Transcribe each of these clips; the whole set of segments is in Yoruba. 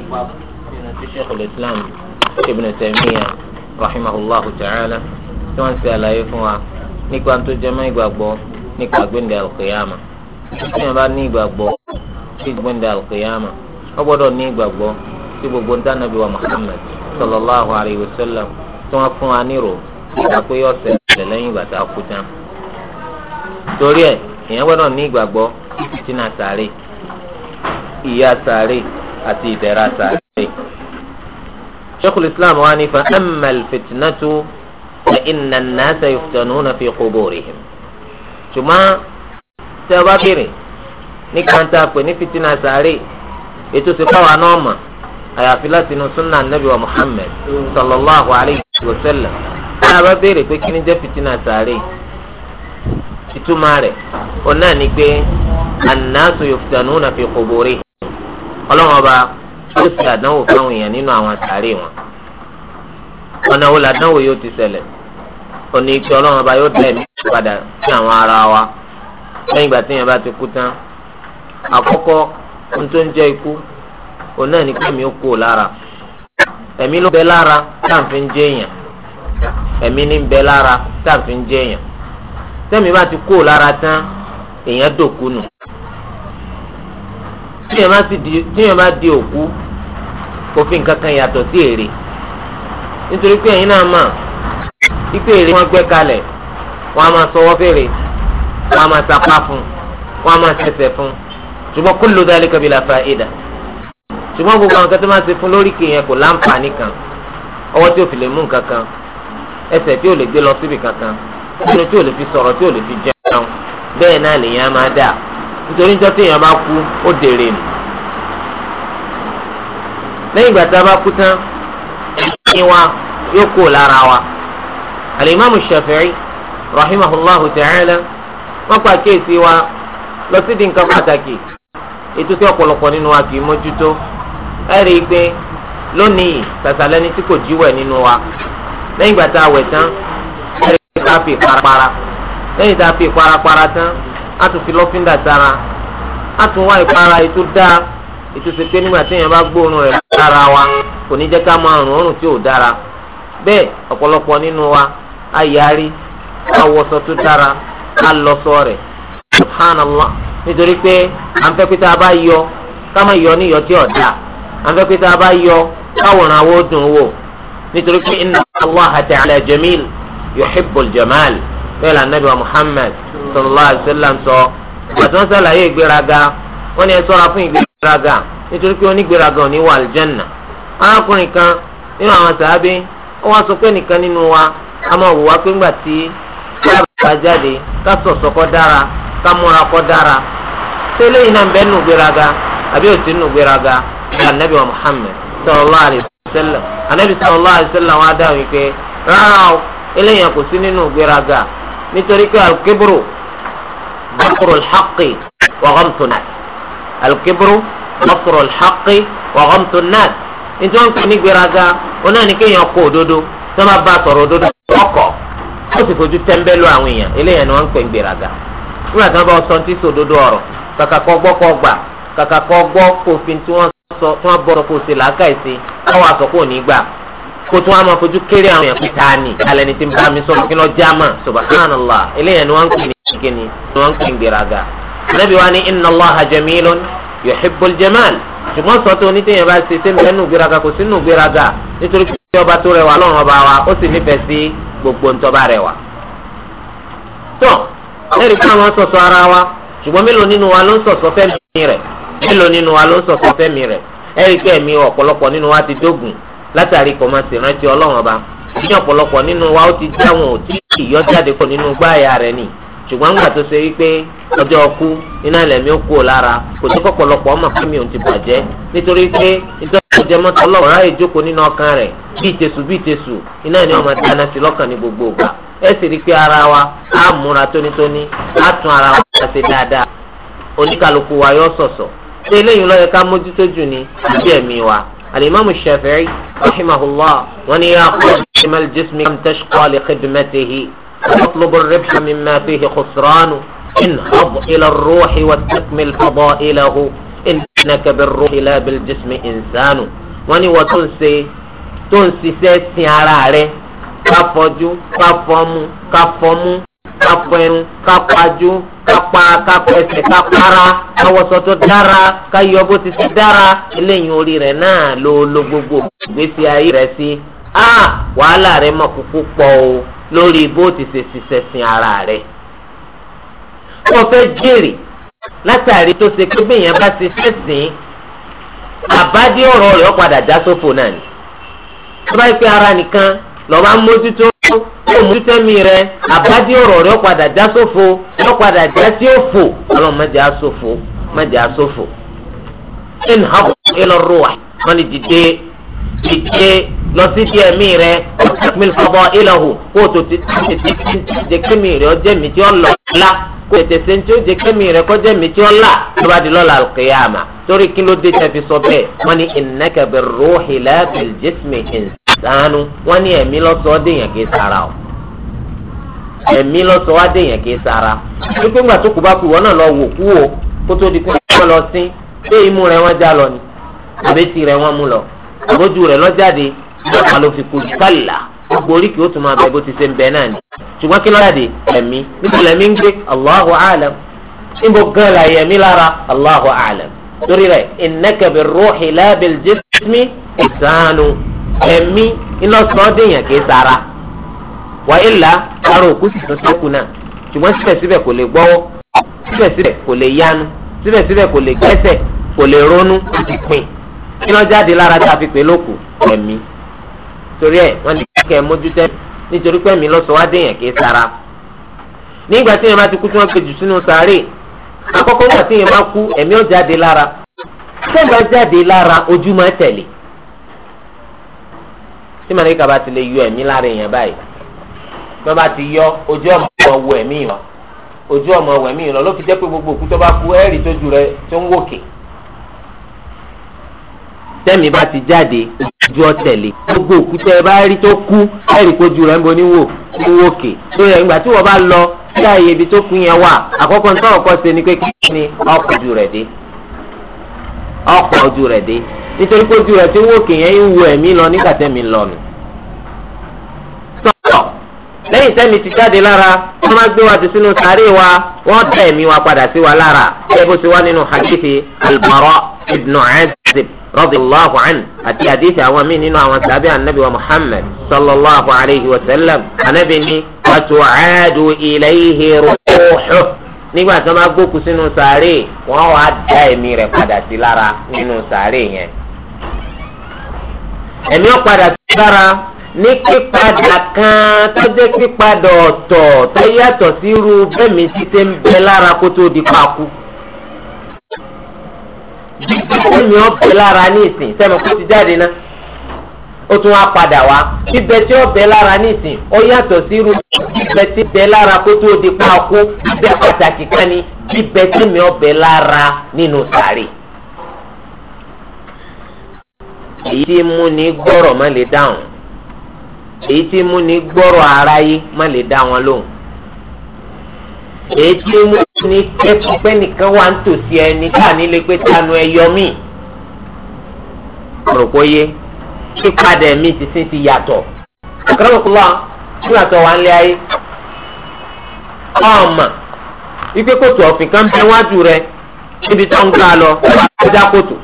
nípa nínú Islam Ibn Taymiyyah rahimahullahu ta'ala tí wọ́n ti àlàyé fún wa nípa tó jẹ́ mọ́ ìgbàgbọ́ nípa tí bá ní sí ní sí gbogbo ntànàbí wa Muhammad sallallahu alayhi wa sallam tí wọ́n fún wa nírò nípa pé yóò ṣẹlẹ̀ lẹ́yìn ìgbà tá a kú tán. torí ẹ̀ èèyàn gbọ́dọ̀ ní na sáré sáré àti ìdẹ̀ra sàárè. sheikhul islam wa ni fa amal fitnatu fa inna nasa yuftanuna fi quburihim. ṣùgbọ́n tẹ́ ọ bá béèrè ní kàńtà pé ní fitina sàárè ètò ìsìnkáwá náà mọ̀ àyàfi láti inú sunna nabi wa muhammed sallallahu alayhi wa sallam tá béèrè pé kí ni jẹ́ fitina sàárè ìtumá rẹ̀ ọ̀nà ni pé annasu yuftanuna fi quburihim ọlọ́run ọba yóò ṣe àdánwò fáwọn èèyàn nínú àwọn sàárè wọn ọ̀nà wo làdánwò yóò ti ṣẹlẹ̀ òní ìpè ọlọ́run ọba yóò dá ẹ̀mí padà sí àwọn ara wa lẹ́yìn ìgbà tí èèyàn bá ti kú tán àkọ́kọ́ ohun tó ń jẹ́ ikú òun náà ní kẹ́mi ó kú ò lára ẹ̀mí ló ń bẹ lára táàfin jẹ́ èèyàn ẹ̀mí ní bẹ lára táàfin jẹ́ èèyàn tẹ́mi èèyàn tíyẹn bá di òkú kò fi nǹkan kan yàtọ̀ sí èrè nítorí pé ẹ̀yin náà mà ipe èrè wọn gbẹ́ kalẹ̀ wọn a máa sọwọ́ fèrè wọn a máa sapá fún wọn a máa sẹsẹ̀ fún ṣùgbọ́n kullu dhalika bila fa'ida ṣùgbọ́n gbogbo àwọn kan tó máa ṣe fún lórí kìyẹn kò láǹfààní kan ọwọ́ tí ò fi lè mú nǹkan kan ẹsẹ̀ tí ò lè gbé lọ síbi kankan ẹnu tí ò lè fi sọ̀rọ̀ tí ò lè fi jẹun bẹ́ẹ̀ náà lèyàn á máa dáa nítorí níjọ́ tí èèyàn bá kú ó dèrè nù lẹ́yìn ìgbà tá a bá kú tán ẹ̀yìn wa yóò kó lára wa alimami shafi'i rahimahullahu ta'ala wọ́n pa kéèsì wa lọ sí di nǹkan pàtàkì ètò tí ọ̀pọ̀lọpọ̀ nínú wa kì í mójútó ẹ rí i pé lónìí sàṣàlẹ́ni tí kò jíwẹ̀ nínú wa lẹ́yìn ìgbà tá a wẹ̀ tán ẹ rí i pé ká fi ìparapara lẹ́yìn tá a fi ìparapara tán. a fi lọ́fíńdà sára a tún wá ìpara ètò dáa ètò ṣe nígbà tí bá gbóòórùn lára wa kò ní jẹ́ ká máa rùn òórùn tí ò dára bẹ́ẹ̀ ọ̀pọ̀lọpọ̀ nínú wa a yarí a tó dára a rẹ̀ subhanallah nítorí pé à ń fẹ́ pé tá a bá yọ ká má yọ níyọ tí ò à ń fẹ́ pé tá a bá yọ dùn wò nítorí pé bẹ́ẹ̀ la nẹ́bí wa Muhammad sallallahu alayhi wa sallam sọ àti wọ́n sàlàyé ìgbéraga wọ́n ní ẹ sọ́ra fún ìgbéraga nítorí pé onígbéraga ò ní wà àlùjẹ́nà arákùnrin kan nínú àwọn sàábí ó wá sọ pé nìkan nínú wa a máa wò wá pé ńgbà tí ká jáde ká sọ̀sọ̀ kọ́ dára ká múra kọ́ dára tẹ́lẹ̀ yìí náà ń bẹ nù gbéraga àbí òtí nù gbéraga ní anabi wa Muhammad sallallahu alayhi wa sallam anabi sallallahu alayhi wa sallam wa dáhùn yìí pé rárá o eléyàn kò nítorí pé alukébúrò bàtúrò lḥàqì wàhámtò náà alukébúrò bàtúrò lḥàqì wàhámtò náà nítorí wọn kò ní gbéraga wọn náà ní kéèyàn kó òdodo tó máa bá sọ̀rọ̀ òdodo ọkọ̀ ó sì fojú tẹ́ńbẹ́lú àwọn èèyàn eléyàn ni wọ́n ń pè gbéraga nígbà tí wọ́n bá sọ ti sòdodo ọ̀rọ̀ kàkà kọ́ gbọ́ kọ́ gbà kàkà kọ́ gbọ́ kófin tí wọ́n bọ̀rọ̀ kó ṣe làákàyè sí káwọn àsọ̀kò ní gbà kó tún wá máa fojú kéré àwọn èèyàn pípa ni alẹ́ ni ti ń bá mi sọ̀rọ̀ kí ló já mà subhanallah eléyàn ni wọ́n ń pè ní kíni ni wọ́n ń pè ní gbèrágà anábì wa ni inna allaha jamilun yuhibbul jamal ṣùgbọ́n sọ tó ní téèyàn bá ṣe ṣé nbẹ́nu gbèrágà kò sínú gbèrágà nítorí pé ọba tó rẹwà lọ́rùn ọba wa ó sì nífẹ̀ẹ́ sí gbogbo ntọ́ba rẹwà. tó lẹ́rìí pé àwọn sọ̀sọ̀ ara wa ṣùgbọ́n mélòó nínú wa ló ń sọ̀sọ̀ fẹ́mi rẹ̀ mélòó nínú wa ló ń sọ̀sọ̀ fẹ́mi rẹ̀ ẹ̀rí pé ẹ̀mí ọ̀pọ̀lọpọ̀ nínú wa ti dógùn látàrí kò máa ṣèrántí ọlọ́run ọba ní ọ̀pọ̀lọpọ̀ nínú wa ó ti jẹ́ àwọn òtí ìyọ́jáde kò nínú gbáàyà rẹ̀ nì ṣùgbọ́n nígbà tó ṣe wípé ọjọ́ ọkú iná ẹlẹ́mí ó kú ò lára kò sí ọmọ fún mi ò ti bàjẹ́ nítorí pé ìtọ́jú jẹmọ́tò ọlọ́run ráàyè jókòó nínú ọkàn rẹ̀ pé ara wa á ara wa ṣe dáadáa oníkàlùkù wa yóò sọ̀sọ̀ ṣé eléyìí الإمام الشافعي رحمه الله ون يا خادم الجسم كم تشقى لخدمته واطلب الربح مما فيه خسران انهض إلى الروح واستكمل فضائله إنك بالروح لا بالجسم إنسان وني وتنسي تنسي سيسي على عليه كفجو كفمو كفمو kápọ̀ ẹnu kápájú kápá kapara, ẹsẹ̀ kápára káwọ́sọ tó dára káyọ bó ti ti dára eléyìí orí rẹ̀ náà ló ló gbogbo ìgbésí ayé rẹ̀ sí a wàhálà rẹ̀ mọ̀ kúkú pọ̀ o lórí bó ti ṣe ṣiṣẹ́ sin ara rẹ̀ wọ́n fẹ́ jèrè látàrí tó ṣe pé bẹ́ẹ̀ yẹn bá ti fẹ́ sìn àbádé ọ̀rọ̀ rẹ̀ ó padà já sófò náà ni tó bá yẹ pé ara nìkan lọ́ba ń mójútó ó mójútó mi rẹ àbádé ọ̀rọ̀ rẹ ọ̀padà já sófo ọ̀padà já sí òfò ọlọ́run má jẹ́ àsòfò má in dìde lọ sí di ẹ̀mí rẹ mil kọ́bọ ìlọ̀hù kó o tó ti tètè jẹ kémi rẹ ọjẹ́ mi tí ó lọ la kó o tètè tí ó jẹ kémi rẹ kọjẹ́ mi tí ó la tó bá di lọ́la kìyàmà torí kí ló dé tẹ̀fi sọ bẹ́ẹ̀ wọ́n ní ìnákẹ́bẹ̀ rúhì lábìl jísmi ìsánú wọ́n ní ẹ̀mí lọ́sọ̀ọ́ dèèyàn kì í sara o ẹ̀mí lọ́sọ̀ọ́ dèèyàn kì í sara wípé ńgbà tó bá kú wọn náà lọ wò kú o kó tó di kó wọn lọ sí pé imú rẹ wọn já lọ ni àbẹ́tì ìjọba kan ló fi kú kálá gbogbo oríkì ó tún máa bẹ bó ti ṣe ń bẹ náà ni ṣùgbọ́n kí ló dàdé ẹ̀mí níbi lẹ́mí ń gbé Allahu a'lam níbo gan la yẹmí lára Allahu a'lam torí rẹ̀ innaka birruhi la bil jismi ìsànù ẹ̀mí iná sọ́ọ́dẹ̀yàn kì í sara wà ilà ara òkú sì tún sẹ́kù náà ṣùgbọ́n síbẹ̀síbẹ̀ kò lè gbọ́wọ́ síbẹ̀síbẹ̀ kò lè yanu síbẹ̀síbẹ̀ kò lè gbẹ́sẹ̀ kò lè ronú kò ti pin iná jáde lára tá a fi pè lókù ẹ̀mí torí ẹ̀ wọ́n lè kẹ́ ẹ mójútẹ́ nítorí pé mi lọ́sọ̀ wá déyàn kì í sara nígbà tí yẹn bá ti kú tí wọ́n gbé jù sínú sàárè àkọ́kọ́ nígbà tí yẹn bá kú ẹ̀mí ó jáde lára sẹ́yìn bá jáde lára ojú máa tẹ̀lé tí màlẹ́kà bá ti lè yọ ẹ̀mí lára èèyàn báyìí tó ti yọ ojú ọmọ wọ ẹ̀mí wọn ojú ọmọ wọ ẹ̀mí wọn ló fi jẹ́ pé gbogbo òkú tó bá kú ẹ̀rí tójú rẹ̀ tó ń wòkè tẹ́mi bá ti jáde ojú ọ̀tẹ̀lẹ̀ gbogbo òkúta ẹ bá rí tó kú ẹ̀rí kojú rẹ̀ ń bo níwò níwò òkè tó yẹ ìgbà tí wọ́n bá lọ sí àyè ibi tó kú yẹn wà àkọ́kọ́ nítorí ọkọ̀ ṣe ni pé kí ni ọkọ̀ ojú rẹ̀ dé ọkọ̀ ojú rẹ̀ dé nítorí kojú rẹ̀ tí wò òkè yẹn ń wo ẹ̀mí lọ nígbà tẹ́mi lọ nù. sọ̀rọ̀ lẹ́yìn sẹ́mi ti jáde lára wọ́n máa gbé wa ti sínú sàárè wa wọ́n dá ẹ̀mí wa padà sí wa lára ẹ bó ti wá nínú hadithi al-Bara ibn Azib radiyallahu anhu àti hadithi àwọn míì nínú àwọn sábẹ́ anabi wa Muhammad sallallahu alayhi wa sallam anabi ni wàtúwàádù ilayhi ruuhu nígbà tí wọ́n bá gbókù sínú sàárè wọ́n wàá dá ẹ̀mí rẹ̀ padà sí lára nínú sàárè yẹn ẹ̀mí ó padà sí lára. ní pípadà kan tó jẹ́ pípadà ọ̀tọ̀ tó yàtọ̀ sí irú bẹ́ẹ̀mí títẹ́ ń bẹ lára kó tó di paku. Bíbélì ni ó lára ní ìsìn sẹ́mi kó ti jáde ná. Ó tún wá padà wá. Bíbẹ tí ó bẹ lára ní ìsìn ó yàtọ̀ sí irú bíbẹ tí bẹ lára kó tó di paku. Bíbẹ pàtàkì kan ni bíbẹ tí mi ó lára nínú sàárè. Èyí tí mú ni gbọ́rọ̀ má dáhùn. èyí tí mú ni gbọ́rọ̀ aráyé má lè dá wọn lóhùn èyí tí mú ni kẹ́kọ̀ọ́ pé nìkan wà ń tòsí ẹni tá a nílé pé tanu ẹyọ mí rò pé yé pípadà ẹ̀mí ti sin ti yàtọ̀ àkàràwọ̀kúlọ̀ fún àtọ̀ wà ń lé ayé ọ̀ọ́mà wípé kòtò ọ̀fìn kan bẹ wájú rẹ níbi tó ń gbà lọ kó dá kòtò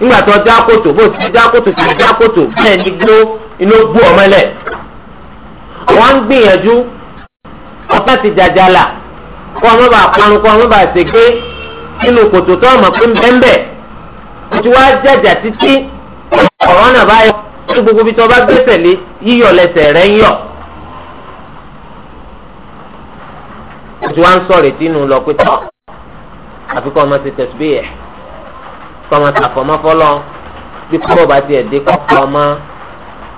nígbà tó dá kòtò bó ti dá kòtò ti dá kòtò bẹ́ẹ̀ ni gbó inú bú ọmọ ẹlẹ wọn ń gbìyànjú ọkàn ti jàjàlà kó ọmọ bá parun kó ọmọ bá ṣègbé nínú kòtò tó ọmọ pé bẹ́ńbẹ́ o ti wá jàjà títí ọ̀rọ̀ náà bá yọ ní gbogbo bí tí wọ́n bá gbèsè lé yíyọ̀ lẹ́sẹ̀ rẹ̀ ń yọ̀. o ti wá ń sọ̀rọ̀ ètí inú lọ pé tọ́ àfikún ọmọ ti tẹ̀sí bíyẹ̀ kọ́ ọmọ tàfọ́mọ́fọ́lọ́ bí kọ́ bá tiẹ̀ dé kọ́ ọmọ.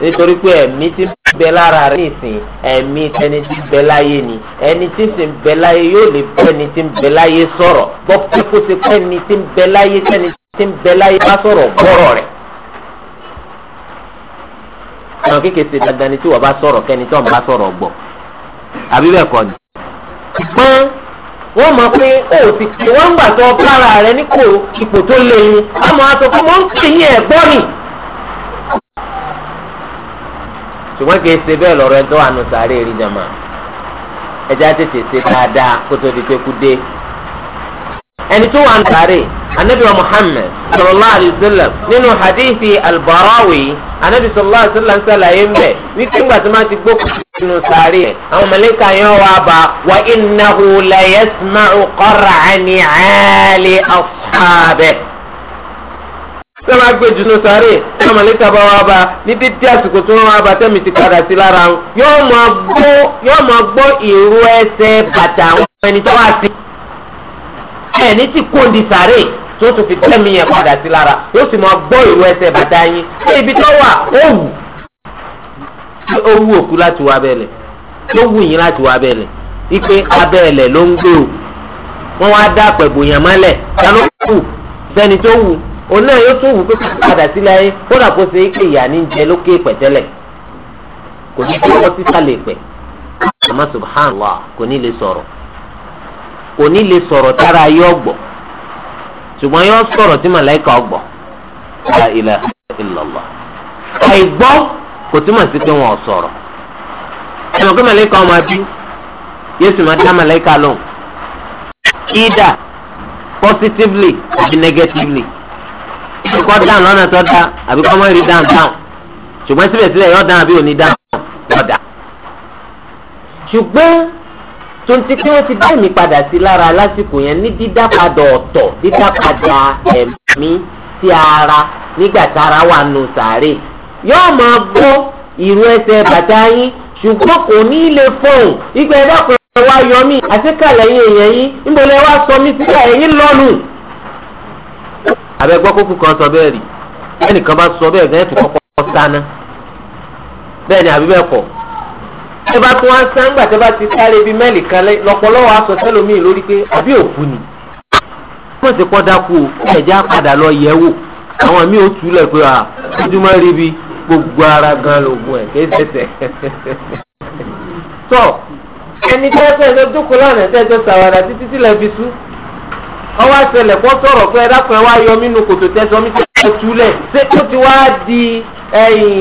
nítorí pé ẹ̀mí tí bẹ lára rẹ̀ nìsín ẹ̀mí tẹni tí bẹ láyé ni ẹni tí sì ń bẹ láyé yóò lè bẹ ẹni tí ń bẹ láyé sọ̀rọ̀ gbọ́ pé kó ti pẹ́ ẹni tí ń bẹ láyé tẹni tí ń bẹ láyé bá sọ̀rọ̀ gbọ́rọ̀ rẹ̀. àwọn kékeré ṣe dandan ni tí wọ́n bá sọ̀rọ̀ kẹ́ni tí wọ́n bá sọ̀rọ̀ gbọ́ àbí bẹ́ẹ̀ kọ́ ni. ṣùgbọ́n wọ́n mọ̀ pé ó ti pè wọ́n gbà tó bára rẹ̀ ní kò ipò tó léyìn àmọ́ àtọ̀kọ́ ṣùgbọ́n kì í ṣe bẹ́ẹ̀ lọ́rọ̀ ẹjọ́ àánú sàárè rí jàmà ẹjẹ́ á tètè ṣe dáadáa kó tó di pé kú dé. ẹni tó wà ń sàárè anabi wa muhammed sallallahu alayhi wa sallam nínú hadithi albarawi anabi sallallahu alayhi wa sallam ṣàlàyé ń wípé ńgbà tó máa ti gbó nínú àwọn mẹlẹ́kà yẹn wà bá wa innahu la yasma'u qara'ani 'ali ashabihi sọ́ba gbé jùlọ sáré náà màlẹ́kà bá wá bá ní dídí àsìkò tí wọ́n wá bá tẹ́mi ti padà sí lára wọn yóò máa gbọ́ ìró ẹsẹ̀ bàtà àwọn ẹni tó wá sí. ẹ ní ti kóńdì sáré tó tún fi tẹ́mi yẹn padà sí lára yóò sì máa gbọ́ ìró ẹsẹ̀ bàtà yín ṣé ibi tó wà ó wù. ṣé ó wù òkú láti wá bẹ́ẹ̀lẹ̀ ló wù yín láti wá bẹ́ẹ̀lẹ̀ ipe abẹ́ẹ̀lẹ̀ ló ń gbé o wọ́n wá dá pẹ̀bù yẹn mọ́lẹ̀ òun náà yóò tún wù pé kò padà sílẹ̀ ayé kódà kó ṣe é pé ìyá ní jẹ lókè pẹ̀tẹ́lẹ̀ kò ní kí wọ́n sísàlẹ̀ pẹ̀ àmọ́ subhanallah kò ní lè sọ̀rọ̀ kò ní lè sọ̀rọ̀ tára ayé ọ̀gbọ̀ ṣùgbọ́n yóò sọ̀rọ̀ tí màláìka ọ̀gbọ̀ la ilaha illallah àìgbọ́ kò túmọ̀ sí pé wọn ò sọ̀rọ̀ ẹnu pé màláìka ọmọ abí yéésù máa dá màláìka lóhùn either positively àbí negatively kọ́ dáhùn lọ́nà tó dá àbí kọ́ mọ́ rí dáhùn dáhùn ṣùgbọ́n síbẹ̀síbẹ̀ yọ dáhùn àbí òní dáhùn lọ́dà. ṣùgbọ́n tó ń ti pé wọ́n ti dá èmi padà sí lára lásìkò yẹn ní dídá padà ọ̀tọ̀ dídá padà ẹ̀mí sí ara nígbà tára wà nù sàárè yóò máa gbọ́ ìrù ẹsẹ̀ bàtà yín ṣùgbọ́n kò ní í lè fóun ìgbà ẹ̀dá kan wá yọ mí àṣekàlẹ̀ yín èèyàn yín ń abẹ́gbọ́ kókó kan sọ bẹ́ẹ̀ rí ẹnìkan bá sọ bẹ́ẹ̀ gẹ́gẹ́ tó kọ́kọ́ sáná bẹ́ẹ̀ ni àbí bẹ́ẹ̀ kọ́ ẹ bá tún wá sáńgbà tẹ bá ti sáré bíi mẹ́lì kan lọ́pọ̀lọ́wọ́ aṣọ sẹ́lómìn lórí pé àbí òkú ni kó sì kọ́ dákú o ẹ̀já padà lọ yẹ̀ wò àwọn míì ó túlẹ̀ pé à ojúmọ́ rí bi gbogbo ara gan lògùn ẹ̀ kéé tẹ̀tẹ̀ tọ́ ẹni tẹ́tẹ́ ló dúkùú lọ́nà tẹ́tẹ́ sàwádà títí tí lẹ́ fi sú ọwọ́ àṣẹlẹ̀ kọ́ sọ̀rọ̀ pé ẹ dákun ẹ wá yọ mí nu kòtò tẹ́sán mi tẹ́ túlẹ̀ ṣé ó ti wá di ẹ̀yìn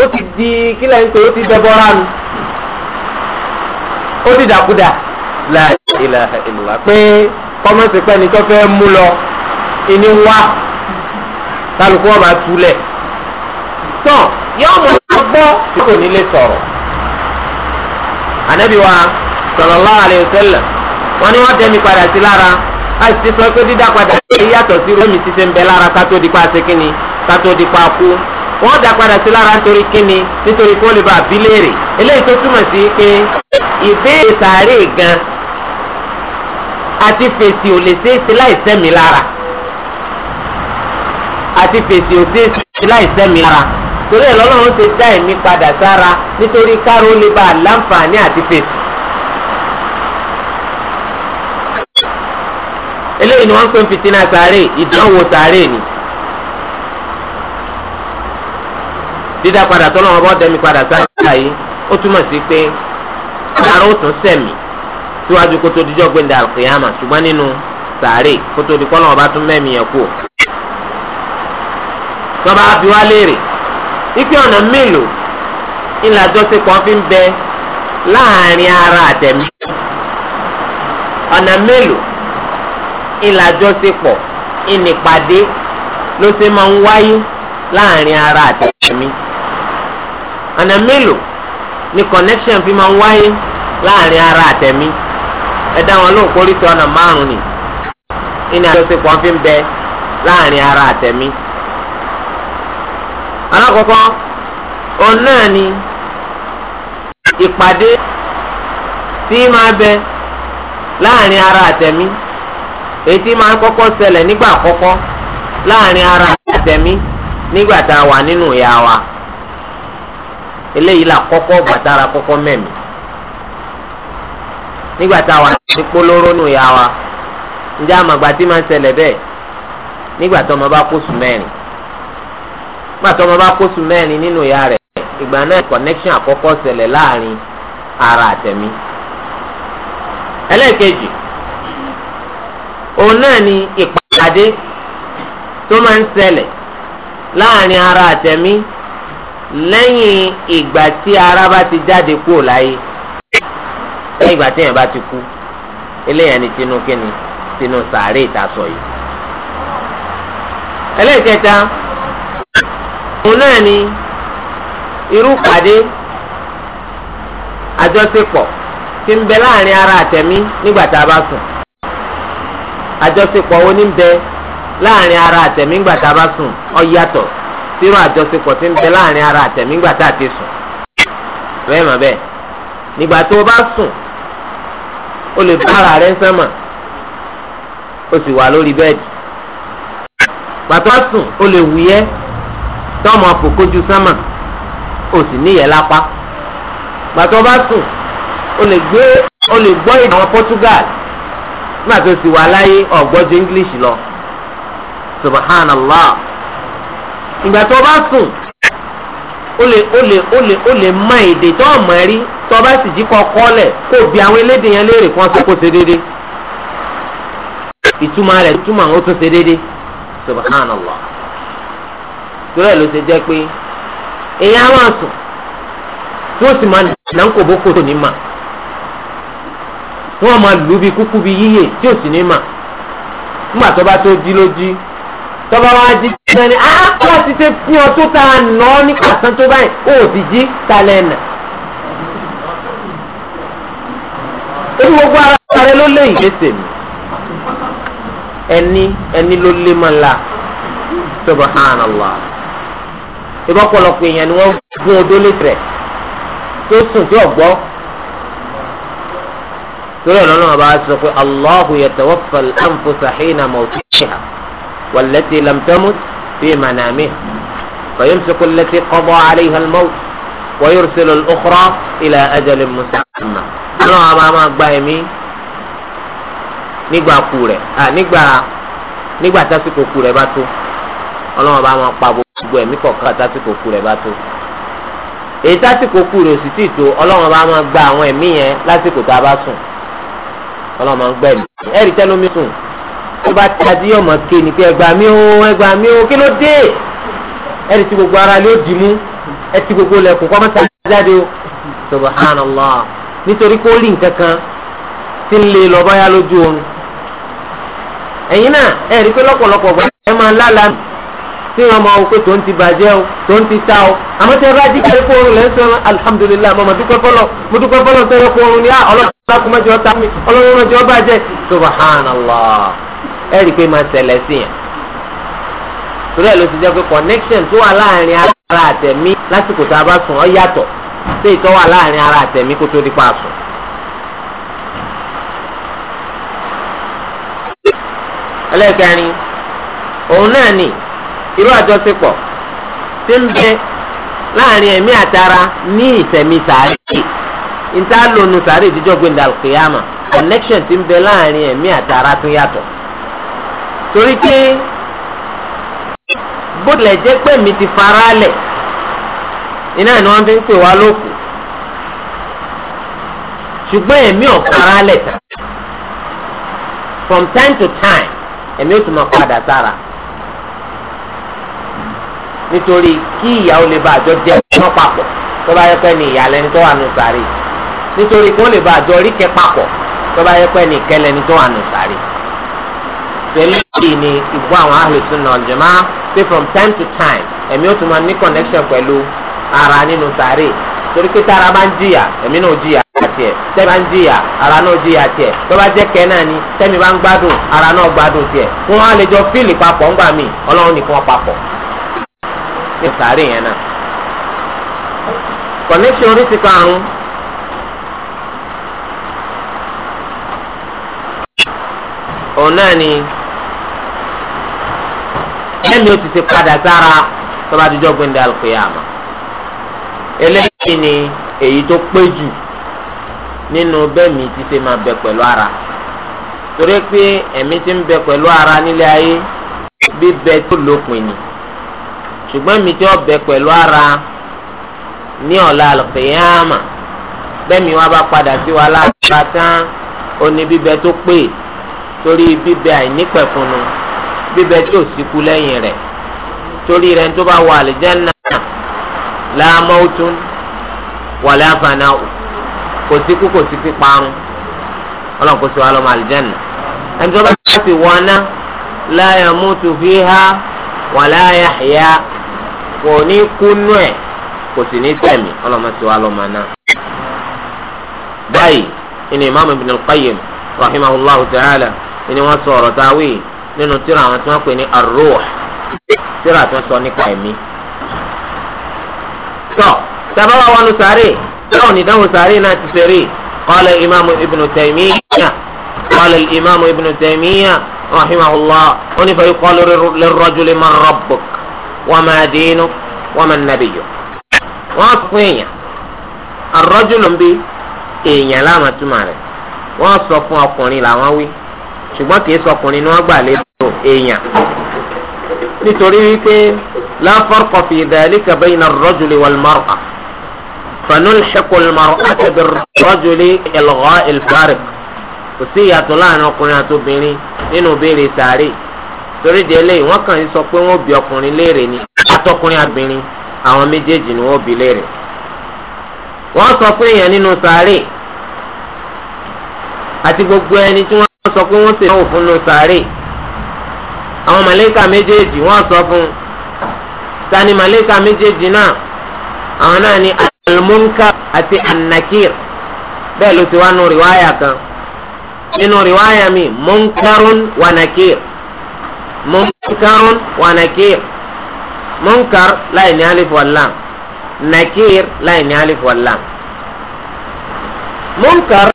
ó ti di kílẹ̀ ń pè ó ti dẹbọra nu ó ti dàkúdà la ilaha illallah pé kọ́mọ̀sì pẹ́ ni tó fẹ́ mú lọ ìní wá kálukú ọ̀ma túlẹ̀ tán yóò mú ọgbọ́ tí kò nílé sọ̀rọ̀ ànábì wa sallallahu alaihi wasallam wọn ni wọ́n tẹ́ mi padà sí lára a sì sọ pé dídá padà sí yàtọ̀ sí rẹ́mi ti ṣe ń bẹ lára kátó dípa ṣe kíni kátó dípa kú wọ́n dá padà sí lára nítorí kíni nítorí kó lè ba àbí léèrè eléyìí tó túmọ̀ sí pé ìbéèrè sàárè gan àti fèsì ò lè ṣe é ṣe láìsẹ́mi lára àti fèsì ò ṣe é ṣe láìsẹ́mi lára torí ẹ̀ lọ́lọ́run ṣe dá ẹ̀mí padà sára nítorí káró lè ba àlàǹfààní àti fèsì. eléyìí ni wọ́n ń pè fìtínà sàárè ìdánwò sàárè ni. dídá padà tọ́lọ́ wọn bọ́ dẹ́mi padà sáyà yìí ó túmọ̀ sí pé àrùn tún sẹ̀mí síwájú kó tó dijọ́ gbẹ̀ndẹ̀ àlùkìyàmà ṣùgbọ́n nínú sàárè kó tó di kọ́lọ́ wọn bá tún mẹ́mí yẹn kú. tọ́ba fi wá léèrè ike ọ̀nà mélòó ńlá jọ́sìn kan fi ń bẹ láàrin ara àtẹ̀mí ọ̀nà mélòó ìlàjọsepọ̀ ìnìpàdé ló ṣe máa ń wáyé láàrin ara àti ẹ̀mí ọ̀nà mélòó ni connection fi máa ń wáyé láàrin ara àtẹ̀mí ẹ̀dá wọn ló ń kórìtì ọ̀nà márùn-ún ni ìní àjọṣepọ̀ fi ń bẹ láàrin ara àtẹ̀mí. alákọ̀ọ́kọ́ òun náà ni ìpàdé tí máa bẹ láàrin ara àtẹ̀mí. èyí tí máa ń kọ́kọ́ sẹlẹ̀ nígbà àkọ́kọ́ láàrin ara àtẹ̀mí nígbà tá a wà nínú ìyá wa eléyìí là kọ́kọ́ gbàtara kọ́kọ́ mẹ́mí nígbà tá a wà ní polóró nù ìyá wa ǹjẹ́ àmàgbà tí máa ń ṣẹlẹ̀ bẹ́ẹ̀ nígbà tó ọmọ bá kó kóṣù mẹ́rin nígbà tó ọmọ bá kó kóṣù mẹ́rin nínú ìyá rẹ̀ ìgbà náà connection àkọ́kọ́ sẹlẹ̀ láàrin ara àtẹ̀mí ẹlẹ́ẹ̀kejì. òun náà ni ìpàdé tó máa ń ṣẹlẹ̀ láàrin ara àtẹ̀mí lẹ́yìn ìgbà tí ara bá ti jáde kúrò láyé lẹ́yìn ìgbà tí èèyàn bá ti kú eléyàn ni tinú kíni tinú sàárè ìtasọ yìí. ẹlẹ́ẹ̀kẹta òun náà ni irú pàdé àjọṣepọ̀ tí ń bẹ láàrin ara àtẹ̀mí nígbà tá a bá sùn àjọṣepọ̀ wo ní bẹ láàrin ara àtẹ̀mígbà tá a bá sùn ọ yàtọ̀ sírò àjọṣepọ̀ tí ń bẹ láàrin ara àtẹ̀mígbà tá a ti sùn bẹ́ẹ̀ mọ̀ bẹ́ẹ̀ nígbà tó o bá sùn o lè bá ara rẹ sánmà o sì wà lórí bẹ́ẹ̀dì pàtó sùn o lè wúyẹ́ tọ́mọ àpòkójú sánmà o sì níyẹ́ lápá pàtó bá sùn o lè gbé o lè gbọ́ Portugal náà tó ti wà láyé ọ̀gbọ́jú english lọ subhanallah ìgbà tó bá sùn ó lè ó lè ó lè ó lè mọ èdè tó mọ̀ ẹ́ rí tó bá sì jí kọ́ kọ́lẹ̀ kó bi àwọn elédè yẹn léèrè kí wọ́n sọ kó ṣe déédéé ìtumọ̀ rẹ̀ ìtumọ̀ àwọn ó tún ṣe déédéé subhanallah torí ẹ̀ ló ṣe pé èèyàn máa sùn tí sì máa nà ń bó tó ní mà. tí wọ́n máa lù bí kúkú bí yíyè tí ò sì ní mà nígbà tó bá tó di ló di tọ́ba wa jí kíkẹ́ ni á wọ́n ti ṣe fi hàn tó ta nà ọ́ ní kàtàn tó báyìí ó sì jí talẹ̀ nà. ebi gbogbo ara rẹ ló lé ìgbésẹ̀ mi ẹni ẹni ló lé máa la subhanallah ìbọ̀pọ̀lọpọ̀ èèyàn ni wọ́n gún odó lẹ́tẹ̀rẹ̀ tó sùn tí ọ̀gbọ́n torí ọ̀nà náà bá sọ pé allahu yatawaffa al-anfusa hina mawtiha wallati lam tamut fi manamiha fayumsiku allati qada alayha al-mawt wa yursilu al-ukhra ila ajalin musamma. ọ̀nà àwọn máa máa gba ẹ̀mí nígbà kú rẹ̀ nígbà nígbà tásìkò kú rẹ̀ bá tó ọlọ́wọ́n bá máa pa gbogbo ẹ̀mí kọ̀ọ̀kan tásìkò kú rẹ̀ bá èyí tásìkò kú rẹ̀ sì ti tó ọlọ́wọ́n bá máa gba àwọn ẹ̀mí yẹn lásìkò tá a bá sùn ọlọ́run máa ń gbẹ̀mí ẹ̀rí tẹ́lómi sùn tó bá tají ọmọ ké ni pé ẹgbàá mi ó ẹgbàá mi ó kí ló dé ẹ̀rí tí gbogbo ara ló dì mú ẹ̀ gbogbo lẹ̀kùn kọ́ mọ́tà jáde o subhanallah nítorí kó rí nǹkan kan tí ń lè lọ báyà lójú oorun ẹ̀yin náà ẹ̀rí pé lọ́pọ̀lọpọ̀ gbà ẹ máa lálàá tí wọn máa wò pé tó ń ti bàjẹ́ o tó ń ti ta o àmọ́ tí wọn bá jí kárí kóorun lẹ́yìn tí wọn alihamudulilayi mo dúpẹ́ fọlọ́ mo dúpẹ́ tó yẹ kóorun ni ah, ọlọ́dúnrún kò mẹ́jọ ta mi ọlọ́dún mẹ́jọ bàjẹ́ subhanallah ẹ rí i pé máa ṣẹlẹ̀ sí yẹn. torí ẹ̀ ló ti jẹ́ pé connection tó wà láàrin ara àtẹ̀mí lásìkò tá a bá sùn ọ yàtọ̀ sí ìtọ́ wà láàrin ara àtẹ̀mí kó tó nípa sùn. ẹlẹ́kẹrin òun náà nì irú àjọṣepọ̀ tí ń bẹ láàrin ẹ̀mí àtara ní ìsẹ̀mí sàárè níta lónú sàárè ìdíjọ́ gbẹ̀ndà kìyàmà connection tí ń bẹ láàrin ẹ̀mí àtara tún yàtọ̀ torí pé bó tilẹ̀ jẹ́ pé mi ti fara lẹ̀ iná ni wọ́n fi ń pè wá lókù ṣùgbọ́n ẹ̀mí ò fara lẹ̀ tán from time to time ẹ̀mí ò tún máa padà sára nítorí kí ìyàwó lè bá àjọ jẹ ọmọ papọ̀ tó bá yẹ pé ní ìyàlẹ́ ni tó wà nù sàárè nítorí kí lè bá àjọ oríkẹ́ papọ̀ tó bá yẹ pé ní ìkẹlẹ́ ni tó wà nù sàárè. pẹ̀lú èyí ni ìbú àwọn ahlùsùn náà jẹ̀má pé from time to time ẹ̀mí ó tún máa ní connection pẹ̀lú ara nínú sàárè torí pé tára bá ń jìyà ẹ̀mí náà jìyà tiẹ̀ tẹ́mi bá ń jìyà ara náà jìyà tiẹ̀ tó bá jẹ́ kẹ́ náà ni tẹ́mi bá ń gbádùn ara náà gbádùn tiẹ̀ wọ́n á lè jọ fíìlì papọ̀ ńgbà míì ọlọ́run nìkan papọ̀ ní sàárè yẹn náà connection oríṣi karùn-ún. òun náà ni ẹ̀mí ó ti ti padà sára tó bá dijọ́ gbẹ̀ndẹ̀ alùpùpù eléyìí ni èyí tó pé jù nínú bẹ́ẹ̀mí ti ṣe máa bẹ pẹ̀lú ara torí pé ẹ̀mí ti ń bẹ pẹ̀lú ara nílé ayé bíbẹ tó lópin ni ṣùgbọ́n mi tí ó bẹ pẹ̀lú ara ní ọ̀la àlùkìyàmà bẹ́ẹ̀ni wọn bá padà sí wa lára tán oní bíbẹ tó pè torí bíbẹ àìnípẹ̀kùnú bíbẹ tí ò síkú lẹ́yìn rẹ̀ torí rẹ̀ tó bá wọ àlìjẹ́nà la mautun wala kò síkú kò sí píparun ọlọ́run kò sí wa lọ́mọ ẹni tó bá sì wọ́n ná la yamutu fiha wala yahya kò ní kúnú ẹ̀ kò sì ní sẹ̀mí ọlọ́mọtiwa lọ́mọ náà. báyìí ni imaamu ibn al-qayyim rahimahullahu ta'ala ni wọ́n sọ ọ̀rọ̀ táwí nínú tíra àwọn tí wọ́n pè ní ar-ruh tíra tí wọ́n sọ nípa ẹ̀mí. tọ́ sábàbà wọn lu sáré táwọn onídàáwò sáré náà ti fèrè qala imaamu ibn taymiyyah qala imaamu ibn taymiyyah rahimahullah wọn ni fa yuqalu lirrajuli man rabbuk wa ma dinu wa man nabiyyu. wọ́n fún èèyàn ar-rajulu ń bí èèyàn láwọn túmọ̀ rẹ̀ wọ́n sọ fún ọkùnrin làwọn wí ṣùgbọ́n kì í sọkùnrin ni wọ́n gbà lérò èèyàn. nítorí wípé la farqa fi dhalika bayna ar-rajuli wal-mar'a فنلحق المرأة بالرجل إلغاء الفارق kò sí ìyàtọ̀ láàrin ọkùnrin àtòbìnrin nínú béèrè sàárè torí di eléyìí wọ́n kàn ń sọ pé wọ́n bí ọkùnrin léèrè ni atọ́kùnrin abìnrin àwọn méjèèjì ni wọ́n bí léèrè wọ́n sọ pé èèyàn nínú sàárè àti gbogbo ẹni tí wọ́n sọ pé wọ́n ṣe náwó fún nínú sàárè àwọn màlẹ́kà méjèèjì wọ́n sọ fún tani màlẹ́kà méjèèjì náà àwọn náà ni almunka àti anakir bẹ́ẹ̀ ló ti wá nù rìwáyà kan nínú rìwáyà mi munkarun wa nakir munkarun wa nakir munkar láì ní alif wal lam nakir láì ní alif wal lam munkar.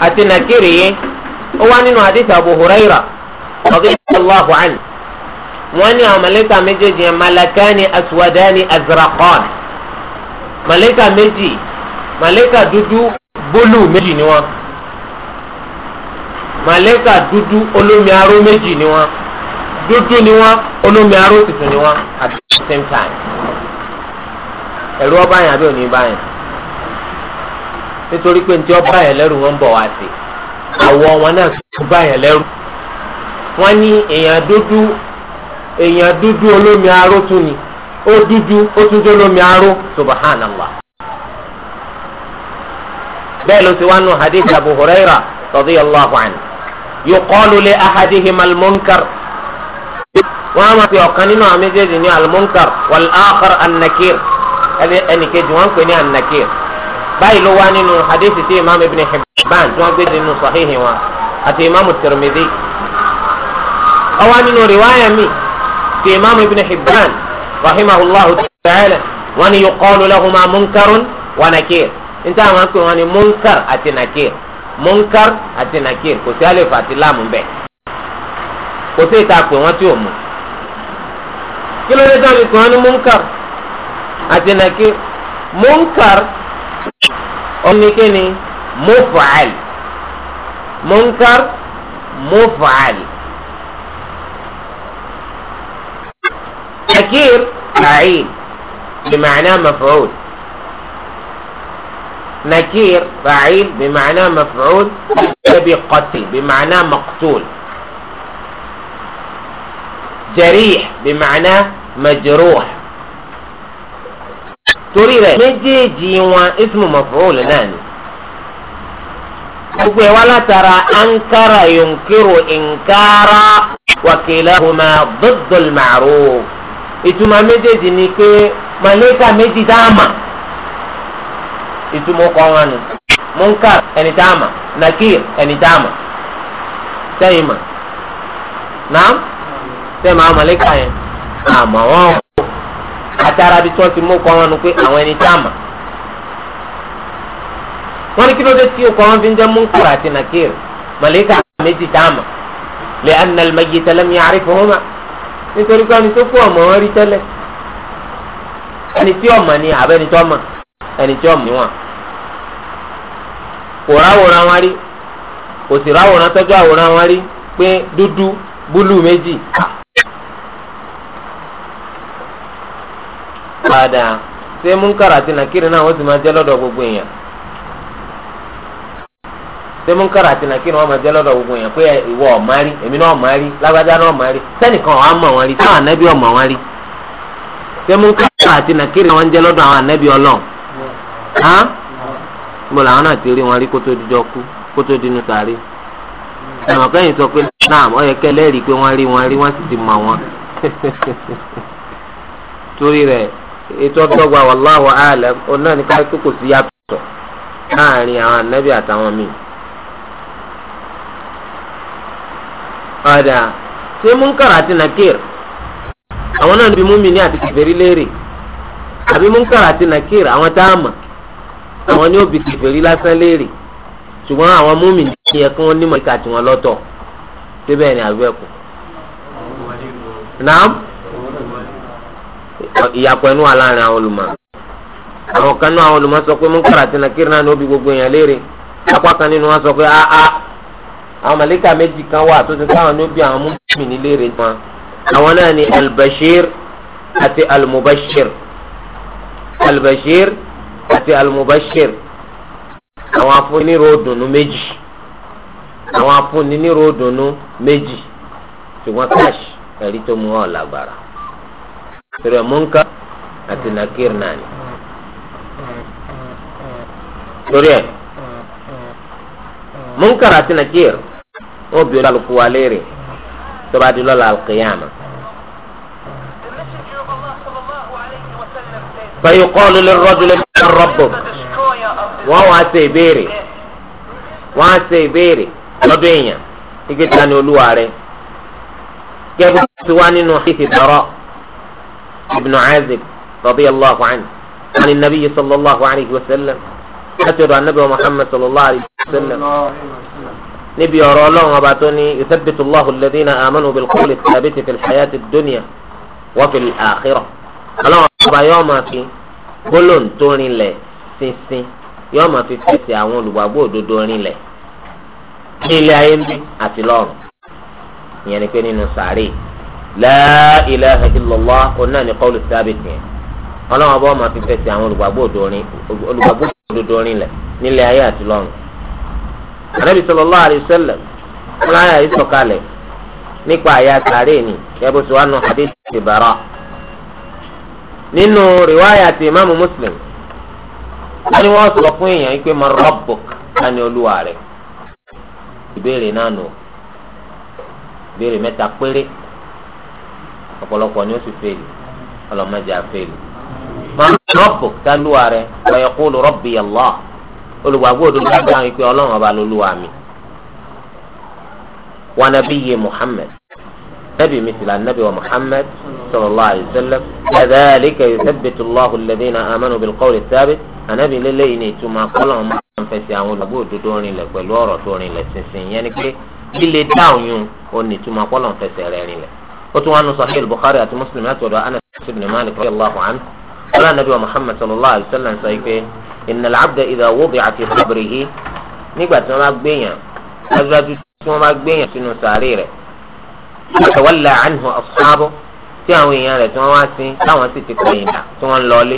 àti nàkírì yìí ó wá nínú àdìsí Abu Huraira radiyallahu anhu wọ́n ní àwọn màlàíkà méjèèjì yẹn malakani aswadani azraqan màlàíkà méjì màlàíkà dúdú bólú méjì ni wọ́n. màlẹ́kà dúdú olómi aró méjì ni wọn dúdú ni wọn olómi aró ni wọn at the same time ẹ̀rú ọba yẹn àbí òní bá yẹn nítorí pé ntí wọn bọ wá sí wọn náà tún bá yẹn ní èèyàn dúdú èèyàn dúdú olómi aró tún ni ó dúdú ó tún olómi aró ló yuqalu li ahadihim al-munkar wọ́n á máa fi ọ̀kan nínú àwọn méjèèjì ní al-munkar wal-akhar an-nakir ẹnìkejì wọ́n ń pè ní an-nakir báyìí ló wá nínú hadithi tí imaamu ibn hibban tí wọ́n gbé nínú sahihi wọn àti imaamu tirmidhi ọwọ́ nínú riwaayà mi ti imaamu ibn hibban rahimahullahu ta'ala wọ́n ní yuqalu lahuma munkarun wa nakir àwọn pè wọ́n ní munkar àti nakir munkar àti nakir kò sí alif àti láàmù bẹ́ẹ̀ kò sí ìta pè wọ́n tí ò mú kí ló dé táwọn ìkùn wọn ní munkar àti nakir munkar ọ̀nìkíni muf'al munkar muf'al nakir ta'in bi ma'na maf'ul. نكير فعيل بمعنى مفعول بي قتل بمعنى مقتول جريح بمعنى مجروح تريد مجي جيوا اسم مفعول لان ولا ترى انكر ينكر انكارا وكلاهما ضد المعروف اتما مجي جنيكي مليكا مجي داما ìtumọ̀ kọ́ wọn nù munkar ẹni tá a mà nakir ẹni tá a mà sẹ́yìn mà naam sẹ́yìn mà àwọn mọ̀lẹ́kà yẹn àmọ́ wọn àtàrà bí tí wọ́n ti mú kọ́ wọn nù pé àwọn ẹni tá a mà wọ́n ní kí ló dé tí o kọ́ fi ń jẹ́ munkar àti nakir mọ̀lẹ́kà méjì tá a mà lè anal mẹ́jì tẹ́lẹ̀ mi àrífọ́ wọn mà nítorí pé ẹni tó kú ọmọ wọn rí tẹ́lẹ̀ ẹni tí ọmọ ni àbẹ́ni tó mọ̀ ẹni tí ọ̀mù níwọ̀n kò ráwòrán wọn rí kò sì ráwòrán tọ́jú àwòrán wọn rí pé dúdú búlù méjì. padà ṣé múnkàrà àti nàkírì náà wọ́n sì máa jẹ́ lọ́dọ̀ gbogbo èèyàn ṣé múnkàrà àti nàkírì wọ́n máa jẹ́ lọ́dọ̀ gbogbo èèyàn pé ìwọ ọ̀ma rí èmi náà ọ̀ma rí lágbájá náà ọ̀ma rí sẹ́nìkan ọ̀ á wọn rí táwọn ànábì ọ̀mọ̀ wọn rí ṣé àti nàkírì náà wọ́n jẹ́ àwọn ànábì ọlọ́run hàn níbo nà ti rí wọn rí kótó dídọ́ kú kótó dínú sàárè ẹ̀wọ̀n kẹyìn sọ pé náà ọ yẹ kẹ́ pé wọ́n rí wọn rí wọ́n sì ti mọ̀ wọn torí rẹ̀ ètò ọ̀dọ́gba wàláwà àlẹ́ ọ̀nà nípa pé kò sí yàtọ̀ láàrin àwọn ànábì àtàwọn míì. ọ̀dà ṣé múnkàrà àti nàkìr àwọn náà múmi ní àti kẹfẹ́rí léèrè àbí múnkàrà àti nàkìr àwọn tá àwọn ní òbí kèfèrí lásán léèrè ṣùgbọ́n àwọn múmìnì yẹ kí wọ́n ní mọ̀lẹ́kà tiwọn lọ́tọ̀ síbẹ̀ ni àbí ẹ̀kọ́. naam ìyàpọ̀ ẹnu wà láàrin àwọn olùmọ̀ àwọn kan náà àwọn olùmọ̀ sọ pé múkàrà àti nàkírì náà ní òbí gbogbo èèyàn léèrè apá kan nínú wọn sọ pé a ah, ah. àwọn mọ̀lẹ́kà méjì kan wà tó ti káwọn ní òbí àwọn múmìnì léèrè wọn àwọn náà ni albashir àti almubashir albashir. Al àti al-mubashir àwọn afúnirò dùnú méjì àwọn afúnirò dùnú méjì ṣùgbọ́n cash ẹ̀rí tó mú ọ lágbára tẹ̀rẹ̀ múnká àti nàkír náà ni. torí ẹ̀ múnká àti nàkír wọ́n bí olùkọ́ wa léèrè tó bá di lọ́la al-qiyama. فيقال للرجل من ربك وهو سيبيري وهو سيبيري ربيني يجد أن ولو عليه كيف سوان حيث براء ابن عازب رضي الله عنه عن النبي صلى الله عليه وسلم عن نبي محمد صلى الله عليه وسلم نبي أرى الله أبعتني يثبت الله الذين آمنوا بالقول الثابت في الحياة الدنيا وفي الآخرة الله ọba yóò máa fi gbólóhùn tó rinlẹ̀ sínsín yóò máa fi fèsì àwọn olùgbàgbọ́ òdodo rinlẹ̀ ní ilé ayé ń bí àti lọ́run ìyẹn ni pé nínú sàárè la ilaha illallah onáà ní kọ́ọ̀lù sábìtì yẹn ọlọ́run ọba máa fi fèsì àwọn olùgbàgbọ́ òdodo rinlẹ̀ ní ilé ayé àti lọ́run. Ànábì sallallahu alaihi wasallam wọn láyà ìsọ̀kalẹ̀ nípa àyà sàárè ni kẹ́bùsùn wa nù hadith ti nínú rìwáyà ti imaamu muslim wọ́n ní wọ́n sọ fún èèyàn yìí pé man rabbuk tani olúwa rẹ̀ ìbéèrè náà nù ìbéèrè mẹ́ta péré ọ̀pọ̀lọpọ̀ ni ó sì fèlè ọlọ́mọdé àfèlè man rabbuk tani olúwa rẹ̀ wa yaqulu rabbi Allah olùgbàgbọ́ òdodo dáhùn yìí pé ọlọ́run ọba lolúwa mi wa nabiyyi Muhammad. نبي مثل النبي ومحمد صلى الله عليه وسلم كذلك يثبت الله الذين آمنوا بالقول الثابت النبي لليني ثم قال ما فسي àwọn olùgbò dorin lẹ pẹ̀lú ọ̀rọ̀ tó rin lẹ ṣinṣin yẹn ni pé líle dáhùn yún ó ní túmọ̀ pọlọ fẹsẹ̀ rẹ̀ rin lẹ ó tún wà nù sahih bukhari àti muslim láti ọ̀dọ̀ anas ibn malik radiyallahu anhu ọlọ́run nabi wa muhammad sallallahu alayhi wa sallam sọ pé innal abda idha wudi'a fi qabrihi nígbà tí wọ́n bá gbẹ̀yàn lọ́jọ́ tí wọ́n bá gbẹ̀yàn sínú sàárè rẹ̀ àtẹwálà àánú àfọwábọ tí àwọn èèyàn rẹ̀ tí wọ́n wá sí táwọn sì ti kọ̀yìn dà tí wọ́n lọlé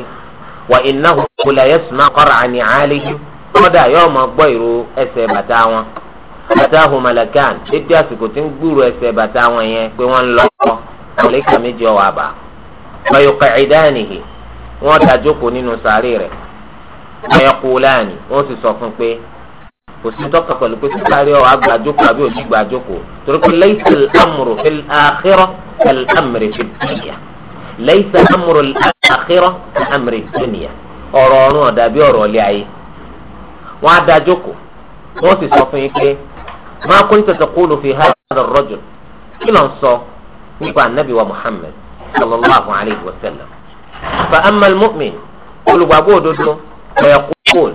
wà iná kòlà yẹ sùnmọ kọrọ àní àálẹyìn kódà yóò máa gbọ́ ìró ẹsẹ̀ bàtà wọn bàtà humalakan títí àsìkò tí ń gbúrò ẹsẹ̀ bàtà wọn yẹn pé wọ́n lọ àlékà méjì ọwọ àbá bayọkọ ìdánìhì wọ́n dájókòó nínú sàárè rẹ̀ bayọkọ láàánì wọ́n sì sọ fún pé kò sí tọ́ka pẹ̀lú pé sísáré ọ̀ agbàjókòó àbí òsì gbàjókòó torí pé laysa al-amru fil akhirah kal-amri fid dunya laysa amru al-akhirah kal-amri dunya ọ̀rọ̀ ọ̀run ò dàbí ọ̀rọ̀ ilé ayé wọ́n á dájókòó wọ́n sì sọ fún yín pé ma kunta taqulu fi hadha ar-rajul kí ló ń sọ nípa anabi wa muhammed sallallahu alayhi wa sallam fa amma mumin olùgbàgbọ́ òdodo ẹ̀yà kúkúl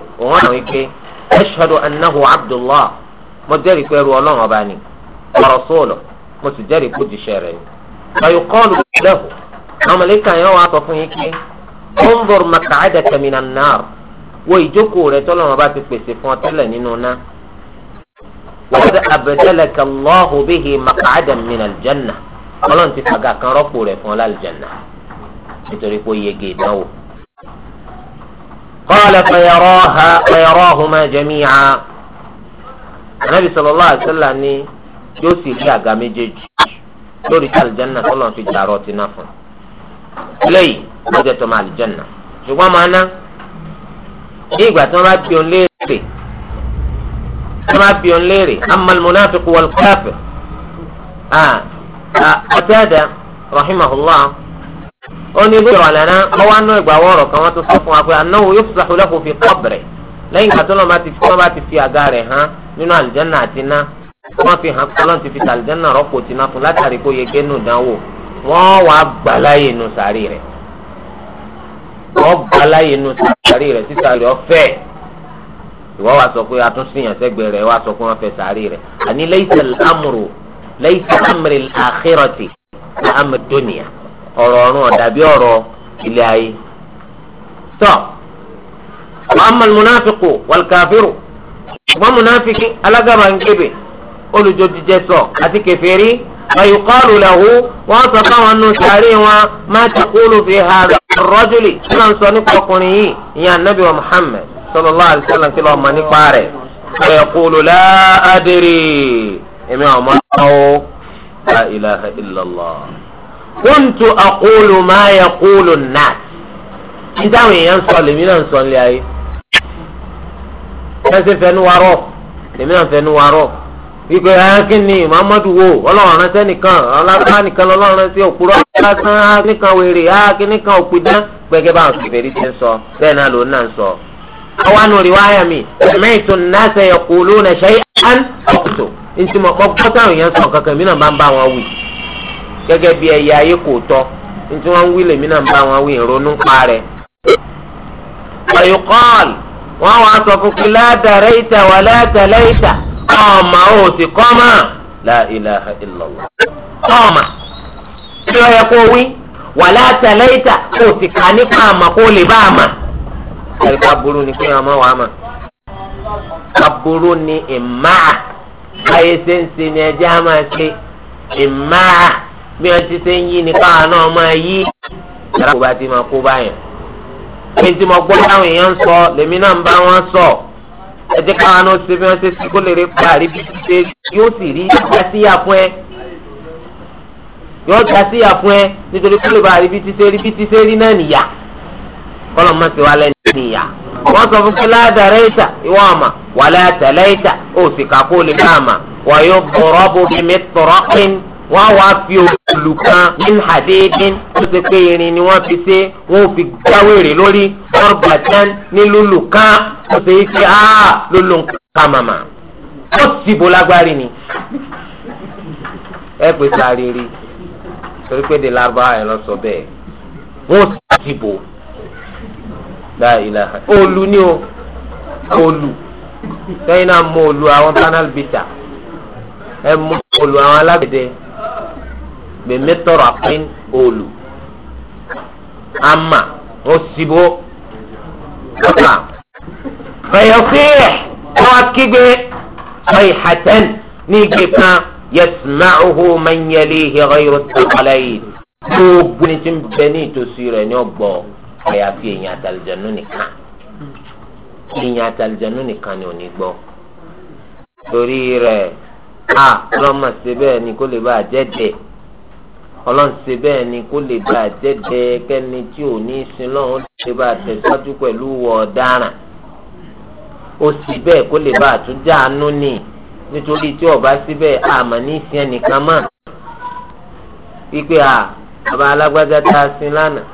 ashhadu annahu abdullah mo jẹ́rìí pé ẹrú ọlọ́run ọba ni wa rasuluhu mo sì jẹ́rìí pé òjíṣẹ́ rẹ̀ ni. ayò kọ́ọ̀lù lẹ́hùn àwọn mọ̀lẹ́kà yẹn wàá sọ fún yín pé unzur maq'adaka minan nar wo ìjókòó rẹ̀ tọ́lọ́run ọba ti pèsè fún ọ tẹ́lẹ̀ nínú ná. wọ́n abdalaka Allahu bihi maq'adan minal janna ọlọ́run ti fàgà kan rọ́pò rẹ̀ fún ọ lálùjẹ̀nà nítorí pé ó yege ìdánwò. قال فيراها فيراهما جميعا النبي صلى الله عليه وسلم ni yóò sì rí àga méjèèjì lórí tí alìjánná tọ́lọ̀ fi dàrọ́ ti ná fún un léyìí wọ́n jẹ́ tọ́mọ alìjánná ṣùgbọ́n máa ná ní ìgbà tí wọ́n bá bí òun léèrè wọ́n bá bí òun léèrè amal munafiq wal kafir ọ̀tẹ́ẹ̀dá ah, ah, rahimahullah oni bí ọ̀rọ̀ àná ọwọ́ anú ẹ̀gbà wọ̀rọ̀ kan wọ́n tó sọ fún wa pé anáwó yóò fisa ìlú ẹ̀kọ́ fi kọ́bẹ̀rẹ̀ lẹ́yìn ìgbà tó lọ́n bá ti fi wọ́n bá ti fi àga rẹ̀ hàn nínú àlìjẹ́nà àti iná wọ́n fi hàn kọ́lọ́n ti fi àlìjẹ́nà rọ́pò tiná fún látàrí kó yege nù dánwò wọ́n wàá gbà láyè nù sàárì rẹ̀ wọ́n gbà láyè nù sàárì rẹ̀ sísà ọ̀fẹ́ ìwọ́ wa sọ pé atúnṣiyàn sẹ́gbẹ̀ wa sọ ọ̀rọ̀ ọ̀run ọ̀dàbí ọ̀rọ̀ ilé ayé. tọ́ muhammed munafiku walkafiru ṣùgbọ́n munafiki alágàbàǹgebè olùjọ́jíjẹ sọ àti kẹfẹ́rí wàyùkọ́lù lẹ́hu wọ́n sọ fáwọn nù sàárè wọn máa ti kúlù fi ha rọ́júlì tí wọ́n sọ nípa ọkùnrin yìí ìyá anabi wa muhammed sallallahu alaihi wasallam kí lọ́ọ́ mọ̀ nípa rẹ̀ wàyùkọ́lù láàdìrì èmi àwọn ọmọ ọ̀hún la ilaha illallah. kuntu aqulu ma ya an sọ lèmi náà sọ nílé ayé ẹ fẹnu wa lèmi náà fẹnu wa rọ akínní ah, muhammadu wo ọlọ́run ránṣẹ́ nìkan ọlọ́run nìkan lọ́lọ́run ah, ah, wèrè gbẹgẹ ti ń sọ náà náà sọ. àwọn ọ̀kùtù táwọn sọ kankan náà bá ń bá wọn gẹ́gẹ́ bí ẹyẹ ayé kò tọ́ ntí wọ́n ń wí lèmi náà ń bá wọn wí ìrònú pa rẹ̀. ọ̀yùkọ́ọ̀lù wọ́n wá sọ fúnfin látàrẹ́ ìta wà látàlẹ́ ìta ọ̀mà ò sì kọ́ mà la ilaha illallah ọ̀mà kí ló yẹ kó wí wà látàlẹ́ ìta kò sì kà nípa àmà kó lè bá àmà. ẹ̀ka burú ni kí wọ́n mọ̀ wá mà. ni ìmáà ayé ṣe ń ṣe ẹjẹ́ á máa ìmáà bí ẹ ti ṣe ń yí ni káwọn náà máa yí yàrá kó bá ti máa kó báyẹn. èyí tí mo gbọ́ táwọn èèyàn ń sọ lèmi náà ń bá wọn sọ ẹ jẹ́ káwọn náà ṣe bí wọ́n ṣe ṣe kó lè rí parí bí ṣe yóò sì rí jásíyà fún ẹ yóò jásíyà fún ẹ nítorí kó lè bá rí bí ti ṣe rí bí ti ṣe rí náà nìyà kọ́lọ̀ mọ́ ti wá lẹ́nu nìyà wọ́n sọ fún pé ládàrẹ́ ìta ìwọ àmà wàlẹ́ àtẹ̀lẹ́ ìta òsì kàkó lè ká àmà wàyó bọ̀rọ̀ bó fi mi tọ̀rọ̀ pín wọ́n á wá fi òòlù kan min hadidin tó ṣe pé irin ni wọ́n fi ṣe wọ́n fi gbáwèrè lórí ọ̀rọ̀bàtán ní lùlù kan tó ṣe ṣe á lùlù kàmàmà ó sì bò lágbárí ni. ẹ pè sáré rí torí pé de lárúbá ẹ lọ sọ bẹ́ẹ̀ wọ́n sì bò láìlà òòlù ni o òòlù lẹ́yìn náà mọ òòlù àwọn panel bita ẹ mọ òòlù àwọn alágbẹ̀dẹ bẹ̀mẹ́tọ̀rọ̀ àpín òòlù ama òsibó ọ̀tà fẹ̀yọ̀fẹ́yẹ̀ wọ́n kígbe ọ̀yẹ̀ hàtẹ́n ní ike kan yẹsùmáhùhù mẹ́nyẹ́lì ìhẹ́rọ̀ ìtàkọ́lẹ̀ yìí gbogbo ní ti ń bẹ ní ìtòsí rẹ̀ ní ọgbọ̀ àyàfi èèyàn àtàlìjẹ̀nu nìkan èèyàn àtàlìjẹ̀nu nìkan ni ò ní gbọ́ torí rẹ̀ a lọ́mọ̀ síbẹ̀ ni kó lè bá a jẹ́ jẹ́ ọlọ́run ṣe bẹ́ẹ̀ ni kó lè bá a kẹ́ni tí ò ní sin lọ́run lè bá a pẹ̀lú wọ ọ̀daràn ó sì bẹ́ẹ̀ kó lè bá a tún ni nítorí tí ọba síbẹ̀ àmọ́ ní sin ẹnìkan mọ́ wípé a bàbá alágbájá tá a sin lánàá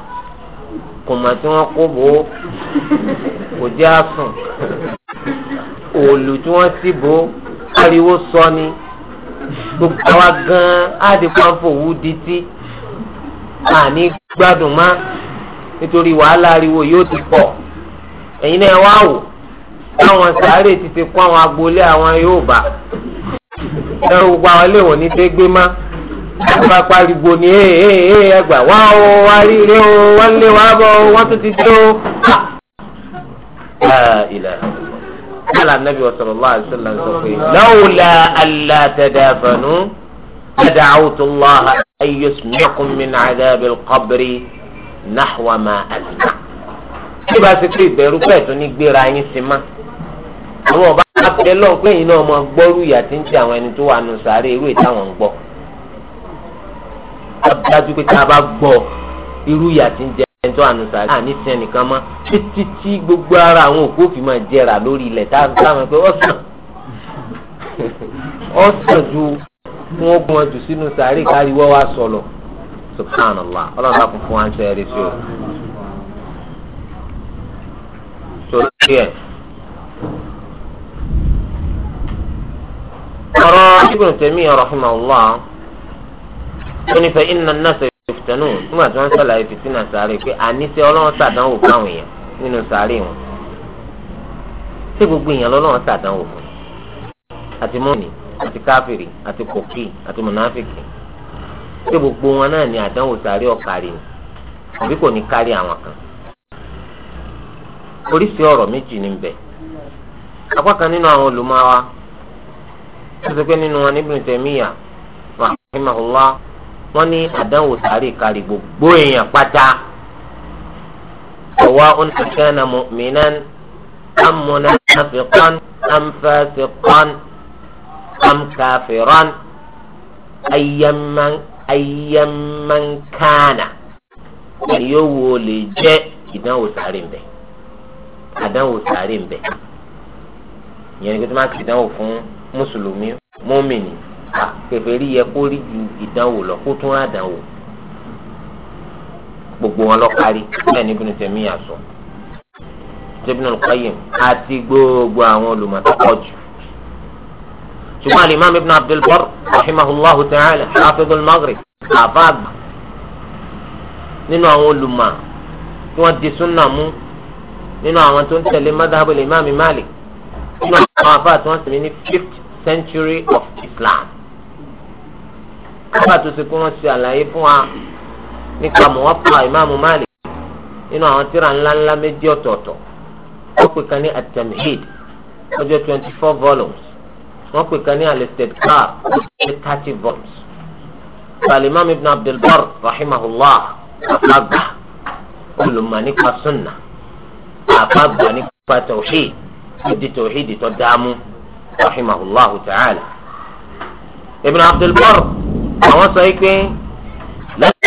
kò mọ̀ tí wọ́n kó bò ó kò jẹ́ àsùn òòlù tí wọ́n sì bò ó ariwo sọ ni gbogbo àwa gan-an á di pàǹfò wú di tí àní gbádùn má nítorí wàhálà ariwo yóò ti pọ̀ ẹ̀yin náà wá wò táwọn sàárè ti ti kó àwọn agboolé àwọn yóò bá ẹrù gbogbo àwọn iléèwọ̀n ní tẹ́ gbé má nípa pariwo ni ẹ ẹ ẹ ẹgbà wá o wá rí o wá lé wá bọ̀ wọ́n tún ti dé o kálá nàbí sallallahu alaihi wasallam sọ pé lawla alla tadafanu ad'awtu Allaha an yusmi'akum min 'adhabil qabri nahwa ma asma. bí ba ṣe pé ìbẹ̀rù bẹ́ẹ̀ tó ní gbéra yín sí ma àwọn ọba abẹ lọ pé yìí náà máa gbọ́rú ìyà tí ń ti àwọn ẹni tó wà nù sáré irú ìta wọn gbọ́. dájú pé tá a bá gbọ́ irú ìyà tí ń jẹ ẹ̀ńtọ́ ànusà àní sẹ́ nìkan mọ́ títí tí gbogbo ara àwọn òkú òfin máa jẹrà lórí ilẹ̀ táwọn pé ọ̀sán ọ̀sán ju wọn gún ọjọ́ sínú sàárè káríwọ́ wa sọ̀lọ̀ subhanallah ọlọ́run bá kún fún wa ń sọ ẹ̀rí sí o. torí ibùdó tẹ̀mí rahimahullah ó ní fa ìfìtẹ́nù nígbà tí wọ́n ṣàlàyé fìtínà sáré pé àníṣe ọlọ́run ṣàdánwò fáwọn èèyàn nínú sáré wọn ṣé gbogbo èèyàn lọ́lọ́run ṣàdánwò fún àti mọ́ọ̀nì àti káfìrì àti kòkì àti ṣé gbogbo wọn náà ní àdánwò sáré ni àbí kò ní kárí àwọn kan méjì ní apá kan nínú àwọn wa ṣe pé nínú wọn wọ́n ní àdánwò sáré kárí gbogbo èèyàn pátá ọwọ́ oníkàkẹ́nà mìíràn amúnà àfikún amfẹ́fikún amkàfẹ́rán ayẹmẹ́nkánà ni yóò wo lè jẹ́ ìdánwò sáré ń bẹ àdánwò sáré ń bẹ ìyẹn ni pé tí wọ́n ti dánwò fún mùsùlùmí mọ́mìnì. Ah, kèfèrí yẹ kó rí ju ìdánwò lọ kó tún rà dánwò gbogbo wọn lọ kárí bẹ́ẹ̀ ni Ibn Taymiyyah sọ Ibn al-Qayyim àti gbogbo àwọn olùmọ̀tọ́kọ̀ jù ṣùgbọ́n alimami ibn abdulbar rahimahullahu ta'ala hafidul maghrib àbáàgbà nínú àwọn olùmọ̀ tí wọ́n di súnà mú nínú àwọn tó ń tẹ̀lé madhabul imami malik nínú àwọn afáà tí ní fifth century of islam nígbà tó ṣe pé wọ́n ṣe àlàyé fún wa nípa Muwatta ìmáàmù Malik nínú àwọn tíra ńláńlá méjì ọ̀tọ̀ọ̀tọ̀ wọ́n pè kan ní at-Tamhid ó jẹ́ twenty four volumes wọ́n pè kan ní al-Istidkar ó thirty volumes. Al-Imam Ibn Abdul Barr rahimahullah àfàgbà olùmọ̀ nípa sunna àfàgbà nípa tawhid ó di tawhid tó dáa mú rahimahullah ta'ala Ibn Abdul Barr àwọn sọ yìí pé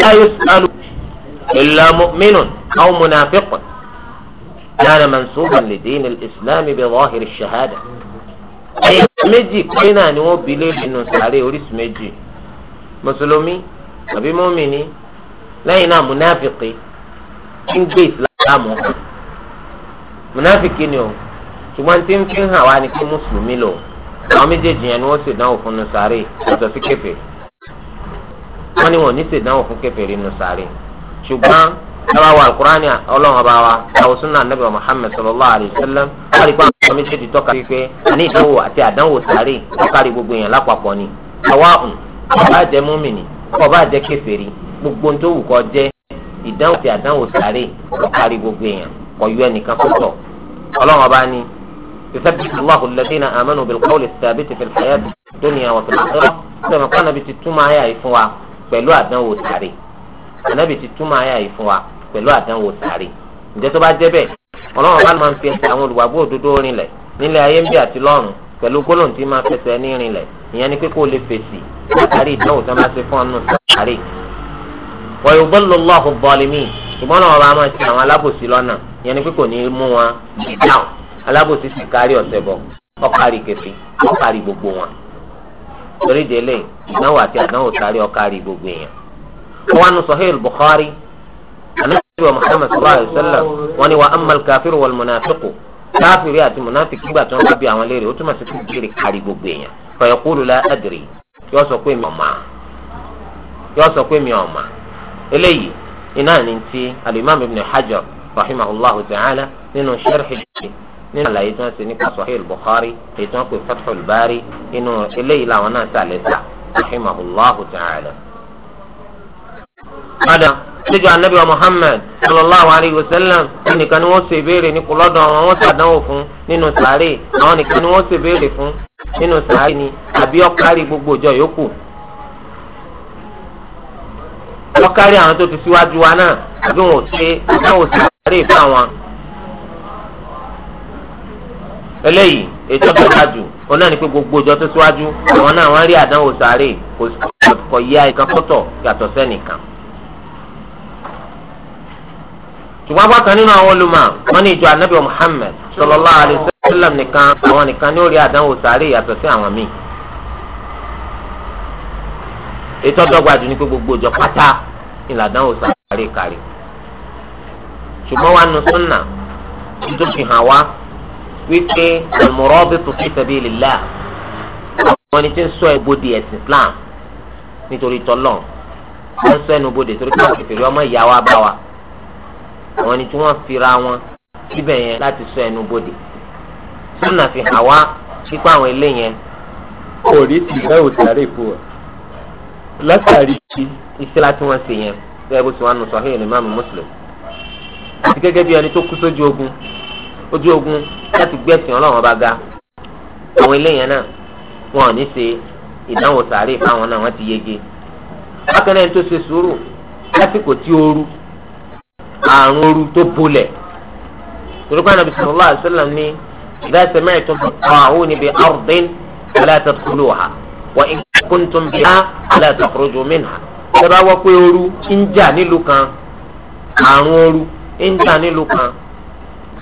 láyé sàlù illa mu'minun aw munafiqun kana mansuban li din al-islam bi zahir ash-shahada. ẹ̀yà méjì pé náà ni wọ́n bilé nínú sàárè orísun méjì mùsùlùmí àbí mọ́mìnì lẹ́yìn náà múnáfìkì ń gbé ìsìlámù hàn múnáfìkì ni o ṣùgbọ́n tí ń fi hàn wá ni pé mùsùlùmí lò àwọn méjèèjì yẹn ni wọ́n sì dánwò fún un sàárè yàtọ̀ sí kèfèrí wọ́n ní wọ́n ní ṣèdánwò fún kèfèrí nù sáré ṣùgbọ́n ẹ̀rọ àwọn alukurani ọlọ́run ọba wa àwọn sunna anabi muhammed sallallahu alayhi wa sallam wọ́n rí i pé àwọn méjèèjì tọ́ka sí pé àní ìdánwò àti àdánwò sáré ọ̀kárí gbogbo èèyàn lápapọ̀ ni àwa ń ọba jẹ́ múmìnì ọba jẹ́ kèfèrí gbogbo tó wù kó jẹ́ ìdánwò àti àdánwò sáré ọ̀kárí gbogbo èèyàn kò yọ ẹnìkan pọ̀tọ̀ ọlọ́run ọba ni يثبت الله الذين آمنوا بالقول الثابت في الحياة الدنيا وفي الآخرة كما كان بتتوما يا pẹ̀lú àdánwò sáré ànábì ti túmọ̀ àyà yìí fún wa pẹ̀lú àdánwò sáré ǹjẹ́ tó bá jẹ́ bẹ́ẹ̀ ọlọ́run bá máa ń fi ẹsẹ̀ àwọn olùwàgbọ́ òdodo rinlẹ̀ nílẹ̀ ayé ń bí àti lọ́run pẹ̀lú gbólóhùn tí máa fẹsẹ̀ ẹni rinlẹ̀ ìyẹn ni pé kó o lè fèsì látàrí ìdánwò tó máa ṣe fún ọ̀nù sáré. wọ́n yóò bọ́ọ̀lù lọ́ọ̀kù bọ́ọ̀lì míì ṣùgbọ́n ọlọ́run bá máa ti àwọn alábòsí lọ́nà ìyẹn ni pé kò ní mú wọn dáhùn alábòsí sì kárí ọ̀sẹ̀ bọ̀ torí délé ìdánwò àti àdánwò sáré ọkàrí gbogbo èèyàn. wọn nu sahih bukhari anabi wa muhammad sallallahu alayhi wa sallam wọn ni wa amal kafiru wal munafiku káfíìrì àti munafiki gbà tí wọn bá bi àwọn léèrè ó túmọ̀ sí kí béèrè kárí gbogbo èèyàn fayaqulu la adri yọ sọ pé mi ò mà yọ sọ pé mi ò mà eléyìí iná ni ti alimami ibn hajar rahimahullahu ta'ala nínú sharhi nínú àlàyé tí wọ́n ṣe nípa sahih bukhari èyí tí wọ́n pè fathul bari inú eléyìí làwọn náà sàlẹ̀ sà rahimahullahu ta'ala. padà níjọ anabi wa muhammad sallallahu alayhi wa sallam nìkan ni wọ́n ṣe béèrè ní kúlọ́dọ̀ àwọn wọ́n ṣàdánwò fún nínú sàárè àwọn nìkan ni wọ́n ṣe béèrè fún nínú sàárè ni àbí ọ̀kárí gbogbo ọjọ́ yòókù ọ̀kárí àwọn tó ti síwájú wa náà àbí wọn ò ṣe àbí sàárè fún àwọn eléyìí ètò ìdájú òun náà ní pé gbogbo ìjọ tó síwájú àwọn náà wọ́n rí àdánwò sáré kò kò yá ìkan pọ̀tọ̀ yàtọ̀ sẹ́nìkan. ṣùgbọ́n bákan nínú àwọn olùmọ̀ wọn ní ìjọ anábìyà Muhammad sallallahu alaihi wasallam nìkan àwọn nìkan ní ó rí àdánwò sáré yàtọ̀ sí àwọn míì. ètò ìdọ́gbàdùn ní pé gbogbo ìjọ pátá ìlàdánwò sáré kárí. ṣùgbọ́n wa nù súnà tó fi hàn wá wípé al-murabitu fi sabilillah àwọn ẹni tí ń sọ ẹgbòdì ẹ̀sìn Islam nítorí tọ́lọ̀ wọ́n sọ ẹnu bodè torí káwọn kẹfẹ́ rí ọmọ ìyá wa bá wa àwọn ẹni tí wọ́n fira wọn síbẹ̀ yẹn láti sọ ẹnu bodè sọ́nà fi hàn wá pípa àwọn ilé yẹn. orí ti bẹ́ẹ̀ ò sáré fún ọ látàrí iṣẹ́ láti wọ́n ṣe yẹn bẹ́ẹ̀ bó ṣe wà nù Sahih Imam Muslim àti gẹ́gẹ́ bí ẹni tó kú sójú ogun ojú ogun láti gbẹ̀sìn ọlọ́run ọba ga àwọn eléyàn náà wọn ò ní ṣe ìdánwò sàárè fáwọn náà wọ́n ti yege bákan náà tó ṣe sùúrù lásìkò tí ooru àrùn ooru tó bolẹ̀ torípa nàbí sallallahu alaihi wasallam ní idha sami'tum biṭaa'uni bi ardin fala tadkhuluha wa in kuntum biha fala takhruju minha ṣe bá wọ́ ooru ń jà nílùú kan àrùn ooru ń jà nílùú kan.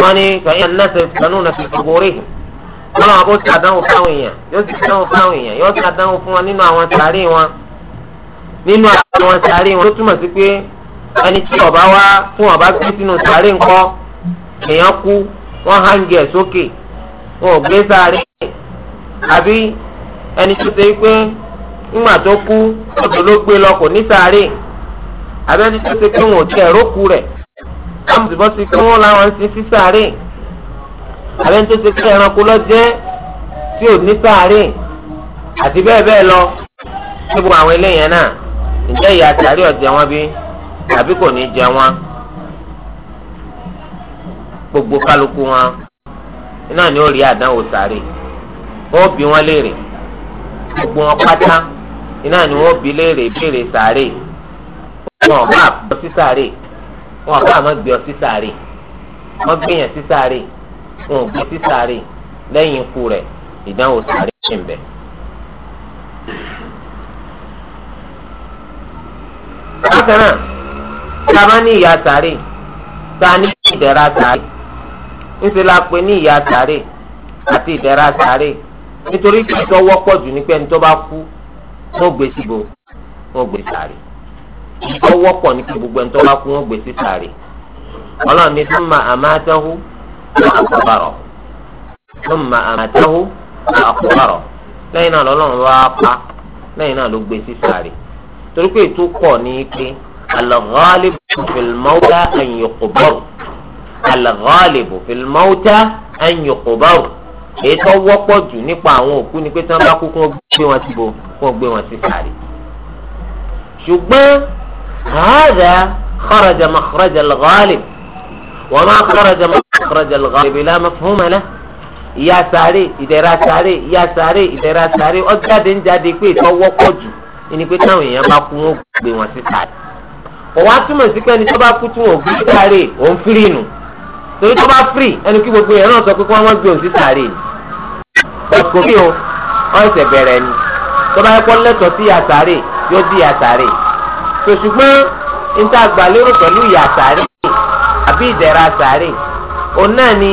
wọ́n ní kàyín anáṣẹ kanú na fìfògbò rí wọ́n náà bó ti àdánwò fáwọn èèyàn yóò ti àdánwò fáwọn èèyàn yóò ti àdánwò fún wọn nínú àwọn sàárì wọn nínú àwọn sàárì wọn ló túmọ̀ sí pé ẹni tí ọba wá fún ọba gbé sínú sàárì ńkọ́ èèyàn kú wọ́n hàǹgẹ̀ sókè wọn ò gbé sàárì àbí ẹni tó ṣe pé ńgbà tó kú ọ̀dọ̀ ló gbé lọ kò ní sàárì àbí ẹni tó ṣe pé wọn ò tiẹ̀ rókù rẹ̀ bọ́ sí pé wọ́n láwọn ń sin sí sáré àbẹ́ tó ti pé ẹranko lọ́jẹ́ tí ò ní sáré àti bẹ́ẹ̀ bẹ́ẹ̀ lọ ní gbogbo àwọn eléyẹn náà ǹjẹ́ ìyá sáré ọ̀jẹ̀ wọn bí tàbí kò ní jẹ wọn gbogbo kálukú wọn náà ni ó rí àdánwò sáré ó bí wọn léèrè gbogbo wọn pátá iná ni wọn bí léèrè béèrè sáré wọn bá bọ sí sáré wọn àbá àmọ́ gbé ọ sí sàárè wọn gbé yẹn sí sàárè wọn ò gbé sí sàárè lẹ́yìn ikú rẹ̀ ìdánwò sàárè ṣì ń bẹ. bákan náà tá a bá ní ìyá sàárè tá a ní ìdẹ̀ra sàárè ńṣe la pè ní ìyá sàárè àti ìdẹ̀ra sàárè nítorí kí n wọ́pọ̀ jù ní pé ẹni tó bá kú wọn gbé síbo wọn gbé sàárè ìtọ́ wọ́pọ̀ ní kí gbogbo ẹni tó bá kú wọn gbé sí sàárè ọlọ́run ní sọ́mà àmàtẹ́hù ní àkọ́bàrọ̀ sọ́mà àmàtẹ́hù ní àkọ́bàrọ̀ lẹ́yìn náà lọ́lọ́run wá pa lẹ́yìn náà ló gbé sí sàárè torí pé ètò pọ̀ ní pé alghalibu fil mawta an yuqbaru alghalibu fil wọ́pọ̀ jù nípa àwọn òkú ni pé tí wọ́n bá kú kí wọ́n gbé wọn síbo kí wọ́n gbé wọn sí sàárè ṣùgbọ́n هذا خرج مخرج الغالب وما خرج مخرج الغالب لا مفهوم له ìyá sáré ìdẹ̀ra sáré ìyá sáré ìdẹ̀ra sáré ọjáde ń jáde pé ìtọ́wọ́ pọ̀ jù ni pé táwọn èèyàn bá kú wọn gbé wọn sí sáré. ọ̀wá túmọ̀ sí pé ẹni tó bá kú tí wọn ò gbé sáré òun fírì nù torí tó bá fírì ẹni kí gbogbo èèyàn náà sọ pé kí wọ́n gbé òun sí sáré ni. ọkọ̀ bí o wọ́n ṣẹ̀ bẹ̀rẹ̀ ni tó bá yẹ kó lẹ́tọ̀ọ́ sí ìyá sáré yóò di ìyá sáré tòṣùgbọ́n níta gbàlérò pẹ̀lú ìyà sàárè àbí ìdẹ̀ra sàárè òun náà ni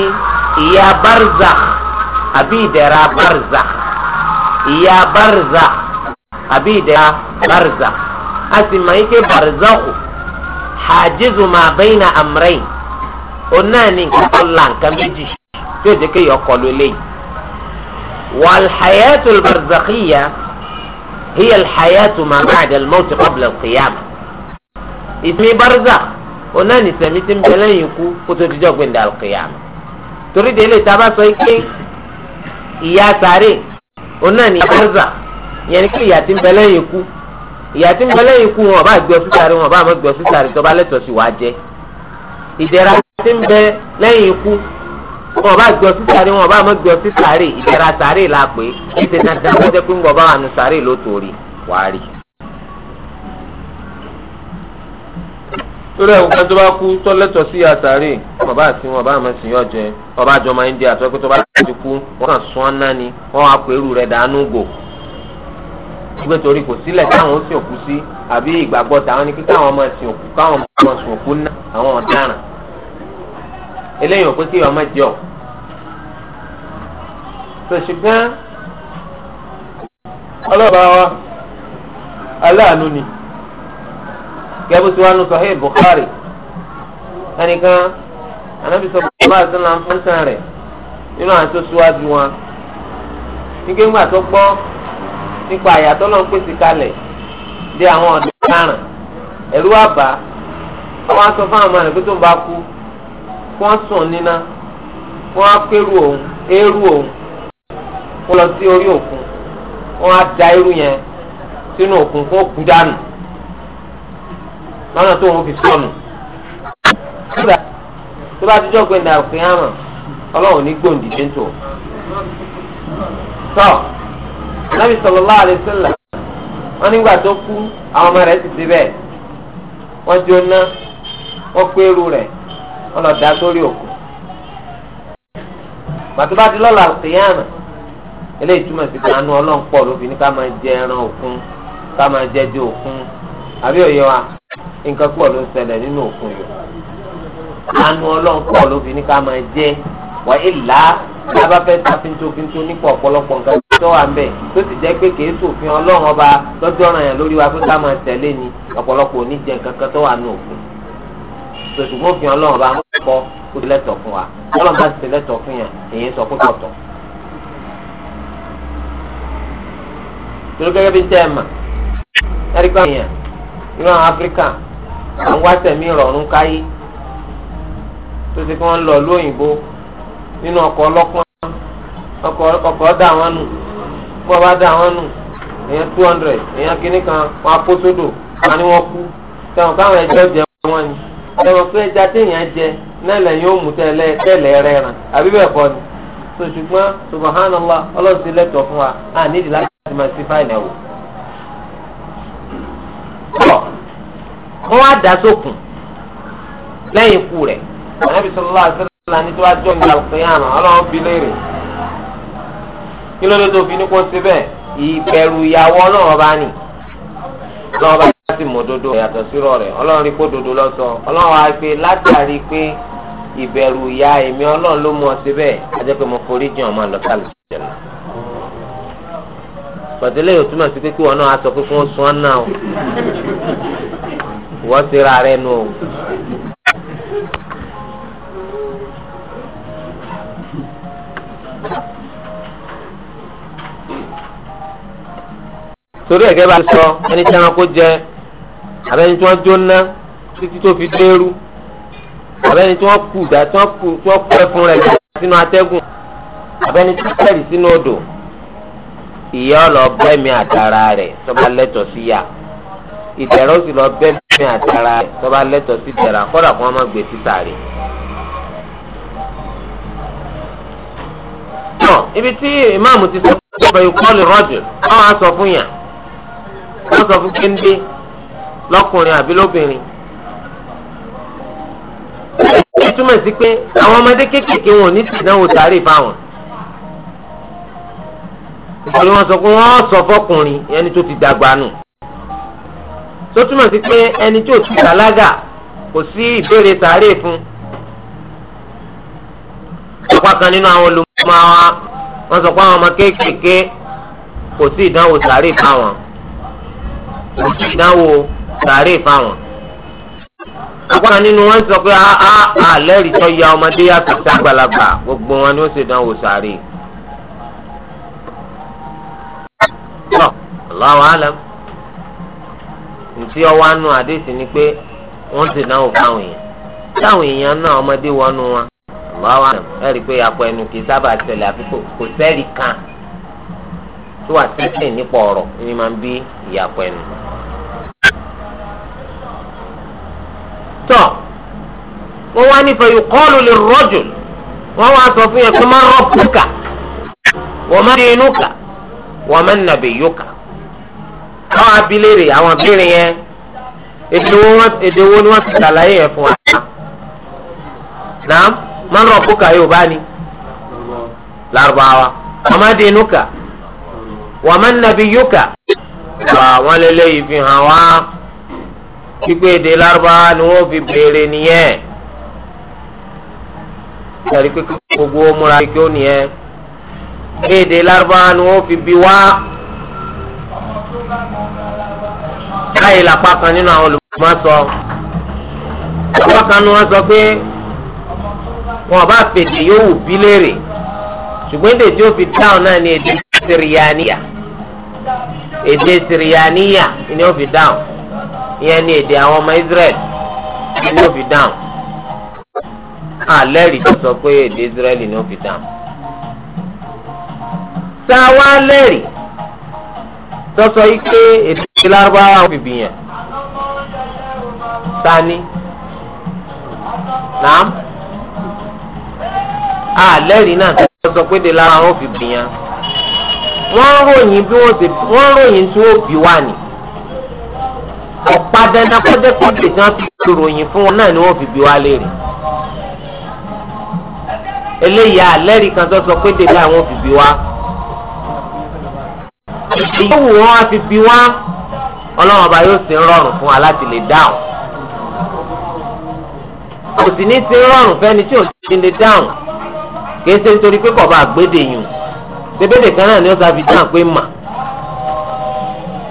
ìyà barza àbí ìdẹ̀ra barza ìyà barza àbí ìdẹ̀ra barza a sì mọ̀ ike barzakhu hajizu ma bayna amrayn òun náà ni nǹkan tó la nǹkan méjì tí jẹ́ kéèyàn kọlu eléyìí wal hayatul barzakhiya. هي الحياة ما بعد الموت قبل القيامة. ìsinmi barza ọ̀nà nìsẹ̀mí ti يكو. bẹ lẹ́yìn ikú kó tó dijọ́ gbẹ̀ndẹ̀ alqiyama torí délé tá a bá sọ ike ìyà sáré ọ̀nà ní barza yẹn ni kí ìyà ti ń bẹ lẹ́yìn ikú ìyà ti ń bẹ lẹ́yìn ikú wọn ọba gbé ọsítàrí wọn ọba àmọ́ gbé ọsítàrí tó bá wàá jẹ ìdẹ̀ra ti ń bẹ lẹ́yìn wọn bá jọ sí sáré wọn bá mọ jọ sí sáré ìdẹ̀ra sáré la pé ètè dandan ló jẹ́ pé ńgbọ́ bá wà nù sáré ló torí wàá rí. torí ẹ̀wọ̀n kan tó bá kú tọ́lẹ́tọ̀ sí àtàrí bàbá àti wọn bá àmọ́sìn yóò jẹ ọba àjọmọ India tó pé tó bá ti kú wọn kàn sún ọ́nà ni wọn á pẹ̀lú rẹ̀ dànù gò gbé torí kò sílẹ̀ táwọn ó sìn òkú sí àbí ìgbàgbọ́ tàwọn ni kí káwọn ọmọ ẹ̀sìn òkú káwọn ọmọ ẹ̀sìn òkú ná àwọn ọ̀daràn eléyìí ò pé kí ọmọ jọ tó ṣùgbọ́n ọlọ́ba wa aláàánú ni gẹ́gẹ́ tí wọ́n nu Sahih Bukhari ẹnìkan anábìsọ bàbá àtúnlá ń fún sàn rẹ̀ nínú àwọn tó ṣíwájú wọn nígbà ńgbà tó gbọ́ nípa àyàtọ̀ lọ́n pèsè kalẹ̀ bí àwọn ọ̀dọ́ káràn ẹ̀rú àbá wọ́n á sọ fún àwọn ọmọ rẹ̀ pé tó ń bá kú. kí wọ́n sùn níná a wọ́n á pérú òun éérú òun kó lọ sí orí òkun wọn á da irú yẹn sínú òkun kó kú dànù lọ́nà tó ń fi sọnù. tó bá pé ọlọ́run ní gbòǹdì dé tó. tọ́ nàbì sallallahu wọ́n nígbà tó kú àwọn ọmọ rẹ̀ ti bẹ́ẹ̀ wọ́n wọn lọ da sórí òkú pàtó bá ti lọ́la àlùkìyàmà eléyìí túmọ̀ sí pé àánú ọlọ́run pọ̀ ní ká máa jẹ ẹran òkun ká máa jẹ òkun àbí òye wa nǹkan pọ̀ ló ń ṣẹlẹ̀ nínú òkun yìí àánú ní ká máa jẹ wà ìlà lábá ta nípa ọ̀pọ̀lọpọ̀ sòṣùgbọ́n òfin ọlọ́run bá ń kọ́ kó ti lẹ́tọ̀ fún wa ọlọ́run bá ti lẹ́tọ̀ fún yàn èyí sọ pé tọ̀tọ̀. torí gẹ́gẹ́ bí tẹ́ ẹ mà ẹ̀ríkà èèyàn nínú àwọn áfíríkà àwọn wáṣẹ̀mí rọ̀rùn káyé tó ti kí wọ́n lọ lóyìnbó nínú ọkọ̀ ọlọ́pọ́n ọkọ̀ dá wọn nù bọ́ bá dá wọn nù èèyàn two hundred èèyàn kìnnìkan wọn apó sódò wọn ni wọn kú tẹ̀wọ̀n káwọn ẹ̀jẹ̀ jẹ wọn ni. ẹ̀rọ pé ẹja téèyàn jẹ náà lẹ́yìn ó mú tẹ́lẹ̀ tẹ́lẹ̀ rẹ̀ àbí bẹ́ẹ̀ kọ́ ni so ṣùgbọ́n subhanallah ti lẹ́tọ̀ fún wa a nídìí láti máa sí fáìlì ẹ̀wò. wọ́n wá dá sókun lẹ́yìn ikú rẹ̀ jọ ní ọlọ́run fi ọlọ́run bá sì mọ dodo yàtọ̀ sírọ̀ rẹ̀ ọlọ́run rí kó dodo lọ́sọ ọlọ́run á pé látàrí pé ìbẹ̀rù ìyá èmi ọlọ́run ló mú ọ síbẹ̀ ajẹ́ pé mo forí jìn ọmọ àlọ́tà lè ṣe lọ. yóò túmọ̀ sí pé kí wọn náà sọ pé kí wọ́n sun ọ́n náà o wọ́n ti ra rẹ̀ nù o. Thank you. torí ẹ̀gẹ́ bá sọ ẹni tí ẹranko jẹ abẹ́ni tí wọ́n jóná títí tó fi dérú abẹ́ni tí wọ́n kù dá tí wọ́n kù tí wọ́n kú ẹfun rẹ̀ sínú atẹ́gùn abẹ́ni tí wọ́n tẹ̀lé sínú odò ìyá ọ̀lọ́ bẹ́mi àtàrà rẹ̀ tọ́ba lẹ́tọ̀ sí yá ìdẹ̀rọ̀ sì lọ bẹ́mi àtàrà rẹ̀ tọ́ba lẹ́tọ̀ sí dẹ̀rà kọ́dà kó wọ́n má gbé síta rẹ̀. ibi tí ìmáàmù ti sọ pé ìkọlù rọ́jù wọ́n á sọ fún yàn wọ́n sọ fún kéńdé lọ́kùnrin àbí lóbìnrin. ó túmọ̀ sí pé àwọn ọmọdé kéékèèké wọn ò ní sí ìdánwò tààrí fáwọn. ìṣòro wọn sọ pé wọ́n sọ fọkùnrin ẹni tó ti dàgbà nù. tó túmọ̀ sí pé ẹni tó ti bàlágà kò sí ìbéèrè tààrí fún. ọ̀pá kan nínú àwọn olùmọ̀ wa wọ́n sọ pé àwọn ọmọ kéékèèké kò sí ìdánwò tààrí fáwọn òtún ìdánwò sàárè fáwọn. agbára nínú wọn sọ pé a ah, a ah, ah, lẹ́rìí tó ya ọmọdé yàtọ̀ sí àgbàlagbà gbogbo wọn ni ó ṣèdánwò sàárè. tọ́ aláwọ̀ alam ntí ọwọ́ anú àdéhùn ni pé wọ́n ṣèdánwò fáwọn èèyàn táwọn èèyàn náà ọmọdé wọnú wọn aláwọ̀ alam ẹ̀rí pé apọ̀ ẹnu kì í sábà ṣẹlẹ̀ àfi kò sẹ́rìí kan tí wàá tẹ́sí nípa ọ̀rọ̀ ni máa ń bí ìyàpọ̀ ẹnu. tọ́ wọ́n wá ní fẹ̀yì kọ́ọ̀lù lè rọ́jò wọ́n wá sọ fún yẹn pé má rọ́ púkà wọ́n má dé inú kà wọ́n má nàbẹ̀ yó kà. àwọn abilérè àwọn abilérè yẹn èdè wo ni wọ́n ti ṣàlàyé yẹn fún wa. nàá má rọ́ púkà yóò bá ní Lárúbáwá wọ́n má dé inú kà wọ́n má nàbẹ̀ yó kà. àwọn lélẹ́yìí fi hàn wá kíkó èdè lárúbáwá ni wọ́n fi béèrè nìyẹn sọ̀rí pé gbogbo múra kí ó nìyẹn èdè lárúbáwá ni wọ́n fi bí wá. láyé lápá kan nínú àwọn olùkọ́ sọ lápá kan ni wọ́n sọ pé wọn bá fèdè yóò wù bí léèrè ṣùgbọ́n èdè tí ó fi dáhùn náà ni èdè siriyaniya èdè siriyaniya ni ó fi dáhùn ìyẹn ni èdè àwọn ọmọ Israẹli ah, ni ó fi dáhùn àlẹ́rìí ah, tó sọ pé èdè Israẹli ni ó fi dáhùn. sáwa lẹ́rìí tọ́sọ yìí pé èdè lárúbáwá ó fi bìyàn tani naam àlẹ́rìí náà tọ́sọ pé èdè lárúbáwá ó fi bìyàn wọ́n ròyìn bí wọ́n ṣe wọ́n ròyìn tí wọ́n bí wà ní ọ̀pá dandan kọ́jẹ́ kọ́jẹ́ tí wọ́n fi ròyìn fún wọn náà ni wọ́n fi bí wá léèrè. eléyìí àlẹ́rìí kan tó sọ pé dèbí àwọn fi bí wá. èyí wù wọ́n á fi bí wá ọlọ́run ọba yóò sì ń rọrùn fún wa láti lè dáhùn. kò sì ní sí rọrùn fẹ́ni tí ò sì lè dáhùn kìí ṣe nítorí pé kọ̀ọ̀bá àgbédè yùn débédè kan náà ni ó sá fi dáhùn pé mà.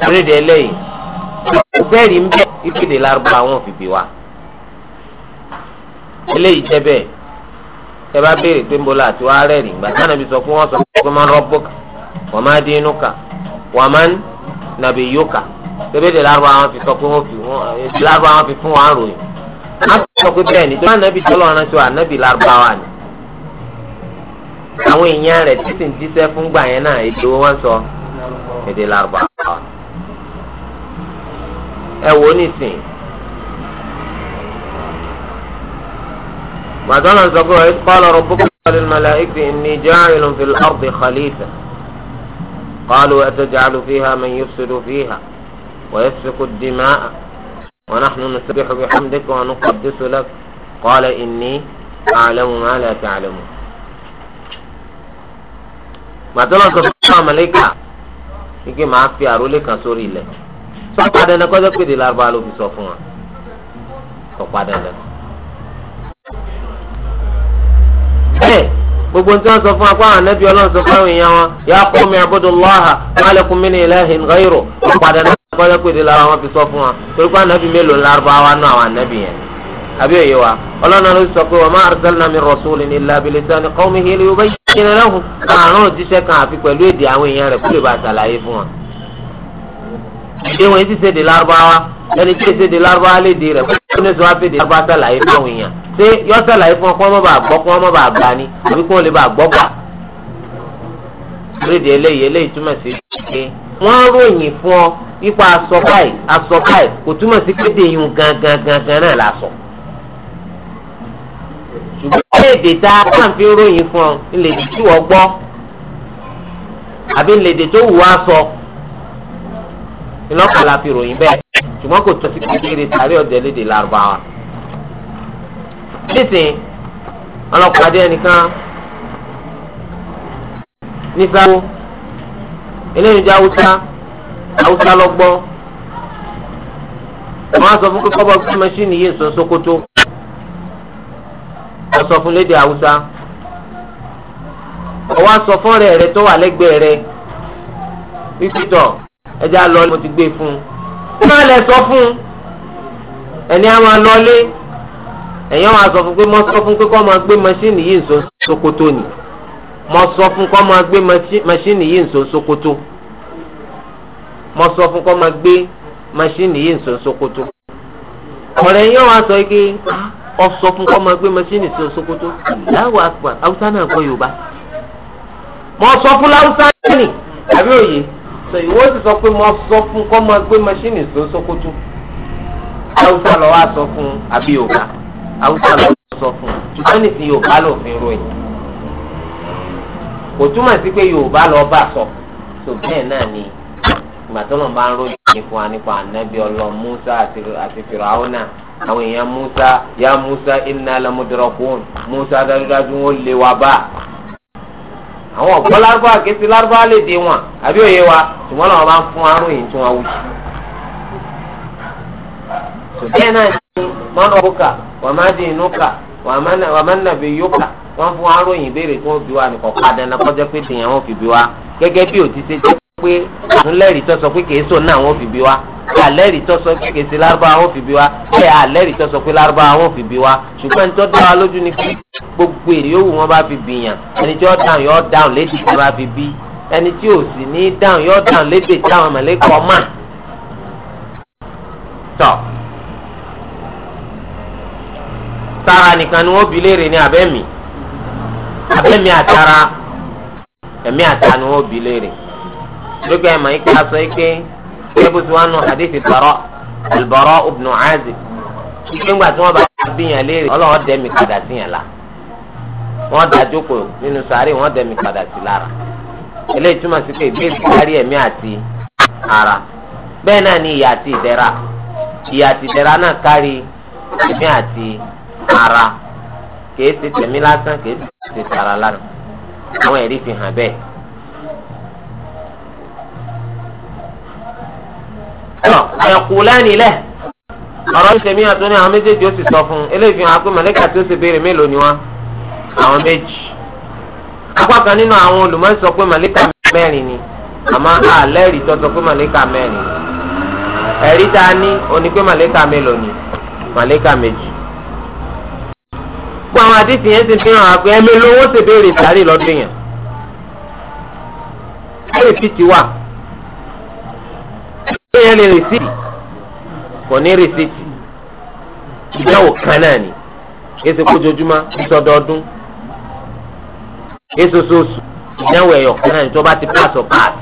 eré de eléyìí tẹ́rì ń bẹ̀ ìkéde lárúbá àwọn òfìbí wa eléyìí jẹ́ bẹ́ẹ̀ ẹ bá béèrè pé nbola àti wàá rẹ̀ nígbà tí ànábi sọ fún wọn sọ pé man rabbuka wa ma dinuka wa man nabiyuka tẹ́bẹ̀dẹ̀ lárúbá àwọn fi sọ pé wọ́n fi wọ́n lárúbá àwọn fi fún wọn ròyìn wọ́n sọ pé bẹ́ẹ̀ ni tí wọ́n ànábi tọ́lọ́ ránṣẹ́ wa ànábi lárúbá wa ni àwọn èèyàn rẹ̀ títí ń jíṣẹ́ fún gbà yẹn náà èdè wọn sọ èdè lárúbá wa ni. ẹ wò ó nìsín. gbàdánà sọ pé ọ̀hìn kọ́ lọ́rọ̀ púpọ̀ lọ́rọ̀ mọ̀láìkì ní ń fi ọ̀rọ̀ khalifa قالوا أتجعل فيها من يفسد فيها ويسفك الدماء ونحن نسبح بحمدك ونقدس لك قال إني أعلم ما لا تعلمون gbàtọ́lá sọ fún àwọn mọ̀lẹ́kà wípé màá fi àrólé kan sórí ilẹ̀ sọ́padà lẹ kọ́jọ́ pé ìdílé arúgbó sọ fún wa lẹ. sọ fún wa kó àwọn sọ fún àwọn èèyàn wọn ya qawmi ubudullaha ma lakum min ilahin ghayruh sọ́padà lẹ kọ́jọ́ pé fi sọ fún wa torí mélòó wa àwọn yẹn wa ló sọ pé àrùn òjíṣẹ́ kan àfi pẹ̀lú èdè àwọn èèyàn rẹ̀ bá a ṣàlàyé fún èdè wọn ti ṣèdè lárúbáwá ẹni tí èsèdè lárúbáwá lè di rẹ kó ní sọ wá fèdè lárúbáwá sàlàyé fáwọn èèyàn ṣé yọ sàlàyé fún ọ kó wọn bá gbọ́ kó wọn bá gbà ni àbí kó wọn lè bá gbọ́ gbà. lórí eléyìí eléyìí túmọ̀ sí pé wọ́n ròyìn fún ọ ipa aṣọ báyìí aṣọ báyìí kò túmọ̀ sí pé dèyún gangan gangan náà la sọ. ṣùgbọ́n èdè tá a kàn fi ròyìn fún ọ ńlẹ̀ tí wọ́n gbọ́ àbí ńlẹ̀ tó wù wá sọ. So ìlọ́kọ̀ la fi ròyìn bẹ́ẹ̀ ṣùgbọ́n kò tó sí kékeré tàbí ọ̀dẹ́ léde lárúbáwá. nísìnyí ọlọ́pàá dé ẹnìkan ní sáwó eléyìí jẹ́ haúsá haúsá lọ́gbọ́n wọ́n á sọ fún kíkọ́ bọ́ fún mẹ́ṣíìnì yìí sọ Sókótó wọ́n sọ fún léde haúsá wọ́n á sọ fún ọ̀rẹ́ rẹ tó wà lẹ́gbẹ̀ẹ́ rẹ wípé ẹjẹ alọ ni mo ti gbé fún un ó máa lẹ sọ fún un ẹni a máa lọlé ẹ̀yìn àwọn aṣọ fún pé mo sọ fún pé kó máa gbé mọ́ṣíìnì yìí nso sokoto ni mo sọ fún kó máa gbé machine yìí nso sokoto mo ah, sọ fún kó máa gbé mọ́ṣíìnì yìí nso sokoto ọ̀rẹ́ yẹn wàá sọ pé ọ sọ fún kó máa gbé mọ́ṣíìnì nso sokoto láwọ àpò haúsá náà kọ yorùbá mo sọ fún láwùsá nì àbí òye sọ ìwọ ti sọ pé mo sọ fún kọ́ máa gbé mọ́ṣíìnì tó sókótó haúsá lọ́wọ́ á sọ fún àbí yorùbá haúsá lọ́wọ́ á sọ fún ṣùgbọ́n nìsín yorùbá lòfin ròyìn kò túmọ̀ sí pé yorùbá lọ́ọ́ bá sọ tó bẹ́ẹ̀ náà ni ìgbà tó lọ́n bá ń ròyìn nípa nípa ànábì ọlọ́run musa àti fìràwọ́nà àwọn èèyàn musa ya musa inna lamudrakun musa dájúdájú wọn lé wa bá àwọn ọ̀gbọ́n lárúbáwá kéésì lárúbáwá lè dé wọn àbí òye wa ṣùgbọ́n làwọn bá ń fún aróyìn tí wọ́n wù sí. sùdíẹ̀ náà ní mọ́nà bókà wàmádìí inú kà wàmánàbí yókà wọ́n fún aróyìn ìbéèrè tí wọ́n bí wa nìkan padà náà kọjá pé tèèyàn wọn fi bí wa gẹ́gẹ́ bí òtítẹ́ jẹ́ pé àtúnlẹ́rìí tó sọ pé kèésò náà wọn fi bí wa alẹ́rìí tó sọ pé kèsì lárúbáwá wọn fi bí wa bẹ́ẹ̀ alẹ́rìí tó sọ pé lárúbáwá wọn fi bí wa ṣùgbọ́n tó dá wa lójú ni pé gbogbo èrè yòówù wọn bá fi bìyàn ẹni tí ó dáhùn yóò dáhùn lédè tí wọn bá fi bí ẹni tí ò sì ní dáhùn yóò dáhùn lédè táwọn mọ̀lẹ́kọ̀ọ́ mà. tọ́ sára nìkan ni wọ́n bi léèrè ní abẹ́mi abẹ́mi àtara ẹ̀mí àtara ni wọ́n bi léèrè lókè ẹ̀ mọ̀ ẹ́ kí a sọ ẹ́ pé kẹ́bùsù wa nù hadith Bara Al-Bara ibn Azib nígbà tí wọ́n bá bíyàn léèrè ọlọ́wọ́ dẹ́mi padà síyàn la wọ́n da jókòó nínú sàárè wọ́n dẹ́mi padà sí lára eléyìí túmọ̀ sí pé ìbéèrè kárí ẹ̀mí àti ara bẹ́ẹ̀ náà ni ìyà àti ìdẹ̀ra ìyà àti ìdẹ̀ra náà kárí ẹ̀mí àti ara kèé ti tẹ̀mí lásán kèé ti tẹ̀mí lásán àwọn ẹ̀rí fi hàn bẹ́ẹ̀. àyàkùlánì lẹ̀ ọ̀rọ̀ ìṣẹ̀mí àtúnyẹ àwọn méjèèjì ó sì sọ fún un eléyìí fi hàn pé mọ̀lẹ́kà tó ṣe béèrè mélòó ni wọ́n àwọn méjì apá kan nínú àwọn olùmọ̀ sọ pé mọ̀lẹ́kà mẹ́rin ni àmọ́ àlẹ́rìí tó sọ pé mọ̀lẹ́kà mẹ́rin ni ẹ̀rí tá a ní oní pé màlẹ́kà mélòó ni màlẹ́kà méjì. gbogbo àwọn àdìsí yẹn ti fi hàn wá pé ẹ̀mí lówó ṣe béèrè sáré lọ́dún yẹn. ẹ̀rí fi ti wà èèyàn ní rìsíìtì kò ní rìsíìtì ìdáwò kan náà ni èsì kójoojúmọ́ ìsọdọọdún èsì oṣooṣù ìdáwò ẹ̀yọ̀ kan náà ni tó bá ti pass or pass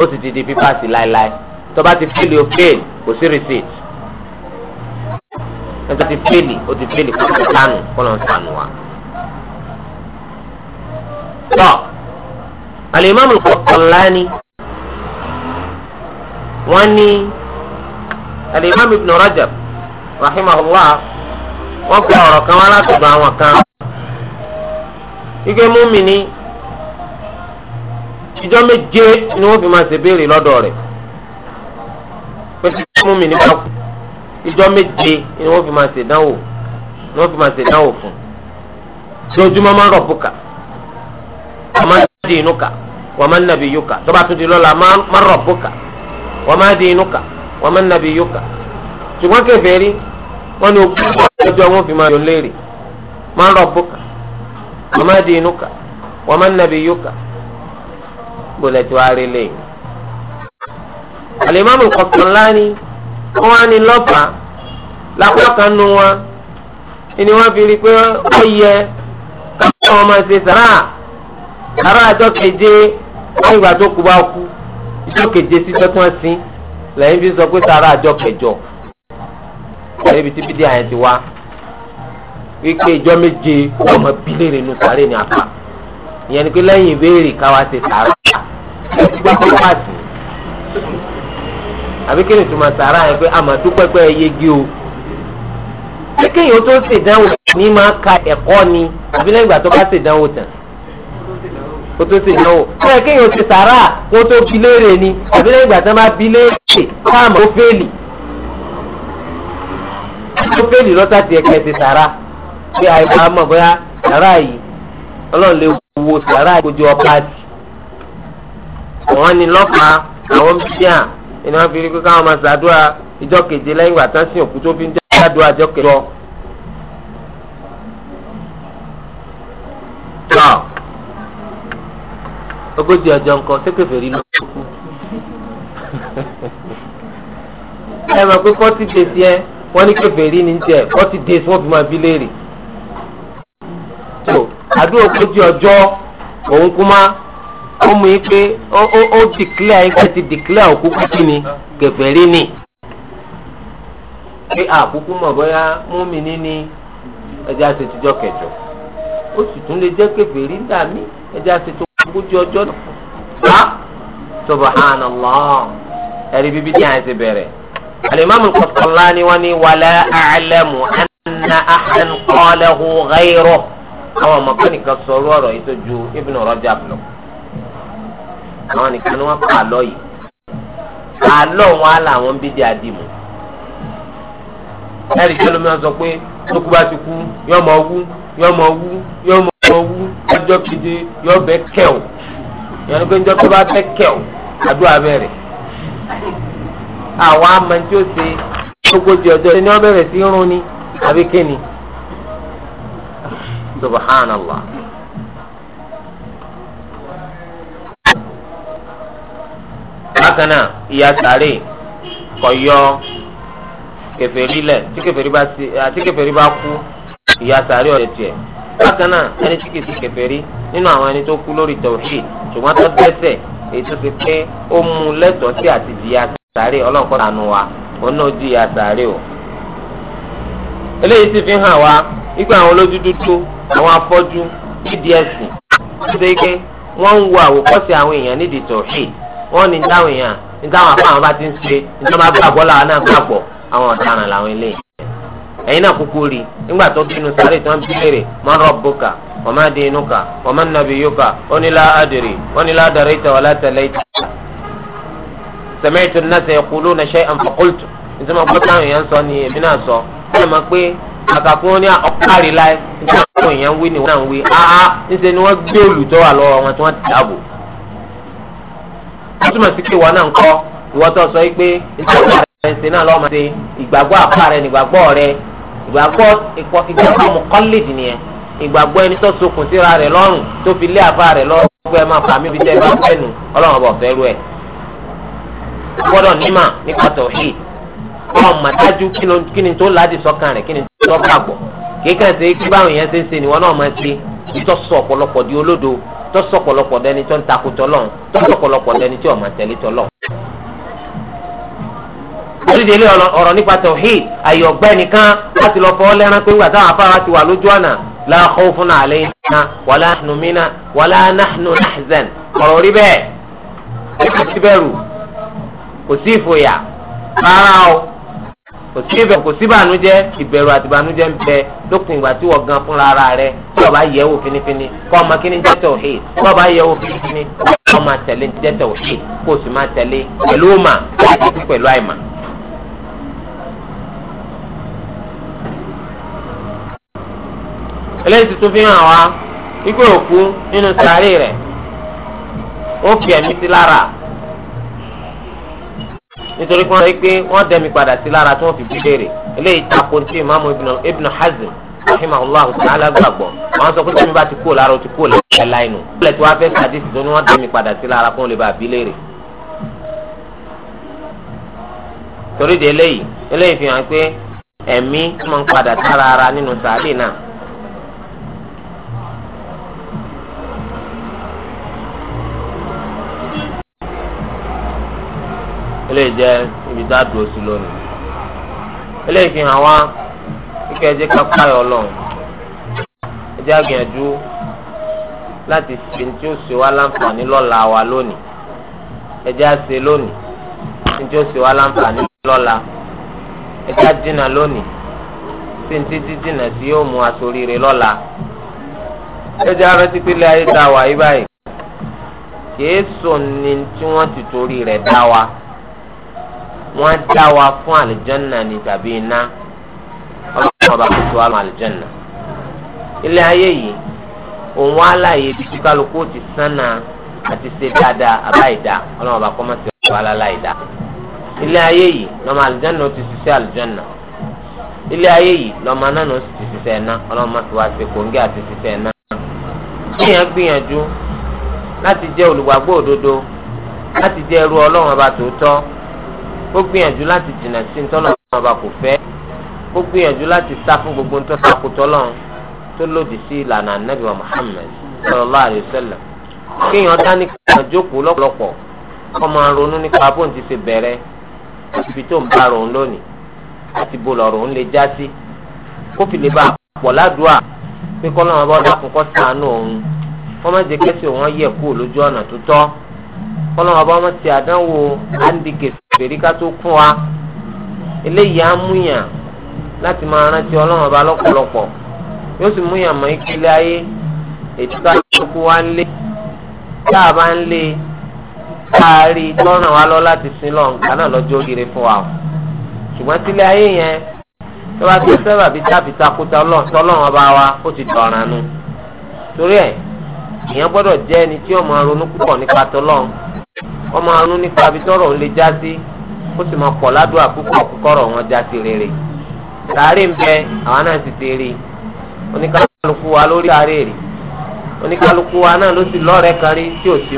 ó sì ti di pípàsì láéláé tó bá ti fail o fail kò sí rìsíìtì ẹjọ́ ti fẹ́lì o ti fẹ́lì kó ti sànù kó lọ́n sànù wa. tọ́ alimami Qurtullani wọ́n ní alimami ibn rajab rahimahullah wọ́n gba ọ̀rọ̀ kan wá láti gba àwọn kan ike múmini ìjọ méje ni wọ́n fi máa ṣe béèrè lọ́dọ̀ rẹ̀ pé kí múmini bá kú ìjọ méje ni wọ́n fi máa ṣe dánwò ni wọ́n fi máa ṣe dánwò fún lójúmọ́ máa ń rọ̀ bùkà máa ń dín inú kà wọ́n máa ń nàbí yóò kà tó di lọ́la máa ń rọ̀ wa ma dinuka wa man nabiyuka ṣùgbọ́n kèfèrí wọ́n ní okú ọjọ́ wọn fi máa yọ léèrè man rabbuka wa ma dinuka wa man nabiyuka gbọ́dọ̀ tí wàá rí léyìn. alimami Qastanlani wọ́n á ní lọ́pàá lápákan nu wọn ni wọ́n fi rí pé ó yẹ káwọn ọmọ ṣe sàrà sàrà àjọ keje wọ́n ìgbà tó kú bá kú ìjọ keje síjọ tí wọ́n sin lẹ́yìn fi sọ pé sàrà àjọ kẹjọ ẹ̀rí bíi tíbi dí àyẹ̀ ti wá wípé ìjọ méje ọmọ bílẹ̀rì nù sàrè ní apá ìyẹn ni pé lẹ́yìn ìbéèrè káwa ṣe sàrà gbọ́ pé pàṣẹ àbí kí ni ìtumọ̀ sàrà yẹn pé àmàdú pẹ́pẹ́ yegi o pé kéèyàn tó ṣèdánwò ní máa ka ẹ̀kọ́ ni àbí lẹ́yìn ìgbà tó bá ṣèdánwò tán kó tó ṣe ìnáwó. bẹ́ẹ̀ kéèyàn ṣe sàrà kó tó bi léèrè ni àbí lẹ́yìn ìgbà tí wọ́n bá bi léèrè káàmù ó fèlì. ó fèlì lọ́tà tiẹ̀ kẹ́ ṣe sàrà pé àìkú àmọ̀ bóyá sàrà yìí ọlọ́run lè wo sàrà ìkójú ọ̀pá jù. wọ́n ní lọ́pàá àwọn bíyà ni wọ́n fi rí pé káwọn máa ṣàdúrà ìjọ keje lẹ́yìn ìgbà tán sí òkú tó fi ń jádùn ogójì ọjọ́ nǹkan sékèfèrè ló kú. ẹ mọ̀ pé fọ́tí dèsí ẹ wọ́n ní kèfèrí ní tiẹ̀ fọ́tí dèsí wọ́n fi máa bí léèrè. tó àdúrà ogójì ọjọ́ òun kú má ó mú yín pé ó dìklẹ́ ayíkẹ́ ti dìklẹ́ òkú kúkú ni kèfèrí ni. pé àkúkú mọ̀ bóyá múmi níní ẹja ṣètìjọ́ kẹjọ ó sì tún lè jẹ́ kèfèrí ń dà mí ẹja ṣètò ogójì ọjọ́ náà subhanallah ẹ̀rí bíbí tí a ti bẹ̀rẹ̀. الإمام القسطلاني وني ولا أعلم أن أحدا قاله غيره أو ما كان كسرور يتجو ابن رجب له àwọn nìkan ni wọn pa àlọ yìí àlọ wọn á làwọn bí di àdìmú ẹ̀rí kí ẹlòmíràn sọ pé tó ti kú yọmọ wú yọmọ wú yọmọ wú jọ́ kejì yọ bẹ kẹ́ọ̀ yẹn pé njọ́ tó bá bẹ kẹ́ọ̀ àdúrà bẹ̀rẹ̀ àwọn amọ̀ tí ó ṣe ogójì ọjọ́ ni wọ́n bẹ̀rẹ̀ sí rún ni àbí kíni subhanallah. bákan náà ìyà sàárè kọyọ kèfèrí lẹ tí kèfèrí bá kú ìyà sàárè ọ̀rẹ́ tiẹ̀ bákan náà ẹni tí kìí ti kèfèrí nínú àwọn ẹni tó kú lórí tawhid ṣùgbọ́n tó dẹ́ṣẹ̀ èyí tó ti pé ó mú lẹ́tọ̀ọ́ sí àti jìyà sàárè ọlọ́nkọ́ tànù wa òun náà jìyà sàárè o. eléyìí ti fi hàn wá wípé àwọn olójú dúdú àwọn afọ́jú nídìí ẹ̀sìn tó ṣe pé wọ́n ń wo àwòkọ́sí àwọn èèyàn nídìí tawhid wọ́n ní táwọn èèyàn ní táwọn àpá àwọn bá ti ń ṣe ní táwọn bá gbàgbọ́ làwọn náà gbàgbọ́ àwọn ọ̀daràn làwọn eléyìí ẹ̀yin náà kúkú rí nígbà tó bínú sáré tó ń bílèrè man rabbuka wa ma dinuka wa man nabiyuka ó ní la adri ó ní la daraita wa la talaita. sami'tu an-nasa yaquluna shay'an fa qultu nítorí wọn gbọ́dọ̀ àwọn èèyàn sọ ni èmi náà sọ wọ́n mọ̀ pé àkàkùn wọn ní ọ̀kárí láì nítorí àwọn èèyàn wí ni wọ́n náà wí áá níṣẹ́ ni wọ́n gbé olùtọ́ wà lọ́wọ́ wọn tí wọ́n ti dáàbò. ìgbàgbọ́ àpá rẹ̀ nígbàgbọ́ rẹ̀ ìgbàgbọ́ ìgbàgbọ́ mọ̀kọ́lẹ́dì nìyẹn ìgbàgbọ́ ẹni tó sokùn síra rẹ̀ lọ́rùn tó fi lé àfa rẹ̀ lọ́rùn gbogbo ẹ̀ máa fà mí bí tẹ́ ẹ bá fẹ́ nu ọlọ́run ọba ọ̀fẹ́ rú ẹ̀. gbọ́dọ̀ nímà nípa tọ̀hí ọmọ màdájú kí ni tó ládì sọ́kàn rẹ̀ kí ni tó gbàgbọ́ kéka ṣe kí báwọn yẹn ṣe ń ṣe ni wọn náà máa ṣe tó sọ ọ̀pọ̀lọpọ̀ di olódo tó sọ ọ̀pọ̀lọpọ̀ dẹni tó ń takò tọ́lọ́run tó sọ ọ̀pọ̀lọpọ̀ dẹni tí ọ̀mà tẹ̀lé tọ́lọ́run àtúndì ilé ọ̀rọ̀ nípa tawhid ayọ̀ ọ̀gbẹ́ nìkan láti lọ fọ́ lẹ́ran pé ńgbà táwọn afárá ti wà lójú ọ̀nà la khawfun alayna wala nahnu minna wala nahnu nahzan ọ̀rọ̀ rí bẹ́ẹ̀ kò sí bẹ̀rù kò sí ìfòyà rárá o kò sí ìbẹ̀rù kò sí ìbànújẹ́ ìbẹ̀rù àti ìbànújẹ́ ń bẹ lópin ìgbà tí wọ́n gan fúnra ara rẹ tí ọba yẹ̀ wò finifini kọ́ ọmọ kí ni jẹ́ tawhid kọ́ ọba yẹ̀ wò finifini kọ́ ọmọ tẹ̀lé jẹ́ tawhid kó o sì máa tẹ̀lé pẹ̀lú òmà pẹ̀lú àìmà. eléyìí ti tún fi hàn wá ikú òkú nínú sàárè rẹ̀ wọ́n fi ẹ̀mí sí lára nítorí pé wọ́n rí pé wọ́n dẹ̀mí padà sí lára tí wọ́n fi bí léèrè eléyìí tako ti imaamu ibn hazm rahimahullah ta'ala gbàgbọ́ àwọn sọ pé tẹ̀mí bá ti kú lára o ti kú lára láì nù. wọ́n lè tí wọ́n fẹ́ sàdísì tó ní wọ́n dẹ̀mí padà sí lára fún olè bá bí léèrè. torí de eléyìí eléyìí fi hàn pé ẹ̀mí máa ń padà sára ara nínú sàárè náà. ilé jẹ́ ibi tá a dúró sí lónìí ilé ìfihàn wa kíkẹ́ ẹ jẹ́ ká páyọ̀ ọlọ́run ẹ jẹ́ àgbìyànjú láti fi tí ó ṣe wá láǹfààní lọ́la wa lónìí ẹ jẹ́ àṣe lónìí fi tí ó ṣe wá láǹfààní lọ́la ẹ jẹ́ àdínà lónìí fi tí dídínà tí yóò mú aṣoríire lọ́la ẹ jẹ́ arántí pílẹ̀ ayé tá a wà yí báyìí kìí sọ ní tí wọ́n ti torí rẹ̀ dá wa wọ́n dá wa fún àlìjọ́nà ni tàbí iná ọlọ́run ọba kò tó wa lọ àlìjọ́nà. ilé ayé yìí òun wá láàyè ibi tí kálukú ti sánà àti ṣe dáadáa àbáìdá ọlọ́run ọba kọ́ mọ́sí ọ̀rọ̀ aláìdá. ilé ayé yìí lọ́mọ àlìjọ́nà ti ṣiṣẹ́ àlìjọ́nà. ilé ayé yìí lọ́mọ anáná ti ṣiṣẹ́ iná ọlọ́run mọ́sí wa ṣe kòǹgẹ́ àti ṣiṣẹ́ iná. kíyàn gbìyànjú láti jẹ́ olùgbàgbọ́ òdodo láti jẹ́ ẹrú ọlọ́run ọba tòótọ́ kó gbìyànjú láti jìnnà sí ntọ́nà ọba kò fẹ́ kó gbìyànjú láti sá fún gbogbo ntọ́nà àkótọ́lọ́ tó lòdì sí ìlànà ànábì wa Muhammad sallallahu alaihi wasallam kéèyàn dání kéèyàn jókòó lọ́pọ̀lọpọ̀ kó máa ronú nípa bóun ti ṣe bẹ̀rẹ̀ ibi tó ń bá ròun lónìí àti bó lọ́rùn ń lè já sí kó fi lè bá pọ̀ ládùúà pé kọ́lọ́run ọba dákun kó ṣàánú òun kó má jẹ́ kẹ́sì òun yẹ̀ kúrò lójú ọ̀nà tó tọ́ kọ́lọ́mù ọba ọmọ ti àdánwò àǹdíkè fèrè ká tó kún wa eléyìí á múyàn láti máa rántí ọlọ́mù ọba lọ́pọ̀lọpọ̀ yóò sì múyàn mọ́ ìpele ayé ètò àjọkú wa ń lé tá a bá ń lé káàárí tọ́ràn wa lọ láti sin lọ nǹkan náà lọ́jọ́ ògiri fún wa o ṣùgbọ́n tílé ayé yẹn tó bá ti sábà bíi ọlọ́run ọba wa ó ti dọ̀ràn nu torí ẹ̀ èèyàn gbọ́dọ̀ jẹ́ ẹni tí ó máa ronú púpọ̀ nípa tọ́lọ́n ọmọ máa nípa ibi tọ́rọ̀ ń lè já sí ó sì máa pọ̀ ládùúgbà púpọ̀ wọn já sí rere sàárè ń bẹ àwọn náà sì ti rí oníkálukú wa lórí sàárè oníkálukú wa náà ló sì kan rí tí ò sí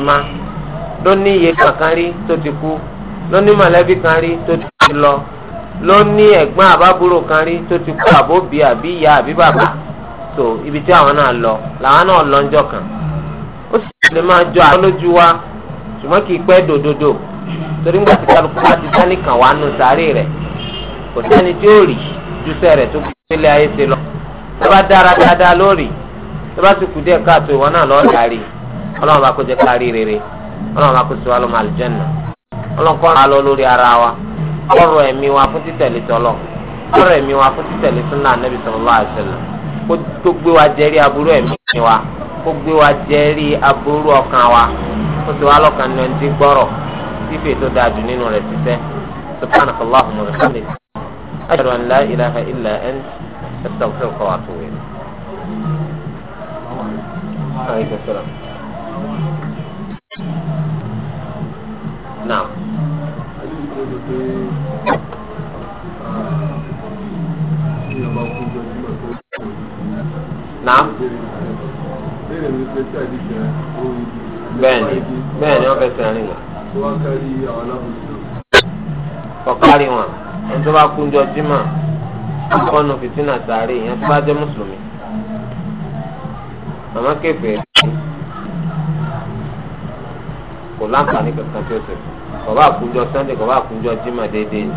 ló ní iye rí tó ti kú ló ní lọ ló ní ẹ̀gbọ́n àbábúrò kan rí tó ti kú àbí ibi tí àwọn náà lọ làwọn náà ó sì lè máa jọ àwọn lójú wa ṣùgbọ́n kì í pẹ́ dòdòdò torí ńgbà tí kálukú bá ti sẹ́ni kàn wá nù sáré rẹ̀ kò sẹ́ni tí ó rí jùsẹ̀ rẹ̀ tó gbélé ayé ṣe lọ tó bá dára dáadáa lórí tó bá sì kú díẹ̀ káàtó ìwọ náà lọ́ọ́ darí ọlọ́run bá kó jẹ́ kárí rere ọlọ́run bá kó sọ wa lọ́mọ àlùjẹ́nà ọlọ́run kọ́ ra lọ lórí ara wa ọ̀rọ̀ ẹ̀mí wa fún títẹ̀lé tọ́lọ̀ ọ̀rọ̀ ẹ̀mí wa fún títẹ̀lé sunnah Nabi sallallahu alaihi wasallam kó gbé wa jẹ́rí aburú ẹ̀mí wa kó gbé wa jẹ́rí aburú ọkàn wa kó sì wá lọ́kàn ní ẹni tí gbọ́rọ̀ tí fèé tó dáa jù nínú rẹ̀ ṣiṣẹ́ subhanaka allahumma wa bihamdik ashhadu an la ilaha illa ant astaghfiruka wa atubu ilayk. Now ìyẹn ah, bá kú nàám. bẹ́ẹ̀ni bẹ́ẹ̀ni wọ́n fẹsẹ̀ rìn lọ. ọ̀kárí wọn ẹni tó bá kúnjọ jimá kọ́nù fìtínà sáré ìyẹn tó bá jẹ́ mùsùlùmí. màmá kẹfẹ́ kò láǹfààní kankan tí ó ṣe kò bá kúnjọ sunday kò bá kúnjọ jimá déédéé ni.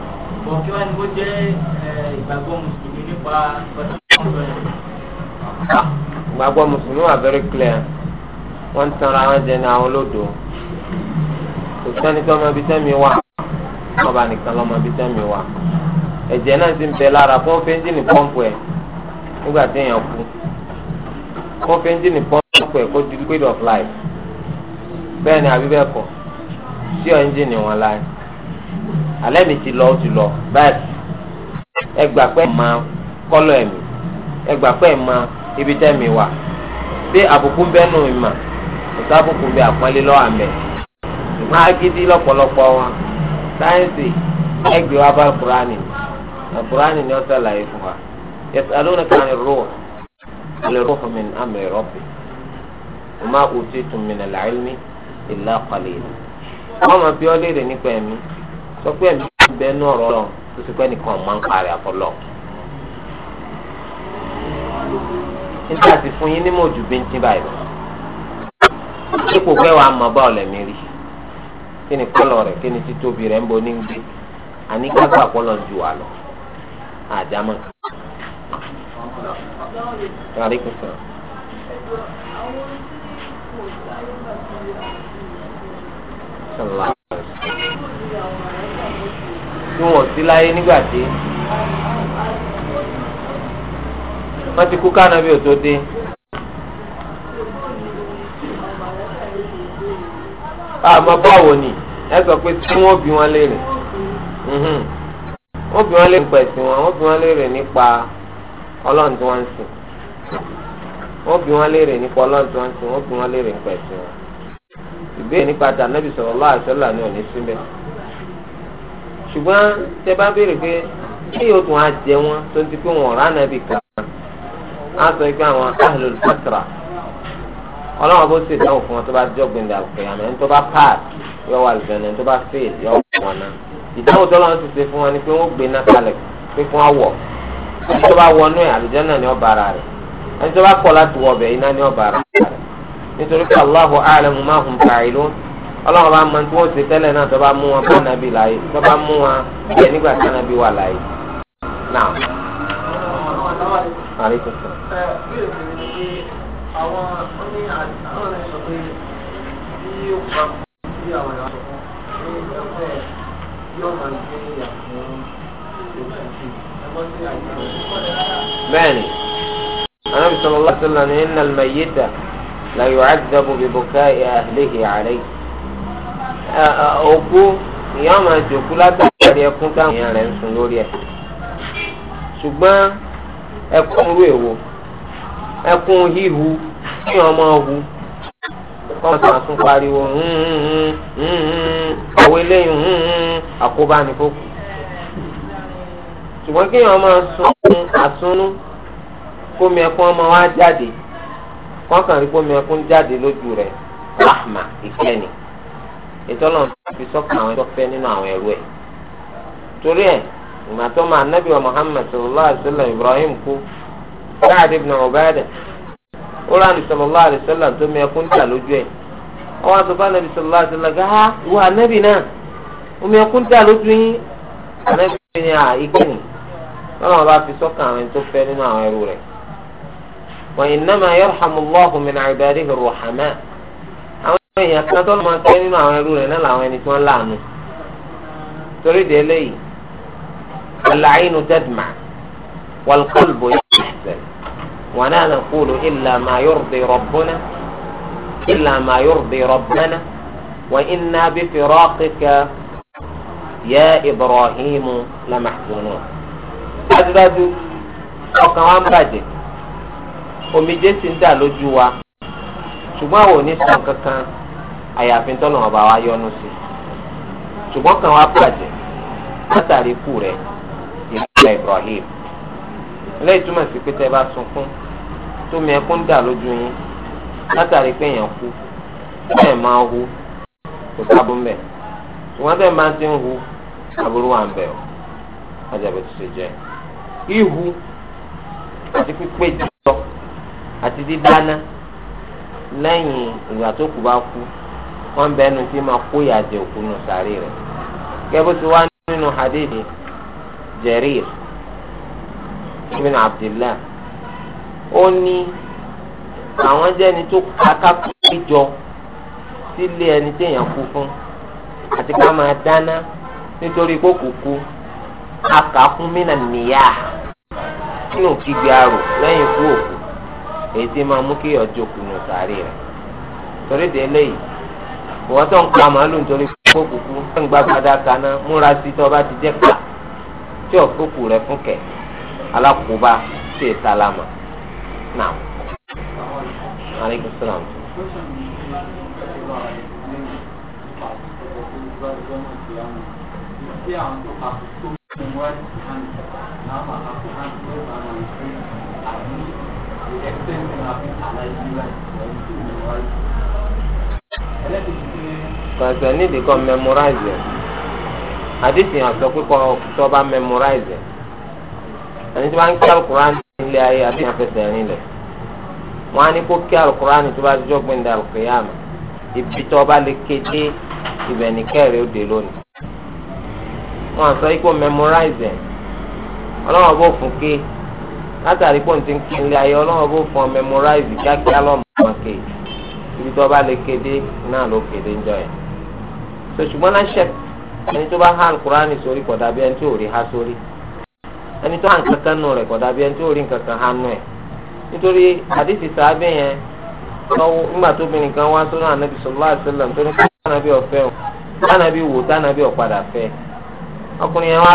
bọ̀ kí wọ́n ní kó jẹ́ eh, ìgbàgbọ́ mùsùlùmí nípa ìgbàgbọ́ mùsùlùmí wà very clear wọ́n ń tanra wọn jẹ ní àwọn olódò kò sẹ́ni tó ọmọ ibi wà ọba nìkan lọ́mọ ibi wà ẹ̀jẹ̀ náà ti ń bẹ lára fún fẹ́ńjìnì pọ́ǹpù ẹ̀ nígbà tí èèyàn kú fún fẹ́ńjìnì pọ́ǹpù ẹ̀ kó di liquid of life bẹ́ẹ̀ ni àbí bẹ́ẹ̀ kọ́ sí ọ̀ ẹ́ńjìnì wọn láì alẹ́ mi ti lọ ó ti lọ báyìí ẹ gbà pé ẹ máa kọ́lọ̀ ẹ̀mí ẹ gbà pé ẹ máa ibi tẹ́ mi wà bí àbùkù bẹ́ẹ̀ nù ìmọ̀ kò sábùkù bẹ́ẹ̀ àpọ́nlé lọ́wọ́ àmẹ́ máa gidi lọ́pọ̀lọpọ̀ wọn sáyẹ́nsì ẹgbẹ́ wa bá kúránì kúránì ni ó sàlàyé fún wa yas'alunaka 'ani ruh al-ruhu min amri rabbik wa ma utitum min al-'ilmi illa qalila wọ́n máa fi ọ́ léèrè nípa ẹ̀mí sọ pé ẹ̀mí bẹ́ẹ̀ nú ọ̀rọ̀ lọ tó ti pẹ́ nìkan máa ń parí àfọlọ́ nígbà tí fún yín ní mò ju bíntín báyìí lọ ipò pé wàá mọ bá ọ̀lẹ̀ mi rí kí ni kọ́lọ̀ rẹ̀ kí ni títóbi rẹ̀ ń bo ní gbé àní kápá kọ́lọ̀ ju wà lọ àdámọ̀. Sallallahu alaihi wasallam. tí wọn ò sí láyé nígbà tí wọn ti kú kánà bí dé. àmọ́ báwo ni ẹ sọ pé tí wọ́n bí wọn léèrè mhm. wọ́n bí wọn léèrè nípa ẹ̀sìn wọn wọ́n bí wọn léèrè nípa ọlọ́run tí wọ́n ń sìn wọ́n bí wọn léèrè ṣùgbọ́n tẹ bá béèrè pé kí yóò tún á jẹ wọn tó ti pé wọn ọ̀rá nàbì kan á sọ pé àwọn ahlul fatra ọlọ́wọ́n bó ṣe dáhùn fún wọn tó bá jọ́gbìn dà pé àmọ́ ẹni tó bá pass yọ wà lùbẹ̀rẹ̀ ẹni tó bá fail yọ wà wọn náà ìdáhùn tó lọ́wọ́ ti ṣe fún wọn ni pé wọ́n gbé náà kalẹ̀ pé fún àwọ̀ ẹni tó bá wọnú ẹ̀ àlùjánnà ni ọba ara rẹ̀ ẹni tó bá kọ̀ láti wọ̀ bẹ̀ iná ni ọba ara rẹ̀ nítorí pé Allahu a'lamu ma hum fa'ilun ọlọ́run bá mọ tí wọ́n ṣe tẹ́lẹ̀ náà tó bá mú wọn kánábì láàyè tó bá mú wọn bẹ́ẹ̀ nígbà kánábì wà láàyè. náà àrí tuntun. àwọn oní àwọn ọ̀rẹ́ sọ pé bí ó pa bí àwọn ìyá sọ fún ní ẹgbẹ́ yóò máa gbé ìyàwó bẹ́ẹ̀ni anabi sọlọ lọsọlọ ní innal mayyita la yu'adhabu bi buka'i ahlihi alayhi òkú ìyá ọmọ àjòkú látàrí ẹkún táwọn èèyàn rẹ̀ ń sun lórí ẹ̀ ṣùgbọ́n ẹkún rú èwo ẹkún híhu kí ọmọ hu kọ́mọ tí wọ́n tún pariwo àwọn eléyìí àkóbá ni kò kù ṣùgbọ́n kí ọmọ sun àsunú kómi ẹkún ọmọ wa jáde kọ́kànlélógún ẹkún jáde lójú rẹ̀ rahma ìkẹ́ni. ìtọ́lọ̀ fi sọ́kàn àwọn ẹjọ́ fẹ́ nínú àwọn ẹrú ẹ̀ torí ẹ̀ ìmọ̀tọ́ máa wa Muhammad sallallahu alayhi wa sallam Ibrahim kú Sa'd ibn Ubadah ó sallallahu alayhi wa sallam tó mẹ́kún tà lójú ẹ̀ ọwọ́ àtọ́fà nàbì sallallahu alayhi wa sallam gáà wà nàbì náà omi tà lójú yín àwọn èèyàn kan tó máa kẹ́ nínú àwọn ẹrú rẹ̀ náà làwọn ẹni tí wọ́n láàánú torí de eléyìí aláìnú tẹ́tìmá wàlúkọ́lùbọ̀ yóò ṣẹ̀ wọn náà nà kúlù ilà máa yóò dé rọ̀bùnà ilà máa yóò dé rọ̀bùnà wọn iná bí fìrọ́ọ̀kìkà yẹ ibrahimu lamàtúnú. dájúdájú ọkàn wa ń bàjẹ́ omijé ti dà lójú wa ṣùgbọ́n àwọn oníṣàn kankan àyàfi tọ́lọ̀ ọba wa yọ́nú sí ṣùgbọ́n kan wá bàjẹ́ látàrí ikú rẹ̀ ìlú Ibrahim eléyìí túmọ̀ sí pé tẹ́ bá sunkún tómi ẹkún dà lójú yín látàrí pé èèyàn kú bẹ́ẹ̀ máa hu kò sábò ń ṣùgbọ́n tẹ́ máa ti ń hu aburú wa ń bẹ̀ ọ́ ajabẹ́ tó ṣe jẹ́ ihu àti pípé jọ àti dídáná lẹ́yìn ìgbà tó kù bá kú wọ́n ń bẹnu tí máa kó ìyàjẹ òkú nù sàárè rẹ̀ gẹ́gẹ́ tí wọ́n nínú hadith Jarir ibn Abdullah ó ní àwọn jẹ́ni tó kakákúrú jọ sílé ẹni téèyàn kú fún àti ká máa dáná nítorí kó kú kú akàkún mí nínú kígbe arò lẹ́yìn ikú òkú èyí tí máa mú kí ọjọ́ kùnú sàárè rẹ̀ torí de eléyìí ìwọ́n tó ń pa màálù nítorí kó kúkú tó ń gba fàdákà náà múra sí tó bá ti jẹ́ ká tí òkúkú rẹ̀ fún kẹ̀ alákòóbá sí ìsàlámà náà. aleykum salaam pàṣẹ nídìí kan memorize àdìsí àtọ pípọ tó bá memorize ẹni tí wọn ń kí alukur'an nílé ayé àti àfẹsẹ̀ nílẹ̀ wọn á ní kó kí alukur'an tó bá jọgbìn dà lùkìyàmù ibi tó bá lè kéde ibẹ̀ ní kẹrìí ó dé lónìí wọn sọ ikú memorize ọlọ́wọ́n bó fún ké. látàrí pọ̀ ní ti ń kílẹ̀ ayé ọlọ́run bó fọn memorize kíákíá lọ́mọ̀ọ́kè ibi tó bá lè kéde náà ló kéde ńjọ yẹn. sọ ṣùgbọ́n ẹni tó bá há alukurani sórí kódà bí ẹni tí rí há sórí ẹni tó hàn nǹkankan nù rẹ̀ kódà bí ẹni tí rí nù ẹ̀ nítorí àdìsí yẹn nígbà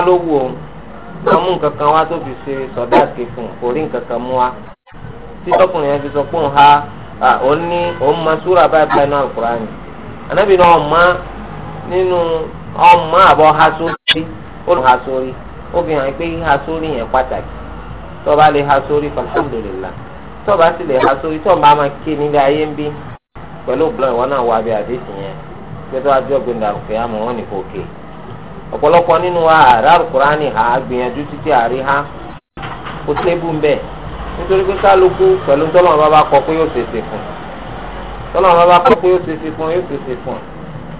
tó kan mú nǹkan bụ wá tó fi ṣe sọdáàkì fún kò rí nǹkan kan mú wá títọ́kùnrin yẹn fi sọ pé ha òun ní òun mọ súrà báyìí báyìí náà Kùránì ànábì náà ọmọ nínú ọmọ àbọ̀ ha sórí ha sórí ó fi hàn pé ha sórí ha sórí alhamdulillah tó ha sórí máa ké nílé ayé ń bí ìwọ náà wà bí àdéhùn yẹn wọn ọ̀pọ̀lọpọ̀ nínú wa àrà alukurani ha gbìyànjú títí àrí ha kò sébù ń bẹ̀ nítorí pé kálukú pẹ̀lú tọ́lọ́mọ bá bá kọ pé yóò ṣèṣe fún tọ́lọ́mọ bá bá kọ pé yóò ṣèṣe fún yóò ṣèṣe fún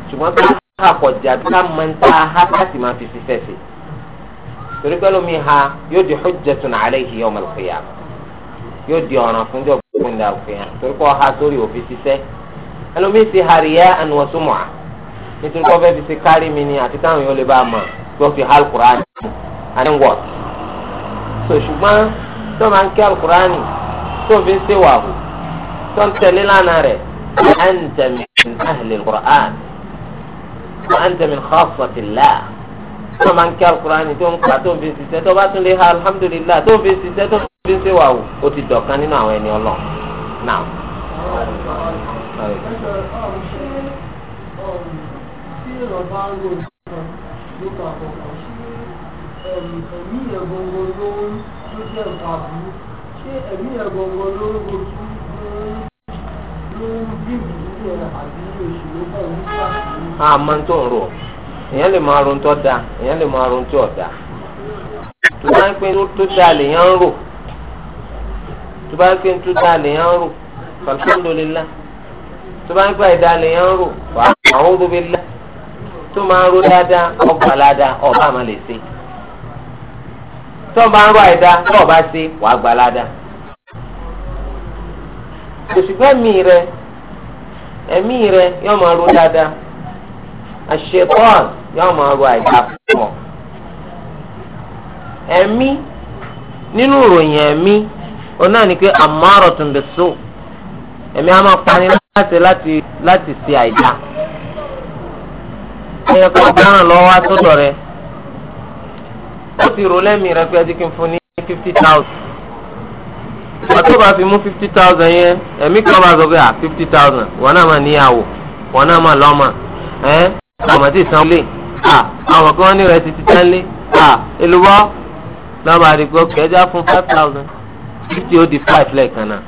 ṣùgbọ́n ká àkọ̀jà ká mọ ń ta ha láti máa fi ṣiṣẹ́ sí torí pé lómi ha yóò di hujjatun alayhi yawm al-qiyamah yóò di ọ̀ràn fún jọ̀gbọ́n ìdàgbìyàn torí pé ọha sórí òfin ṣiṣẹ́ ẹlòmíì ti hàríyá ànúwọ̀sùmọ̀ọ́ nítorí kọ́ fẹ́ fi ṣe kárí mi ni àti táwọn èèyàn lè bá a mọ̀ kí wọ́n fi ha alukur'ani and then what. so ṣùgbọ́n tó máa ń kí alukur'ani tó fi ń ṣe wàhù tó ń tẹ̀lé lánàá rẹ̀ anta min ahli alukur'an wa anta min khassatillah tó máa ń kí alukur'ani tó ń kà tó fi ń ṣiṣẹ́ tó bá tún lè ha alhamdulilah tó fi ń ṣiṣẹ́ tó fi ń ṣe wàhù ó ti dọ̀kan nínú àwọn ẹni ọlọ́ọ̀ náà èèyàn ah, bá ń ro nǹkan nípa àkọ́kọ́ ṣé ẹ̀mí yẹn gbọ̀ngàn ló ń ló jẹ́ nǹkan àbúrú ṣé ẹ̀mí yẹn gbọ̀ngàn ló ń rojú ló ń bí ìdílé yẹn àbí òṣèlú pẹ̀lú ìgbà. àmọ́ tó ń rò èèyàn lè máa ronú tó dáa èèyàn lè máa ronú tí ò dáa tó bá ń pín tó dáa lèèyàn ń rò tó bá ń pín tó dáa lèèyàn ń rò alhamdulillah tó bá ń pín àìdáa lèèyàn ń rò wàá àwọn òdòdó tó máa ń ro dáadáa ọgbà ọba àmà lè ṣe tó bá ń ro àìdá tó ọba ṣe wàá gbà ládàá. òṣùgbọ́n ẹ̀mí rẹ ẹ̀mí rẹ yóò máa ro dáadáa àṣepọ́n yóò máa ro àìdá fún ẹ̀mí nínú ìròyìn ẹ̀mí òun náà ni pé àmọ́ ẹ̀mí á máa láti láti láti yẹn kó dáràn lọ wá sọ́dọ̀ rẹ̀ ó ti rò lẹ́mìí rẹ̀ pé ẹ ti kí n fún ní fifty thousand pàtó bá fi mú fifty thousand yẹn ẹ̀mí kan bá sọ pé à ah, fifty thousand wọn náà máa níyàwó wọn náà máa lọ́mọ ẹ́ ọmọ tí sanwó lé à ah, àwọn kan ní rẹ̀ títí tán lé à ah, èlùbọ́ lọ́ba àdìgbò kẹjá fún five thousand fifty ó di five lẹ́ẹ̀kan náà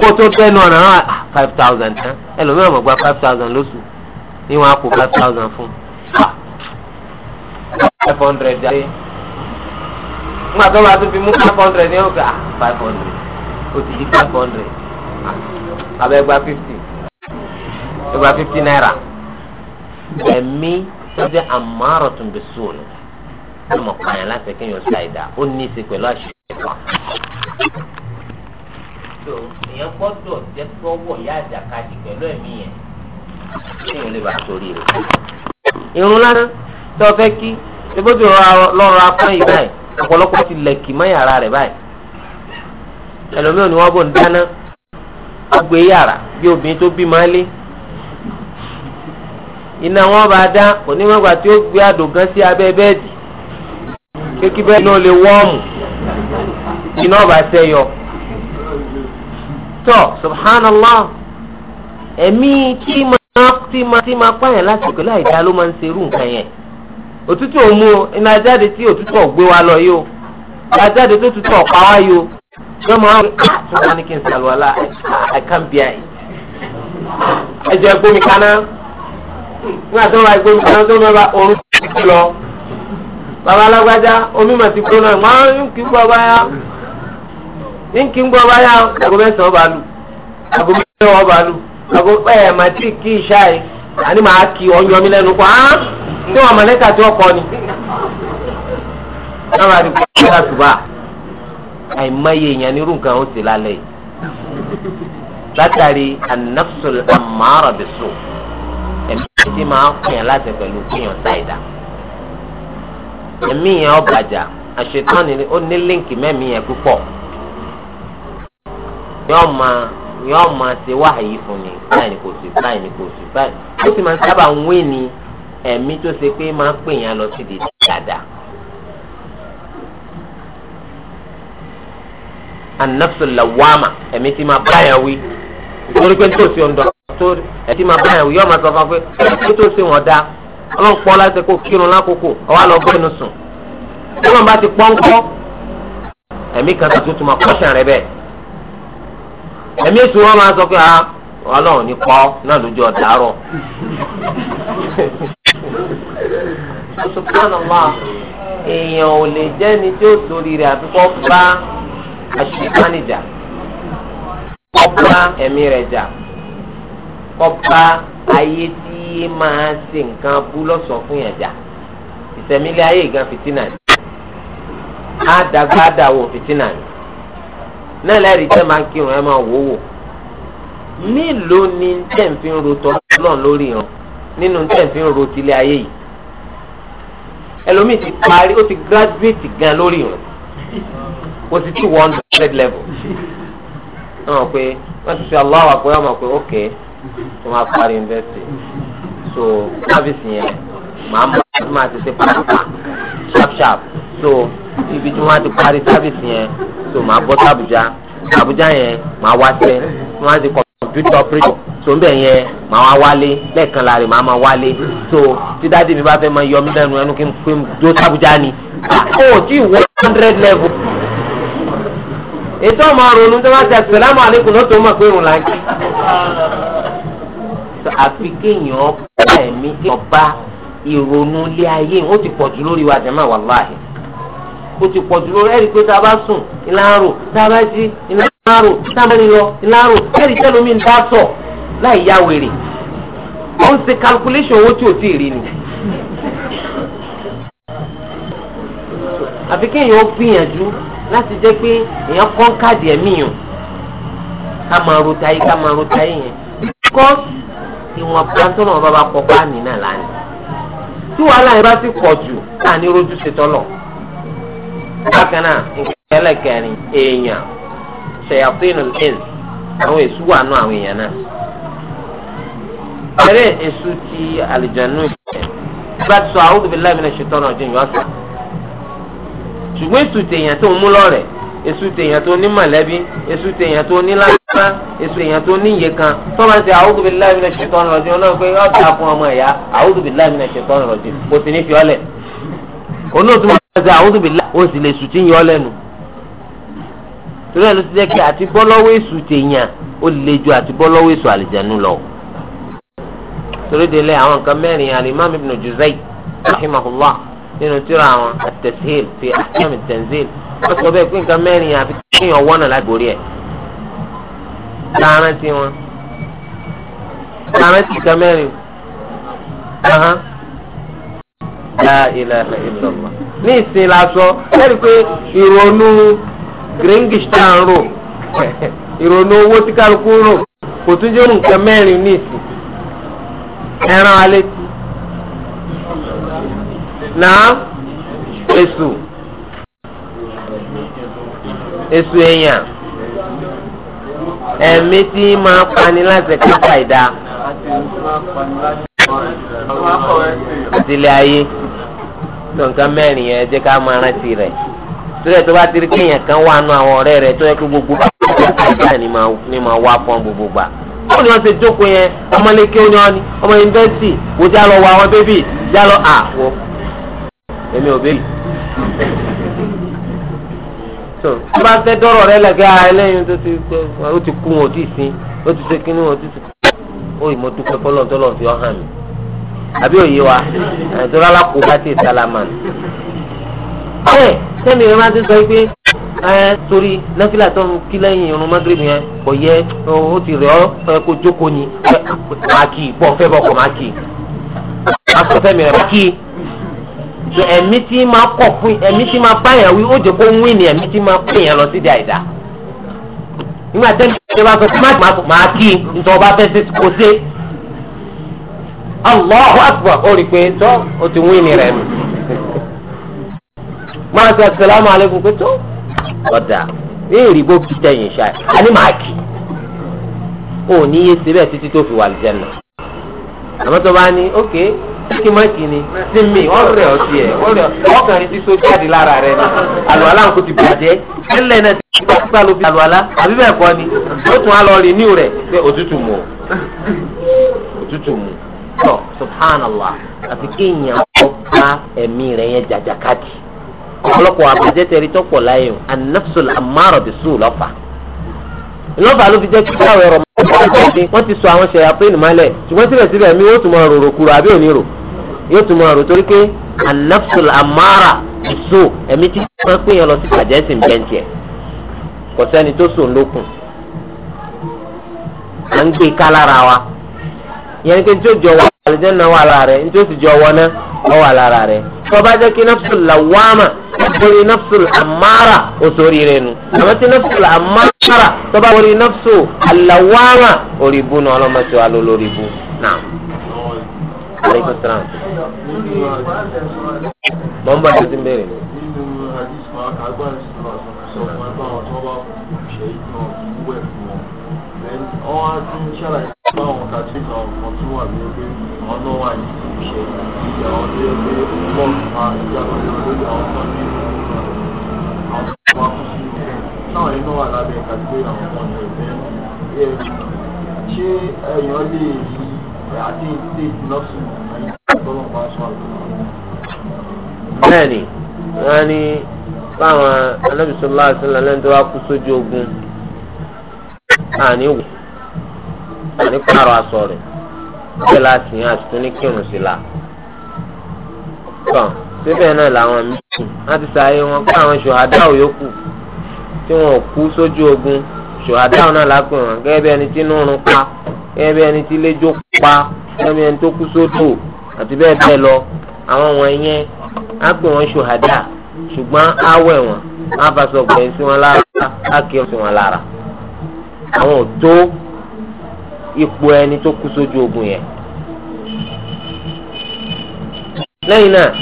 kó tó tẹnu ọ̀nà náà five thousand tán ẹlòmíràn mọ̀ gba five thousand lóṣù ní wọn á kó five thousand fún five hundred jáde nígbà tó bá tún fi mú five hundred ní ọ̀gá ah, five hundred ó ti di five hundred abẹ́ ah, gba fifty gba fifty naira ẹ̀mí sọ́jà àmọ́ràn tún bẹ sùn ní mo kàn yín láti kéèyàn ṣe àìdá ó ní í ṣe pẹ̀lú àṣìṣe kan. so èèyàn gbọ́dọ̀ jẹ́ sọ́wọ́ ìyá àjàkadì pẹ̀lú ẹ̀mí yẹn kéèyàn lè bá torí rẹ̀. irun lánàá tí wọ́n fẹ́ kí ebóbi lọ́rọ̀ apán yìí báyìí ọ̀pọ̀lọpọ̀ ti lẹ̀kì mọ́ yàrá rẹ̀ báyìí. ẹlòmíràn ni wọ́n bò ń dáná wọ́n gbé yàrá bí obìnrin tó bí máa lé. iná wọn bá dá onímọ̀gbà tí ó gbé àdògán sí abẹ́ bẹ́ẹ̀dì kékeré bẹ́ẹ̀ náà lè wọ́ọ̀mù iná ọba sẹ́yọ. tọ́ subhanallah ẹ̀mí kí mo tí ma tí ma pààyàn láti pẹ̀lú àìdá ló máa ń serú nǹkan yẹn òtútù òmu iná jáde tí òtútù ọ̀gbé wa lọ yìí o iná jáde tó tútù ọ̀pá wa yìí o ṣé máa ń ah, tún wọn ní kí n ṣàlùwàlá àìkànbíà ah, yìí. ẹ jẹ́ gbómi kaná nígbà tó wà gbómi kaná tó mẹ́ba oorun ti kú lọ bàbá alágbájá omi mà ti kú náà máa ń kí gbọ́ báyà ń kí gbọ́ báyà àgọ́ mẹ́sàn-án bá lù àgọ́ mẹ́sàn-án bá lù àgọ́ pé ẹ̀ mà tí kí ìṣá yìí àní màá kí ọyọ mi lẹ́nu kọ́ án tí wọ́n mọ̀lẹ́kà tí wọ́n kọ́ ni. sábà ní kí wọ́n yára tùbà àìmọye èèyàn nírú nǹkan ó sì lálẹ́ yìí látàrí anafsul amara bisu ẹ̀mí tí máa kùnyàn láti pẹ̀lú kùnyàn táìdá ẹ̀mí yẹn ọ̀bàjà àṣetán ni ó ní líǹkì mẹ́mí yẹn púpọ̀ yọ́ọ̀ máa ni wọn máa ṣe wáhàyí fún mi báyìí ni kò sí báyìí ni kò sí báyìí ó sì máa ń sábà ń wé ni ẹ̀mí tó ṣe pé máa ń pè yẹn lọ sí di dáadáa. anafsu lawama ẹ̀mí tí máa báyà wí torí pé tó ṣe ọ̀dọ̀ torí ẹ̀mí tí máa báyà wí yóò máa sọ fún wa pé ẹ̀mí tó ṣe wọ́n dá ọlọ́run pọ́ láti kó kírun lákòókò ọwọ́ àlọ́ bẹ́ẹ̀ nù sùn ọlọ́run bá ti pọ́ńkọ́ ẹ̀mí kan tó tún máa kọ́ṣà ẹ̀mí ètò wọn máa sọ pé ah ọlọ́run ní kọ́ náà lójú ọ̀dà àárọ̀. subhanallah èèyàn ò lè jẹ́ ni tí ó torí rẹ̀ àfikọ́ bá àṣìkánìjà kọ́ bá ẹ̀mí rẹ̀ jà kọ́ bá ayé tí máa ṣe nǹkan bú lọ́sọ̀ọ́ fún yàn jà ìsẹ̀mílẹ̀ ayé ìgan fìtínà ni á dàgbà dàwọ̀ fìtínà ni. náà lẹ́rìí tẹ́ máa ń kírun ẹ máa wò wò nílòó ni tẹ́ ń fi ń ro tọ́lọ́ lórí ìran nínú tẹ́ ń fi ń ro tilé ayé yìí ẹlòmíì ti parí ó ti gíráduwétì gan lórí ìran kò sì ti wọ́n hundred level wọ́n mọ̀ pé wọ́n ti fi aláwọ̀ àpò wọ́n mọ̀ pé ok wọ́n máa parí university so service yẹn màá mọ̀ àti máa ti ṣe pàápàá sharp sharp so ibi tí wọ́n ti parí sáfìsì yẹn so màá bọ́ sàbújá sàbújá yẹn màá wá sẹ́ tí wọ́n ti kọ̀mpútà ọ̀pẹ́tọ̀ so nbẹ yẹn màá wá wálé lẹ́ẹ̀kan láre màá máa wálé so tí dáàdi mi bá fẹ́ máa yọ mí lẹ́nu ẹnu kí n pé jó sàbújá ni ó tí one hundred level ètò ọmọ ronú tó bá ṣe àṣìlámù àlékún ló tó mọ̀ pé òun là ń kí. àfi kéèyàn bá ẹ̀mí kéèyàn bá ìrònú ilé ayé ó ti pọ̀ jù lórí wa jẹ́mọ̀ wàláhì o ti pọ̀ jù lórí ẹ̀rí pé tá a bá sùn ìlànà tá a bá jí ìlànà tá a bá rìn lọ ìlànà ẹ̀rí tẹ́lómi ń dá sọ̀ láì yá wèrè ó ń ṣe calculation owó tí ò tí ì rí ni. àfi kéèyàn ó gbìyànjú láti jẹ́ pé èèyàn kọ́ káàdì ẹ̀mí yàn ká máa ro táyé ká máa ro táyé yẹn because ìwọ̀n pàtó náà bá bá kọ́ páàmì náà lánàá tí wàhálà yẹn bá ti pọ̀ jù láàánú rojú ṣetán náà bákan náà nǹkan ẹlẹ́kẹrin èèyàn ṣèyàtínú ins àwọn èṣù wà nù àwọn èèyàn náà. eré èṣù ti àlìjánu ìjẹ́ bá ti sọ a'udhu billahi minash shaitani rajim ọ̀sán. ṣùgbọ́n èṣù tèèyàn tó ń mú lọ́rẹ̀ èṣù tèèyàn tó ní mọ̀lẹ́bí èṣù tèèyàn tó ní lágbá èṣù tèèyàn tó ní iye kan tó máa ń ṣe a'udhu billahi minash shaitani rajim ọlọ́run pé ọ̀dà fún ọmọ ẹ̀yà a'udhu billahi minash shaitani rajim kò sì ní fi ọ́lẹ̀ onótú máa ṣe àwùjọ bìlá ó sì lè sùtì yàn lẹ́nu torí ẹ̀ ló ti jẹ́ pé àti bọ́lọ́wọ́ èṣù tèèyàn ó lè ju àti bọ́lọ́wọ́ èṣù àlìjẹ̀nu lọ. torí délé àwọn nǹkan mẹ́rin alimami ibn juzai rahimahullah nínú tíra àwọn at-tasheel fi ahkam at-tanzil wọ́n sọ bẹ́ẹ̀ pé nǹkan mẹ́rin àfi kéèyàn wọ́nà láti borí ẹ̀. láàárín tiwọn láàárín tí nǹkan mẹ́rin la ilaha illallah ní ìsìn lásọ lẹ́nu pé ìrònú gringish tá à ń rò ìrònú owó tí kálukú rò kò tún jẹ́ nǹkan mẹ́rin ní ìsìn ẹran alẹ́ tí náà èso èso èèyàn ẹ̀mí tí máa pani láti kápá ìdá àti ilé ayé. tó nǹkan mẹ́rin yẹn jẹ́ ká máa rántí rẹ̀ tóyẹ tó bá kéèyàn kan wà nù àwọn ọ̀rẹ́ rẹ̀ gbogbo bá wà ní máa wá gbogbo gbà báwo ni wọ́n ṣe jókòó yẹn ọmọléke ó ni ọmọ yunifásitì wò já lọ wọ àwọn bébì já lọ à wọ èmi ò bébì bá fẹ́ dọ́rọ̀ rẹ lẹ́gẹ́ ẹlẹ́yin tó ti ó ti kú wọn ti ṣe àbí òye wa ẹ̀dọ́rọ̀ alákòóbá ti sálámà. ẹ sẹ́mi rẹ̀ máa ti sọ pé ẹ torí nọ́fìlà tó ń kí lẹ́yìn irun mọ́gírìmù yẹn kò yẹ ó ti rẹ̀ ọ́ kó jókòó ni máa kì í bọ́ fẹ́ bọ́ kò máa kì í. máa sọ sẹ́mi rẹ̀ máa kì í. ẹ̀mí tí máa kọ̀ fún ẹ̀mí tí máa bá yẹn wí ó jẹ́ kó ń wí ni ẹ̀mí tí máa pè yẹn lọ sí di nígbà tẹ́lẹ̀ bá sọ Allahu akbar ó rí i pé tó o ti wí ni rẹ̀ nù. máa sọ asalaamu aleykum pé tó ọ̀dà béèrè bó fi tẹ̀yìn ṣáà àní máa kì ó ní yé síbẹ̀ títí tó fi wà lìjẹ́ nà. àmọ́ bá ní ok kí má kì ni sinmi ọ̀rẹ́ ọ̀sì ẹ̀ ọ̀rẹ́ ọ̀kàrin tí so jáde lára rẹ̀ ni àlùwàlá nǹkó ti bàjẹ́ ẹlẹ́ náà ti gba sísá ló fi àlùwàlá àbí bẹ́ẹ̀ kọ́ ni ó tún á lọ rí níwò rẹ̀ pé òtútù mú òtútù mú tọ̀ subhanallah àfi kéèyàn ọba ẹ̀mí rẹ̀ yẹn jàjàkadì ọ̀pọ̀lọpọ̀ àbàjẹ́ tẹ̀rí tọ́pọ̀ láyé o an-nafsul ammara bisu lọ́fà lọ́fà ló fi jẹ́ kí káwé rọ̀ wọ́n ti sọ àwọn ṣàyàpín mọ́lẹ̀ ṣùgbọ́n síbẹ̀síbẹ̀ mi yóò tún máa rorò kúrò àbí òní rò yóò tún máa rò torí pé an-nafsul ammara bisu ẹ̀mí tí wọ́n pè yẹn lọ sí bàjẹ́ sì ń bẹ́ntì ẹ̀ kò sẹ́ni tó sùn lókun à ń gbé ká lára wa ìyẹn ni pé ní tó jọ wà àlùjánnà wà lára rẹ̀ ní tó sì jọ wọná ọ wà lára rẹ̀ tọ́ba jẹ́ kí nafsu lawama borí nafsu amara òsòrí rẹ̀ nu àmọ́ tí nafsu amara tọ́ba borí nafsu alawama orí bu náà ọlọ́mọdé wa ló lórí bu náà. mọ̀ ń bá ti ń bèrè ni báwọn katrina ọ̀kan tó wà ní pé àwọn náà wà ní ìṣẹ̀ ìyá àwọn tó yẹ pé bọ́ọ̀lù máa ń yàtọ̀ lórí àwọn kan ní àwọn tó wà kú sí ilé táwọn yìí náà wà lábẹ́ kàgbé àwọn kan ní ẹ̀fẹ́ ṣé èèyàn lè fi àti ilé ìlọ́sùn àyíká ìtọ́lọ́ bá sọ àgbà. bẹ́ẹ̀ni wọn ní báwọn anábìsọ láti lọ lẹ́nu tó wá kú sójú ogun àní wò àní pààrọ̀ aṣọ rẹ̀ bẹ́ẹ̀ láti yàn àtúntún ní kírun sí la. tán síbẹ̀ náà làwọn míì wọ́n ti ṣàyẹ̀ wọn pé àwọn ṣòhádà ò yókù tí wọn ò kú sójú ogun ṣòhádà náà lápè wọn gẹ́gẹ́ bí ẹni tí inú run pa gẹ́gẹ́ bí ẹni tí iléjó pa gẹ́gẹ́ bí ẹni tó kú sódò àti bẹ́ẹ̀ bẹ́ẹ̀ lọ àwọn wọn yẹn á pè wọn ṣòhádà ṣùgbọ́n á wẹ̀ wọn á fasọ̀gbẹ̀yìn sí wọn lára á kí wọn sí wọn lára àwọn ò tó ipò ẹni tó kú sójú ogun yẹn. lẹ́yìn náà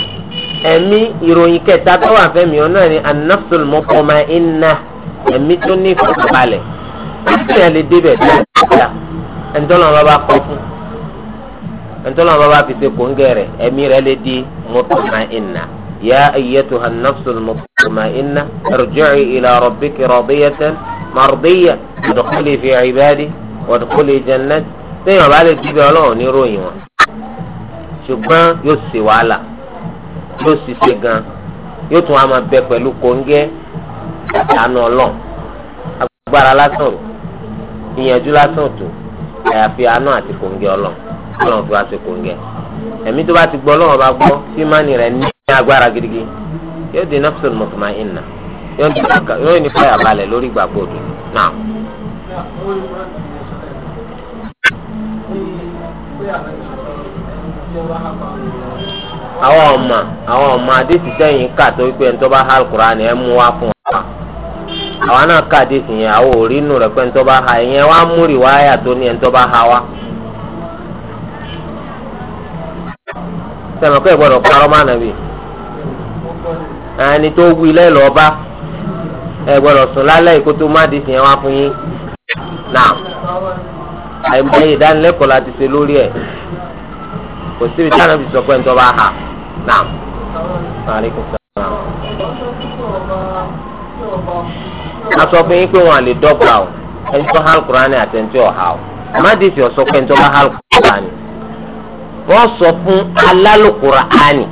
ẹ̀mí ìròyìn kẹta tó wà fẹ́mi ọ náà ni anafsul mọ́kànmá iná ẹ̀mí tó ní ìfọ̀kànbalẹ̀ láti yẹn lè débẹ̀ dáadáa ẹni tó lọ́n bá kọ́ fún ẹni tó bá fi ṣe kóńgẹ́ rẹ̀ ẹ̀mí rẹ̀ lè di mọ́kànmá iná. يا أيتها النفس المطمئنة ارجعي إلى ربك راضية مرضية ادخلي في عبادي wadkhuli jannati téèyàn bá lè dúbẹ́ ọlọ́run ní ròyìn wọn ṣùgbọ́n yóò ṣe wàhálà yóò ṣiṣẹ́ gan yóò tún wá máa bẹ pẹ̀lú kóńgẹ́ àtànà ọlọ́run agbára lásán rò ìyànjú lásán tó àyàfi àánú àti kóńgẹ́ ọlọ́run ọlọ́run fi wá ṣe kóńgẹ́ ẹ̀mí tó bá ti gbọ́ ọlọ́run bá gbọ́ tí mánì rẹ̀ ní agbára gidigidi yóò di nafsul mutma'inna yóò ní fàyàbalẹ̀ lórí ìgbàgbọ́ òdòdó náà. àwọn ọmọ àwọn ọmọ àdìsí sẹ́yìn kà tó wípé ẹni tó bá ha alukur'an a mú wá fún wa àwọn náà kà àdìsí yẹn àwọn ò nù pé ẹni ha ẹ̀yẹn wá múrì wáyà ní ha wá. sẹ́mi kọ́ ìgbọ́dọ̀ parọ́ ẹni tó wí lẹ́lọ́ọ́ bá ẹ gbọ́dọ̀ sùn lálẹ́ ìkótó má yẹn àìmọye ìdánilẹ́kọ̀ọ́ la ti ṣe lórí ẹ̀ kò síbi tí ànábì sọ pé ń tọ́ba hà náà. a sọ fún yín pé wọn à lè dọ́gba o ẹni tó hàn kúránì àtẹ̀ntì ọ̀hà o àmàdìsí ọ̀sọ́ pé ń tọ́ba hàn kúránì wọ́n sọ fún alálùkùránì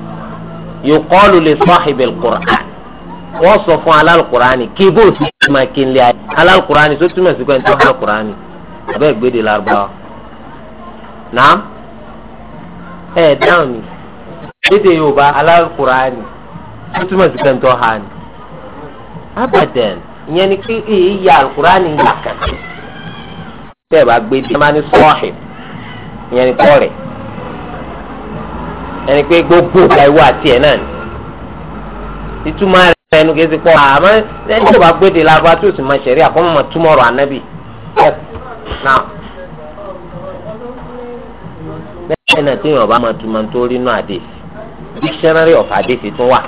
yòókọ́lù lè sọ́ọ̀hìbẹ̀ kùránì wọ́n sọ fún alálùkùránì kí bó ti máa kí n lé ayé alálùkùránì tó túmọ̀ sí pé ń tọ́ba hàn kúránì abẹ́ gbèdè lárúbáwá naam ẹ ẹ dáhùn ni lédè yorùbá alárùkùránì ó túmọ̀ sí pẹ́ńtọ́ ha ni abadan ìyẹn ni pé èyí ya alukùránì yà kàn tẹ́ ẹ bá gbèdè ẹ máa ní sọ́ọ̀hìn ìyẹn ni kọ́ rẹ̀ ẹni pé gbogbo ìwà àti ẹ̀ náà ni ìtumọ̀ rẹ̀ ẹnu kìí ti pọ̀ àmọ́ ẹni tó bá gbèdè lárúbáwá tó sì máa ṣẹ̀rí àkọ́mọ̀ túmọ̀ ọ̀rọ̀ ànábì náà bẹ́ẹ̀ náà tí yorùbá máa túmọ̀ tó rí inú dictionary of àdé ti tún wà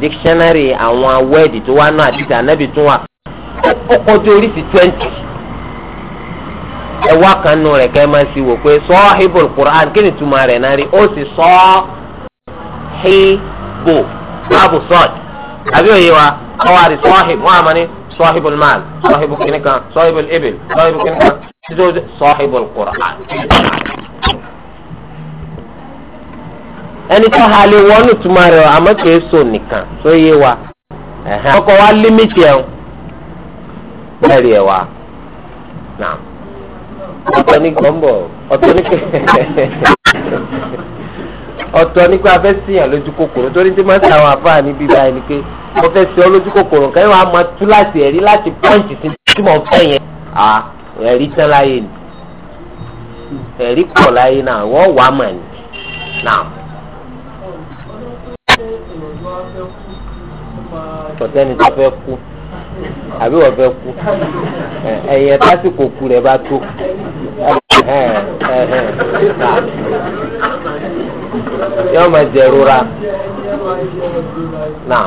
dictionary àwọn wẹ́ẹ̀dì tó wà náà àdé tí ànábì tún wà ó kọjú oríṣi twenty ẹ wá kan nù rẹ̀ kẹ́ ẹ máa ṣe wò pé quran kí ni rẹ̀ náà rí ó sì báàbù àbí òye wa àmọ́ ni. sọ́hìbù mal sọ́hìbù kìnìkan sọ́hìbù ibil sọ́hìbù kìnìkan sọ́hìbù kùrán. ẹni tó halẹ̀ wọnú tuma rẹ̀ àmọ́ kìí so nìkan tó yé wa ọkọ̀ wa límítì ẹ̀ ẹ̀ wa náà ọ̀tọ̀ ní gbọmbọ ọ̀tọ̀ ní pé ọ̀tọ̀ ní pé abẹ síyàn lójú kòkòrò torí tí sàwọn ni pé. mo fẹ́ ṣe olójú kòkòrò kẹ́yìn wa máa tú láti ẹ̀rí láti pọ́ǹtì sí tí mo fẹ́ yẹn à ẹ̀rí tán láyé ni ẹ̀rí pọ̀ láyé náà wọ́n wà á mà ní náà. tọ́tẹ́ni tó fẹ́ kú àbí wọ́n fẹ́ kú ẹ̀yẹ tásìkò kú rẹ̀ bá tó. yọ́n máa jẹ̀rora náà.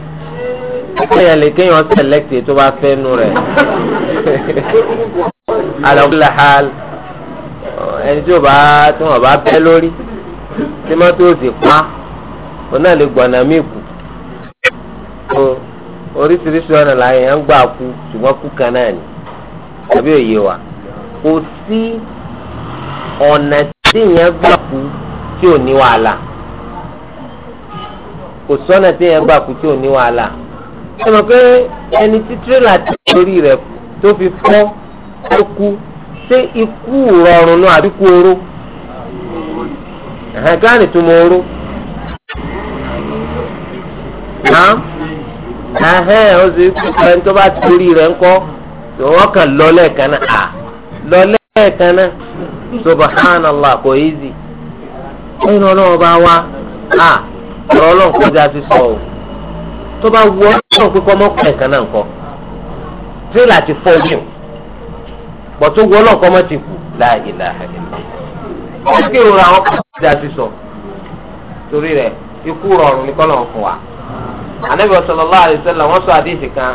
kéèyàn lè kéèyàn sẹlẹ̀kì tó bá fẹ́ nu rẹ̀ alakula hal ẹni tí o bá tí wọn bá bẹ́ lórí tí wọn tó sì pa o náà lè gbọ̀nà mí kù tó oríṣiríṣi ọ̀nà làyẹn ń gbà kú ṣùgbọ́n kú kan náà ni tàbí òye wa kò sí ọ̀nà tí ìyẹn gbà kú tí ò ní wàhálà. kò sọ́nà tí yẹn gbà kú tí ò ní wàhálà ẹ mọ̀ pé ẹni tí tírélà ti torí rẹ̀ tó fi fọ́ tó kú ṣé ikú rọrùn náà àbí kú oró ẹ̀hẹ́n gáàní tó mọ oró ẹ̀hẹ́n ó sì kú ẹni tó bá torí rẹ̀ ńkọ́ tó wọ́n kàn lọ lẹ́ẹ̀kan náà lọ lẹ́ẹ̀kan ọ̀rọ̀ ọlọ́run kọjá ti sọ o tó bá wù ọ́ pé kọ́ mọ́kàn nkọ. náà ti fọ́ ojú pọ̀ tó mọ́ ti kù láàyè láàyè ó ń kérò ra àwọn ti sọ torí rẹ ikú rọrùn ní wa wọ́n sọ àdéhìí kan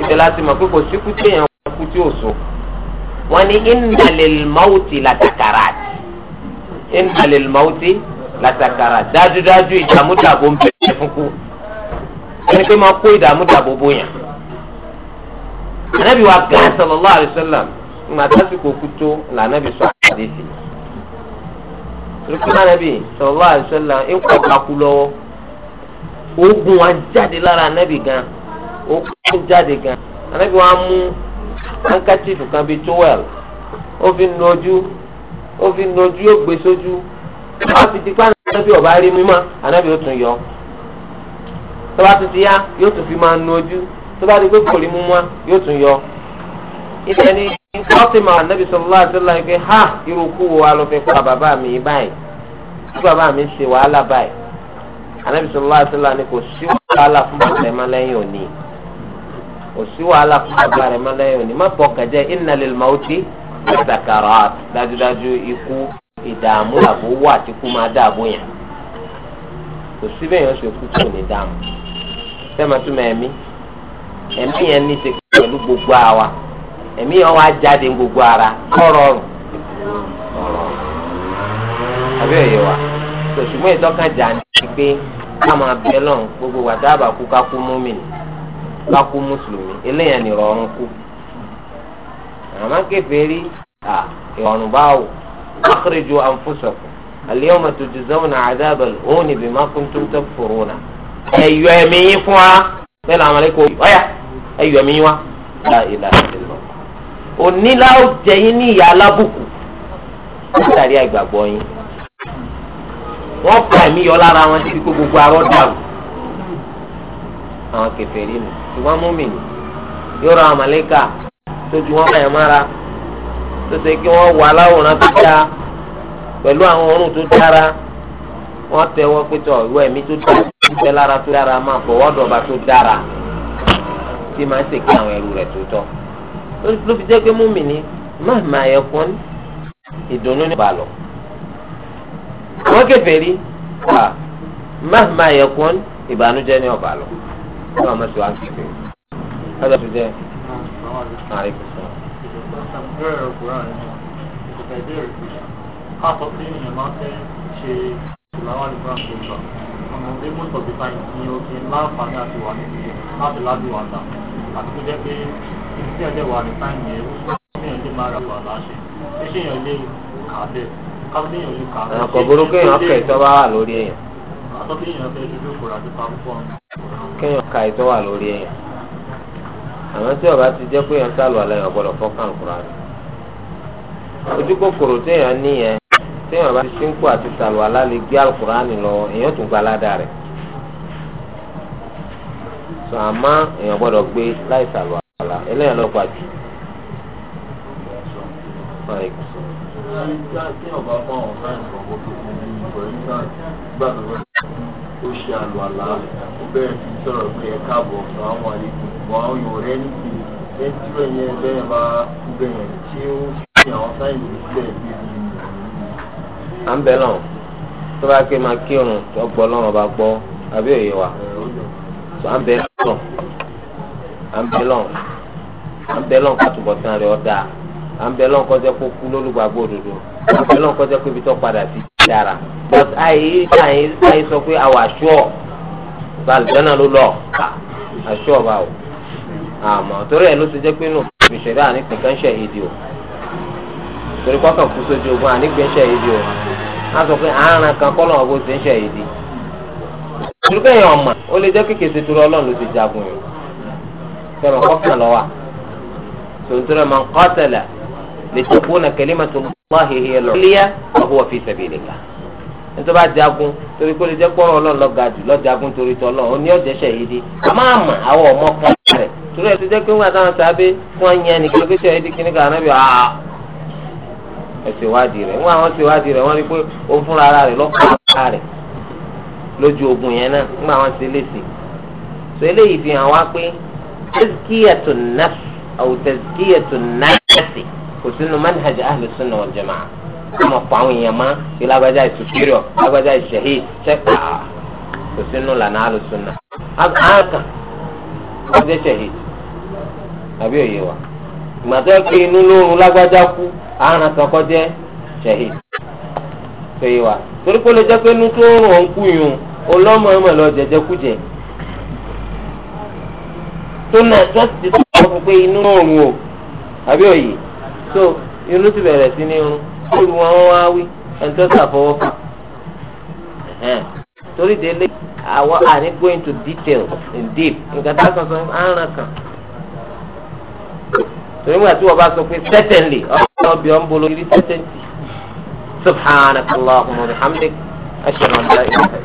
ibẹ̀ láti mọ̀ pé kò tí èèyàn kú tí ò wọ́n ní làtàkàrà dájúdájú ìdààmú dàbò ń bẹ̀rẹ̀ fún kú ẹni pé máa kó ìdààmú dàbò bóyàn. ànábì wa gán sallallahu alaihi wasallam ìgbà tásìkò kú tó lànàbì sọ àdé sí. rìpínlẹ̀ Nabi, sallallahu alaihi wasallam ń kọ́ kakú lọ́wọ́ oògùn wa jáde lára ànábì gan oògùn jáde gan ànábì wa mú hankachifu kan bíi towel ó fi nu ojú ó fi nu ojú ó gbé sójú. So tọ́ba ti di pa anabi ọba rí mímọ́ anabi ó tún yọ tọ́ba ti ti ya yóò tún fi máa nu ojú tọ́ba ti pé kò rí mímọ́ yóò tún yọ. ìṣẹ̀ ni kọ́sìmọ̀ anabi sallallahu alaihi wasallam pé ha irúkú wo a lọ fẹ́ kọ́ bàbá mi báyìí tí bàbá mi ṣe wàhálà báyìí anabi sallallahu alaihi wasallam ni kò sí wàhálà fún bàbá rẹ̀ mọ́ lẹ́yìn òní kò sí wàhálà fún bàbá rẹ̀ mọ́ lẹ́yìn òní má bọ̀ kẹjẹ inna ìdààmú àbò wà tí kú máa dáàbò yàn kò sí bẹ́ẹ̀ yẹn ṣe kú tó ní dààmú sẹ́mi tó máa ẹ̀mí ẹ̀mí yẹn ní ṣe pẹ̀lú gbogbo àwa ẹ̀mí yẹn wá jáde gbogbo ara ọ̀rọ̀ ọ̀rùn àbí ẹ̀yẹ wa tòṣùmọ́ ìtọ́kànjà ni pé ká máa bẹ lọ́n gbogbo wàtáàbà kú ká kú múmìnì ká kú mùsùlùmí eléyàn ni ìrọ̀rùn kú àmọ́ kẹfẹ́ rí ìrọ̀rùn báwò akhriju anfusakum al-yawma tujzawna adhab al-huni bima kuntum takfuruna. ẹ̀yọ̀ ẹ̀mí yín fún wa bẹ́ẹ̀ làwọn ọmọlẹ́kọ̀ ọ̀yà ẹ̀yọ̀ ẹ̀mí wa la ilaha illallah. onílà ó jẹ yín ní ìyá alábùkù látàrí àgbàgbọ́ yín. wọ́n pa ẹ̀mí yọ lára wọn títí kó gbogbo arọ́ dàrú. àwọn kẹfẹ́ rí mi ṣùgbọ́n mú mi yóò ra àmàlẹ́kà tójú wọn bá yẹn mára tó ṣe kí wọ́n wà láwòrán tó dáa pẹ̀lú àwọn òórùn tó dára wọ́n tẹ wọ́n pé tọ̀ ìwọ ẹ̀mí tó dára tó tẹ lára tó dára máa bọ̀ wọ́n dọ̀ba tó dára tí máa ń ṣèké àwọn ẹrù rẹ̀ tó tọ́ ló fi jẹ́ pé múmìnì máa máa yẹ fún ìdùnnú ní balọ̀ wọ́n kẹfẹ́ rí máa máa yẹ fún ìbànújẹ́ ní ọ̀bàlọ̀ wọ́n máa ṣe wá kẹfẹ́ rí lórí ọ̀rọ̀ kúrò ní ìkọ̀tà ìbéèrè pé ká sọ pé a máa fẹ́ ṣe ìlàwà ní france tó gbà ọmọ pé most of the time ni o kì í láǹfààní àti wà níbi láti ládùn àdá àti tó jẹ́ pé ibi tí ẹ̀jẹ̀ wà ní táìmù yẹn ó sì ní ẹ̀jẹ̀ máa ra wà láṣẹ ṣé ṣé èèyàn lè kà bẹ́ẹ̀ ká bí èèyàn lè kà bẹ́ẹ̀. ọkọ̀ burúkú èèyàn kẹ̀ tó bá wà lórí èèyàn. àtọ́ bí èèyàn fẹ́ dúdú kò rà dípa púpọ̀. kéèyàn ka ìtọ́ wà lórí èèyàn àmọ́ tí ọba ti jẹ́ pé èèyàn sálọ àlẹ́ ọ̀gbọ́dọ̀ fọ́kàn kúrò àná ojú kòkòrò téèyàn ní yẹn téèyàn bá ti sínkù àti sàlù alálẹ gbé alukurani lọ èèyàn tún gba aládà rẹ sọ àmọ́ èèyàn gbọ́dọ̀ gbé láì sàlù àlà eléyàn lọ gbàjú. ó ṣe àlù àlà ó bẹ̀rẹ̀ sí sọ̀rọ̀ pé ẹ káàbọ̀ àwọn àlejò àwọn èèyàn rẹ ní kiri ẹ síbẹ̀ yẹn bẹ́ẹ̀ máa síbẹ̀ yẹn tí ó ṣe àwọn sáyẹ̀nsì síbẹ̀ bí i. à ń bẹ lọ tó bá ké máa kírun tó gbọ́ lọ́rùn bá gbọ́ àbí padà sí dára but àyè àyè sọ pé àwọn àṣọ ọ̀bà ló lọ àṣọ ọ̀bà o. àmọ́ torí ẹ̀ ló ti jẹ́ pé nù ìṣẹ̀dá ànípín kan ṣe èdè o torí kọ́kàn kú sójú ogun ànípín ṣe èdè o á sọ pé àárín kan kọ́ lọ́wọ́ ti ń ṣe èdè olùkọ́ èèyàn ọ̀mà ó lè jẹ́ kékeré ṣe torí ọlọ́run ló ti jagun yìí fẹ́ràn kọ́kàn tòǹtòrò máa ń na nítorí jagun torí kó torí ẹ̀ tó jẹ́ pé wọ́n àtàwọn sábẹ́ wọ́n yan nìkan pé sọ ẹ̀dí kìnnìkan ànábì àá ẹ̀ ṣèwádìí rẹ̀ wọ́n àwọn ṣèwádìí rẹ̀ wọ́n rí pé ó fúnra ara rẹ̀ rẹ̀ lójú ogun yẹn náà nígbà wọn ti léṣe sọ eléyìí fi hàn wá pé tazkiyatu nafs aw tazkiyatu nafsi kò sínú manhaj superior kò sínú lànà ọjọ́ àbí òye wa ìgbàtọ́ pé inú lóorun lágbájá kú àrùn kankan jẹ́ ṣẹ̀hìn ṣèyí wa torí pé ó lè jẹ́ pé inú tó rùn kú yùn ọmọ lọ jẹjẹ kú jẹ tó náà tó ti sọ fún pé inú òrùn o àbí òye tó inú ti bẹ̀rẹ̀ sí ní irun ó lu wọn wá wí ẹni tó ṣàfọwọ́ fún torí délé àwọn àní detail in deep torí wọn àti wọn bá sọ pé certainly ọlọ́run bí wọn bolo rí certainty subhanakallahumma wa bihamdik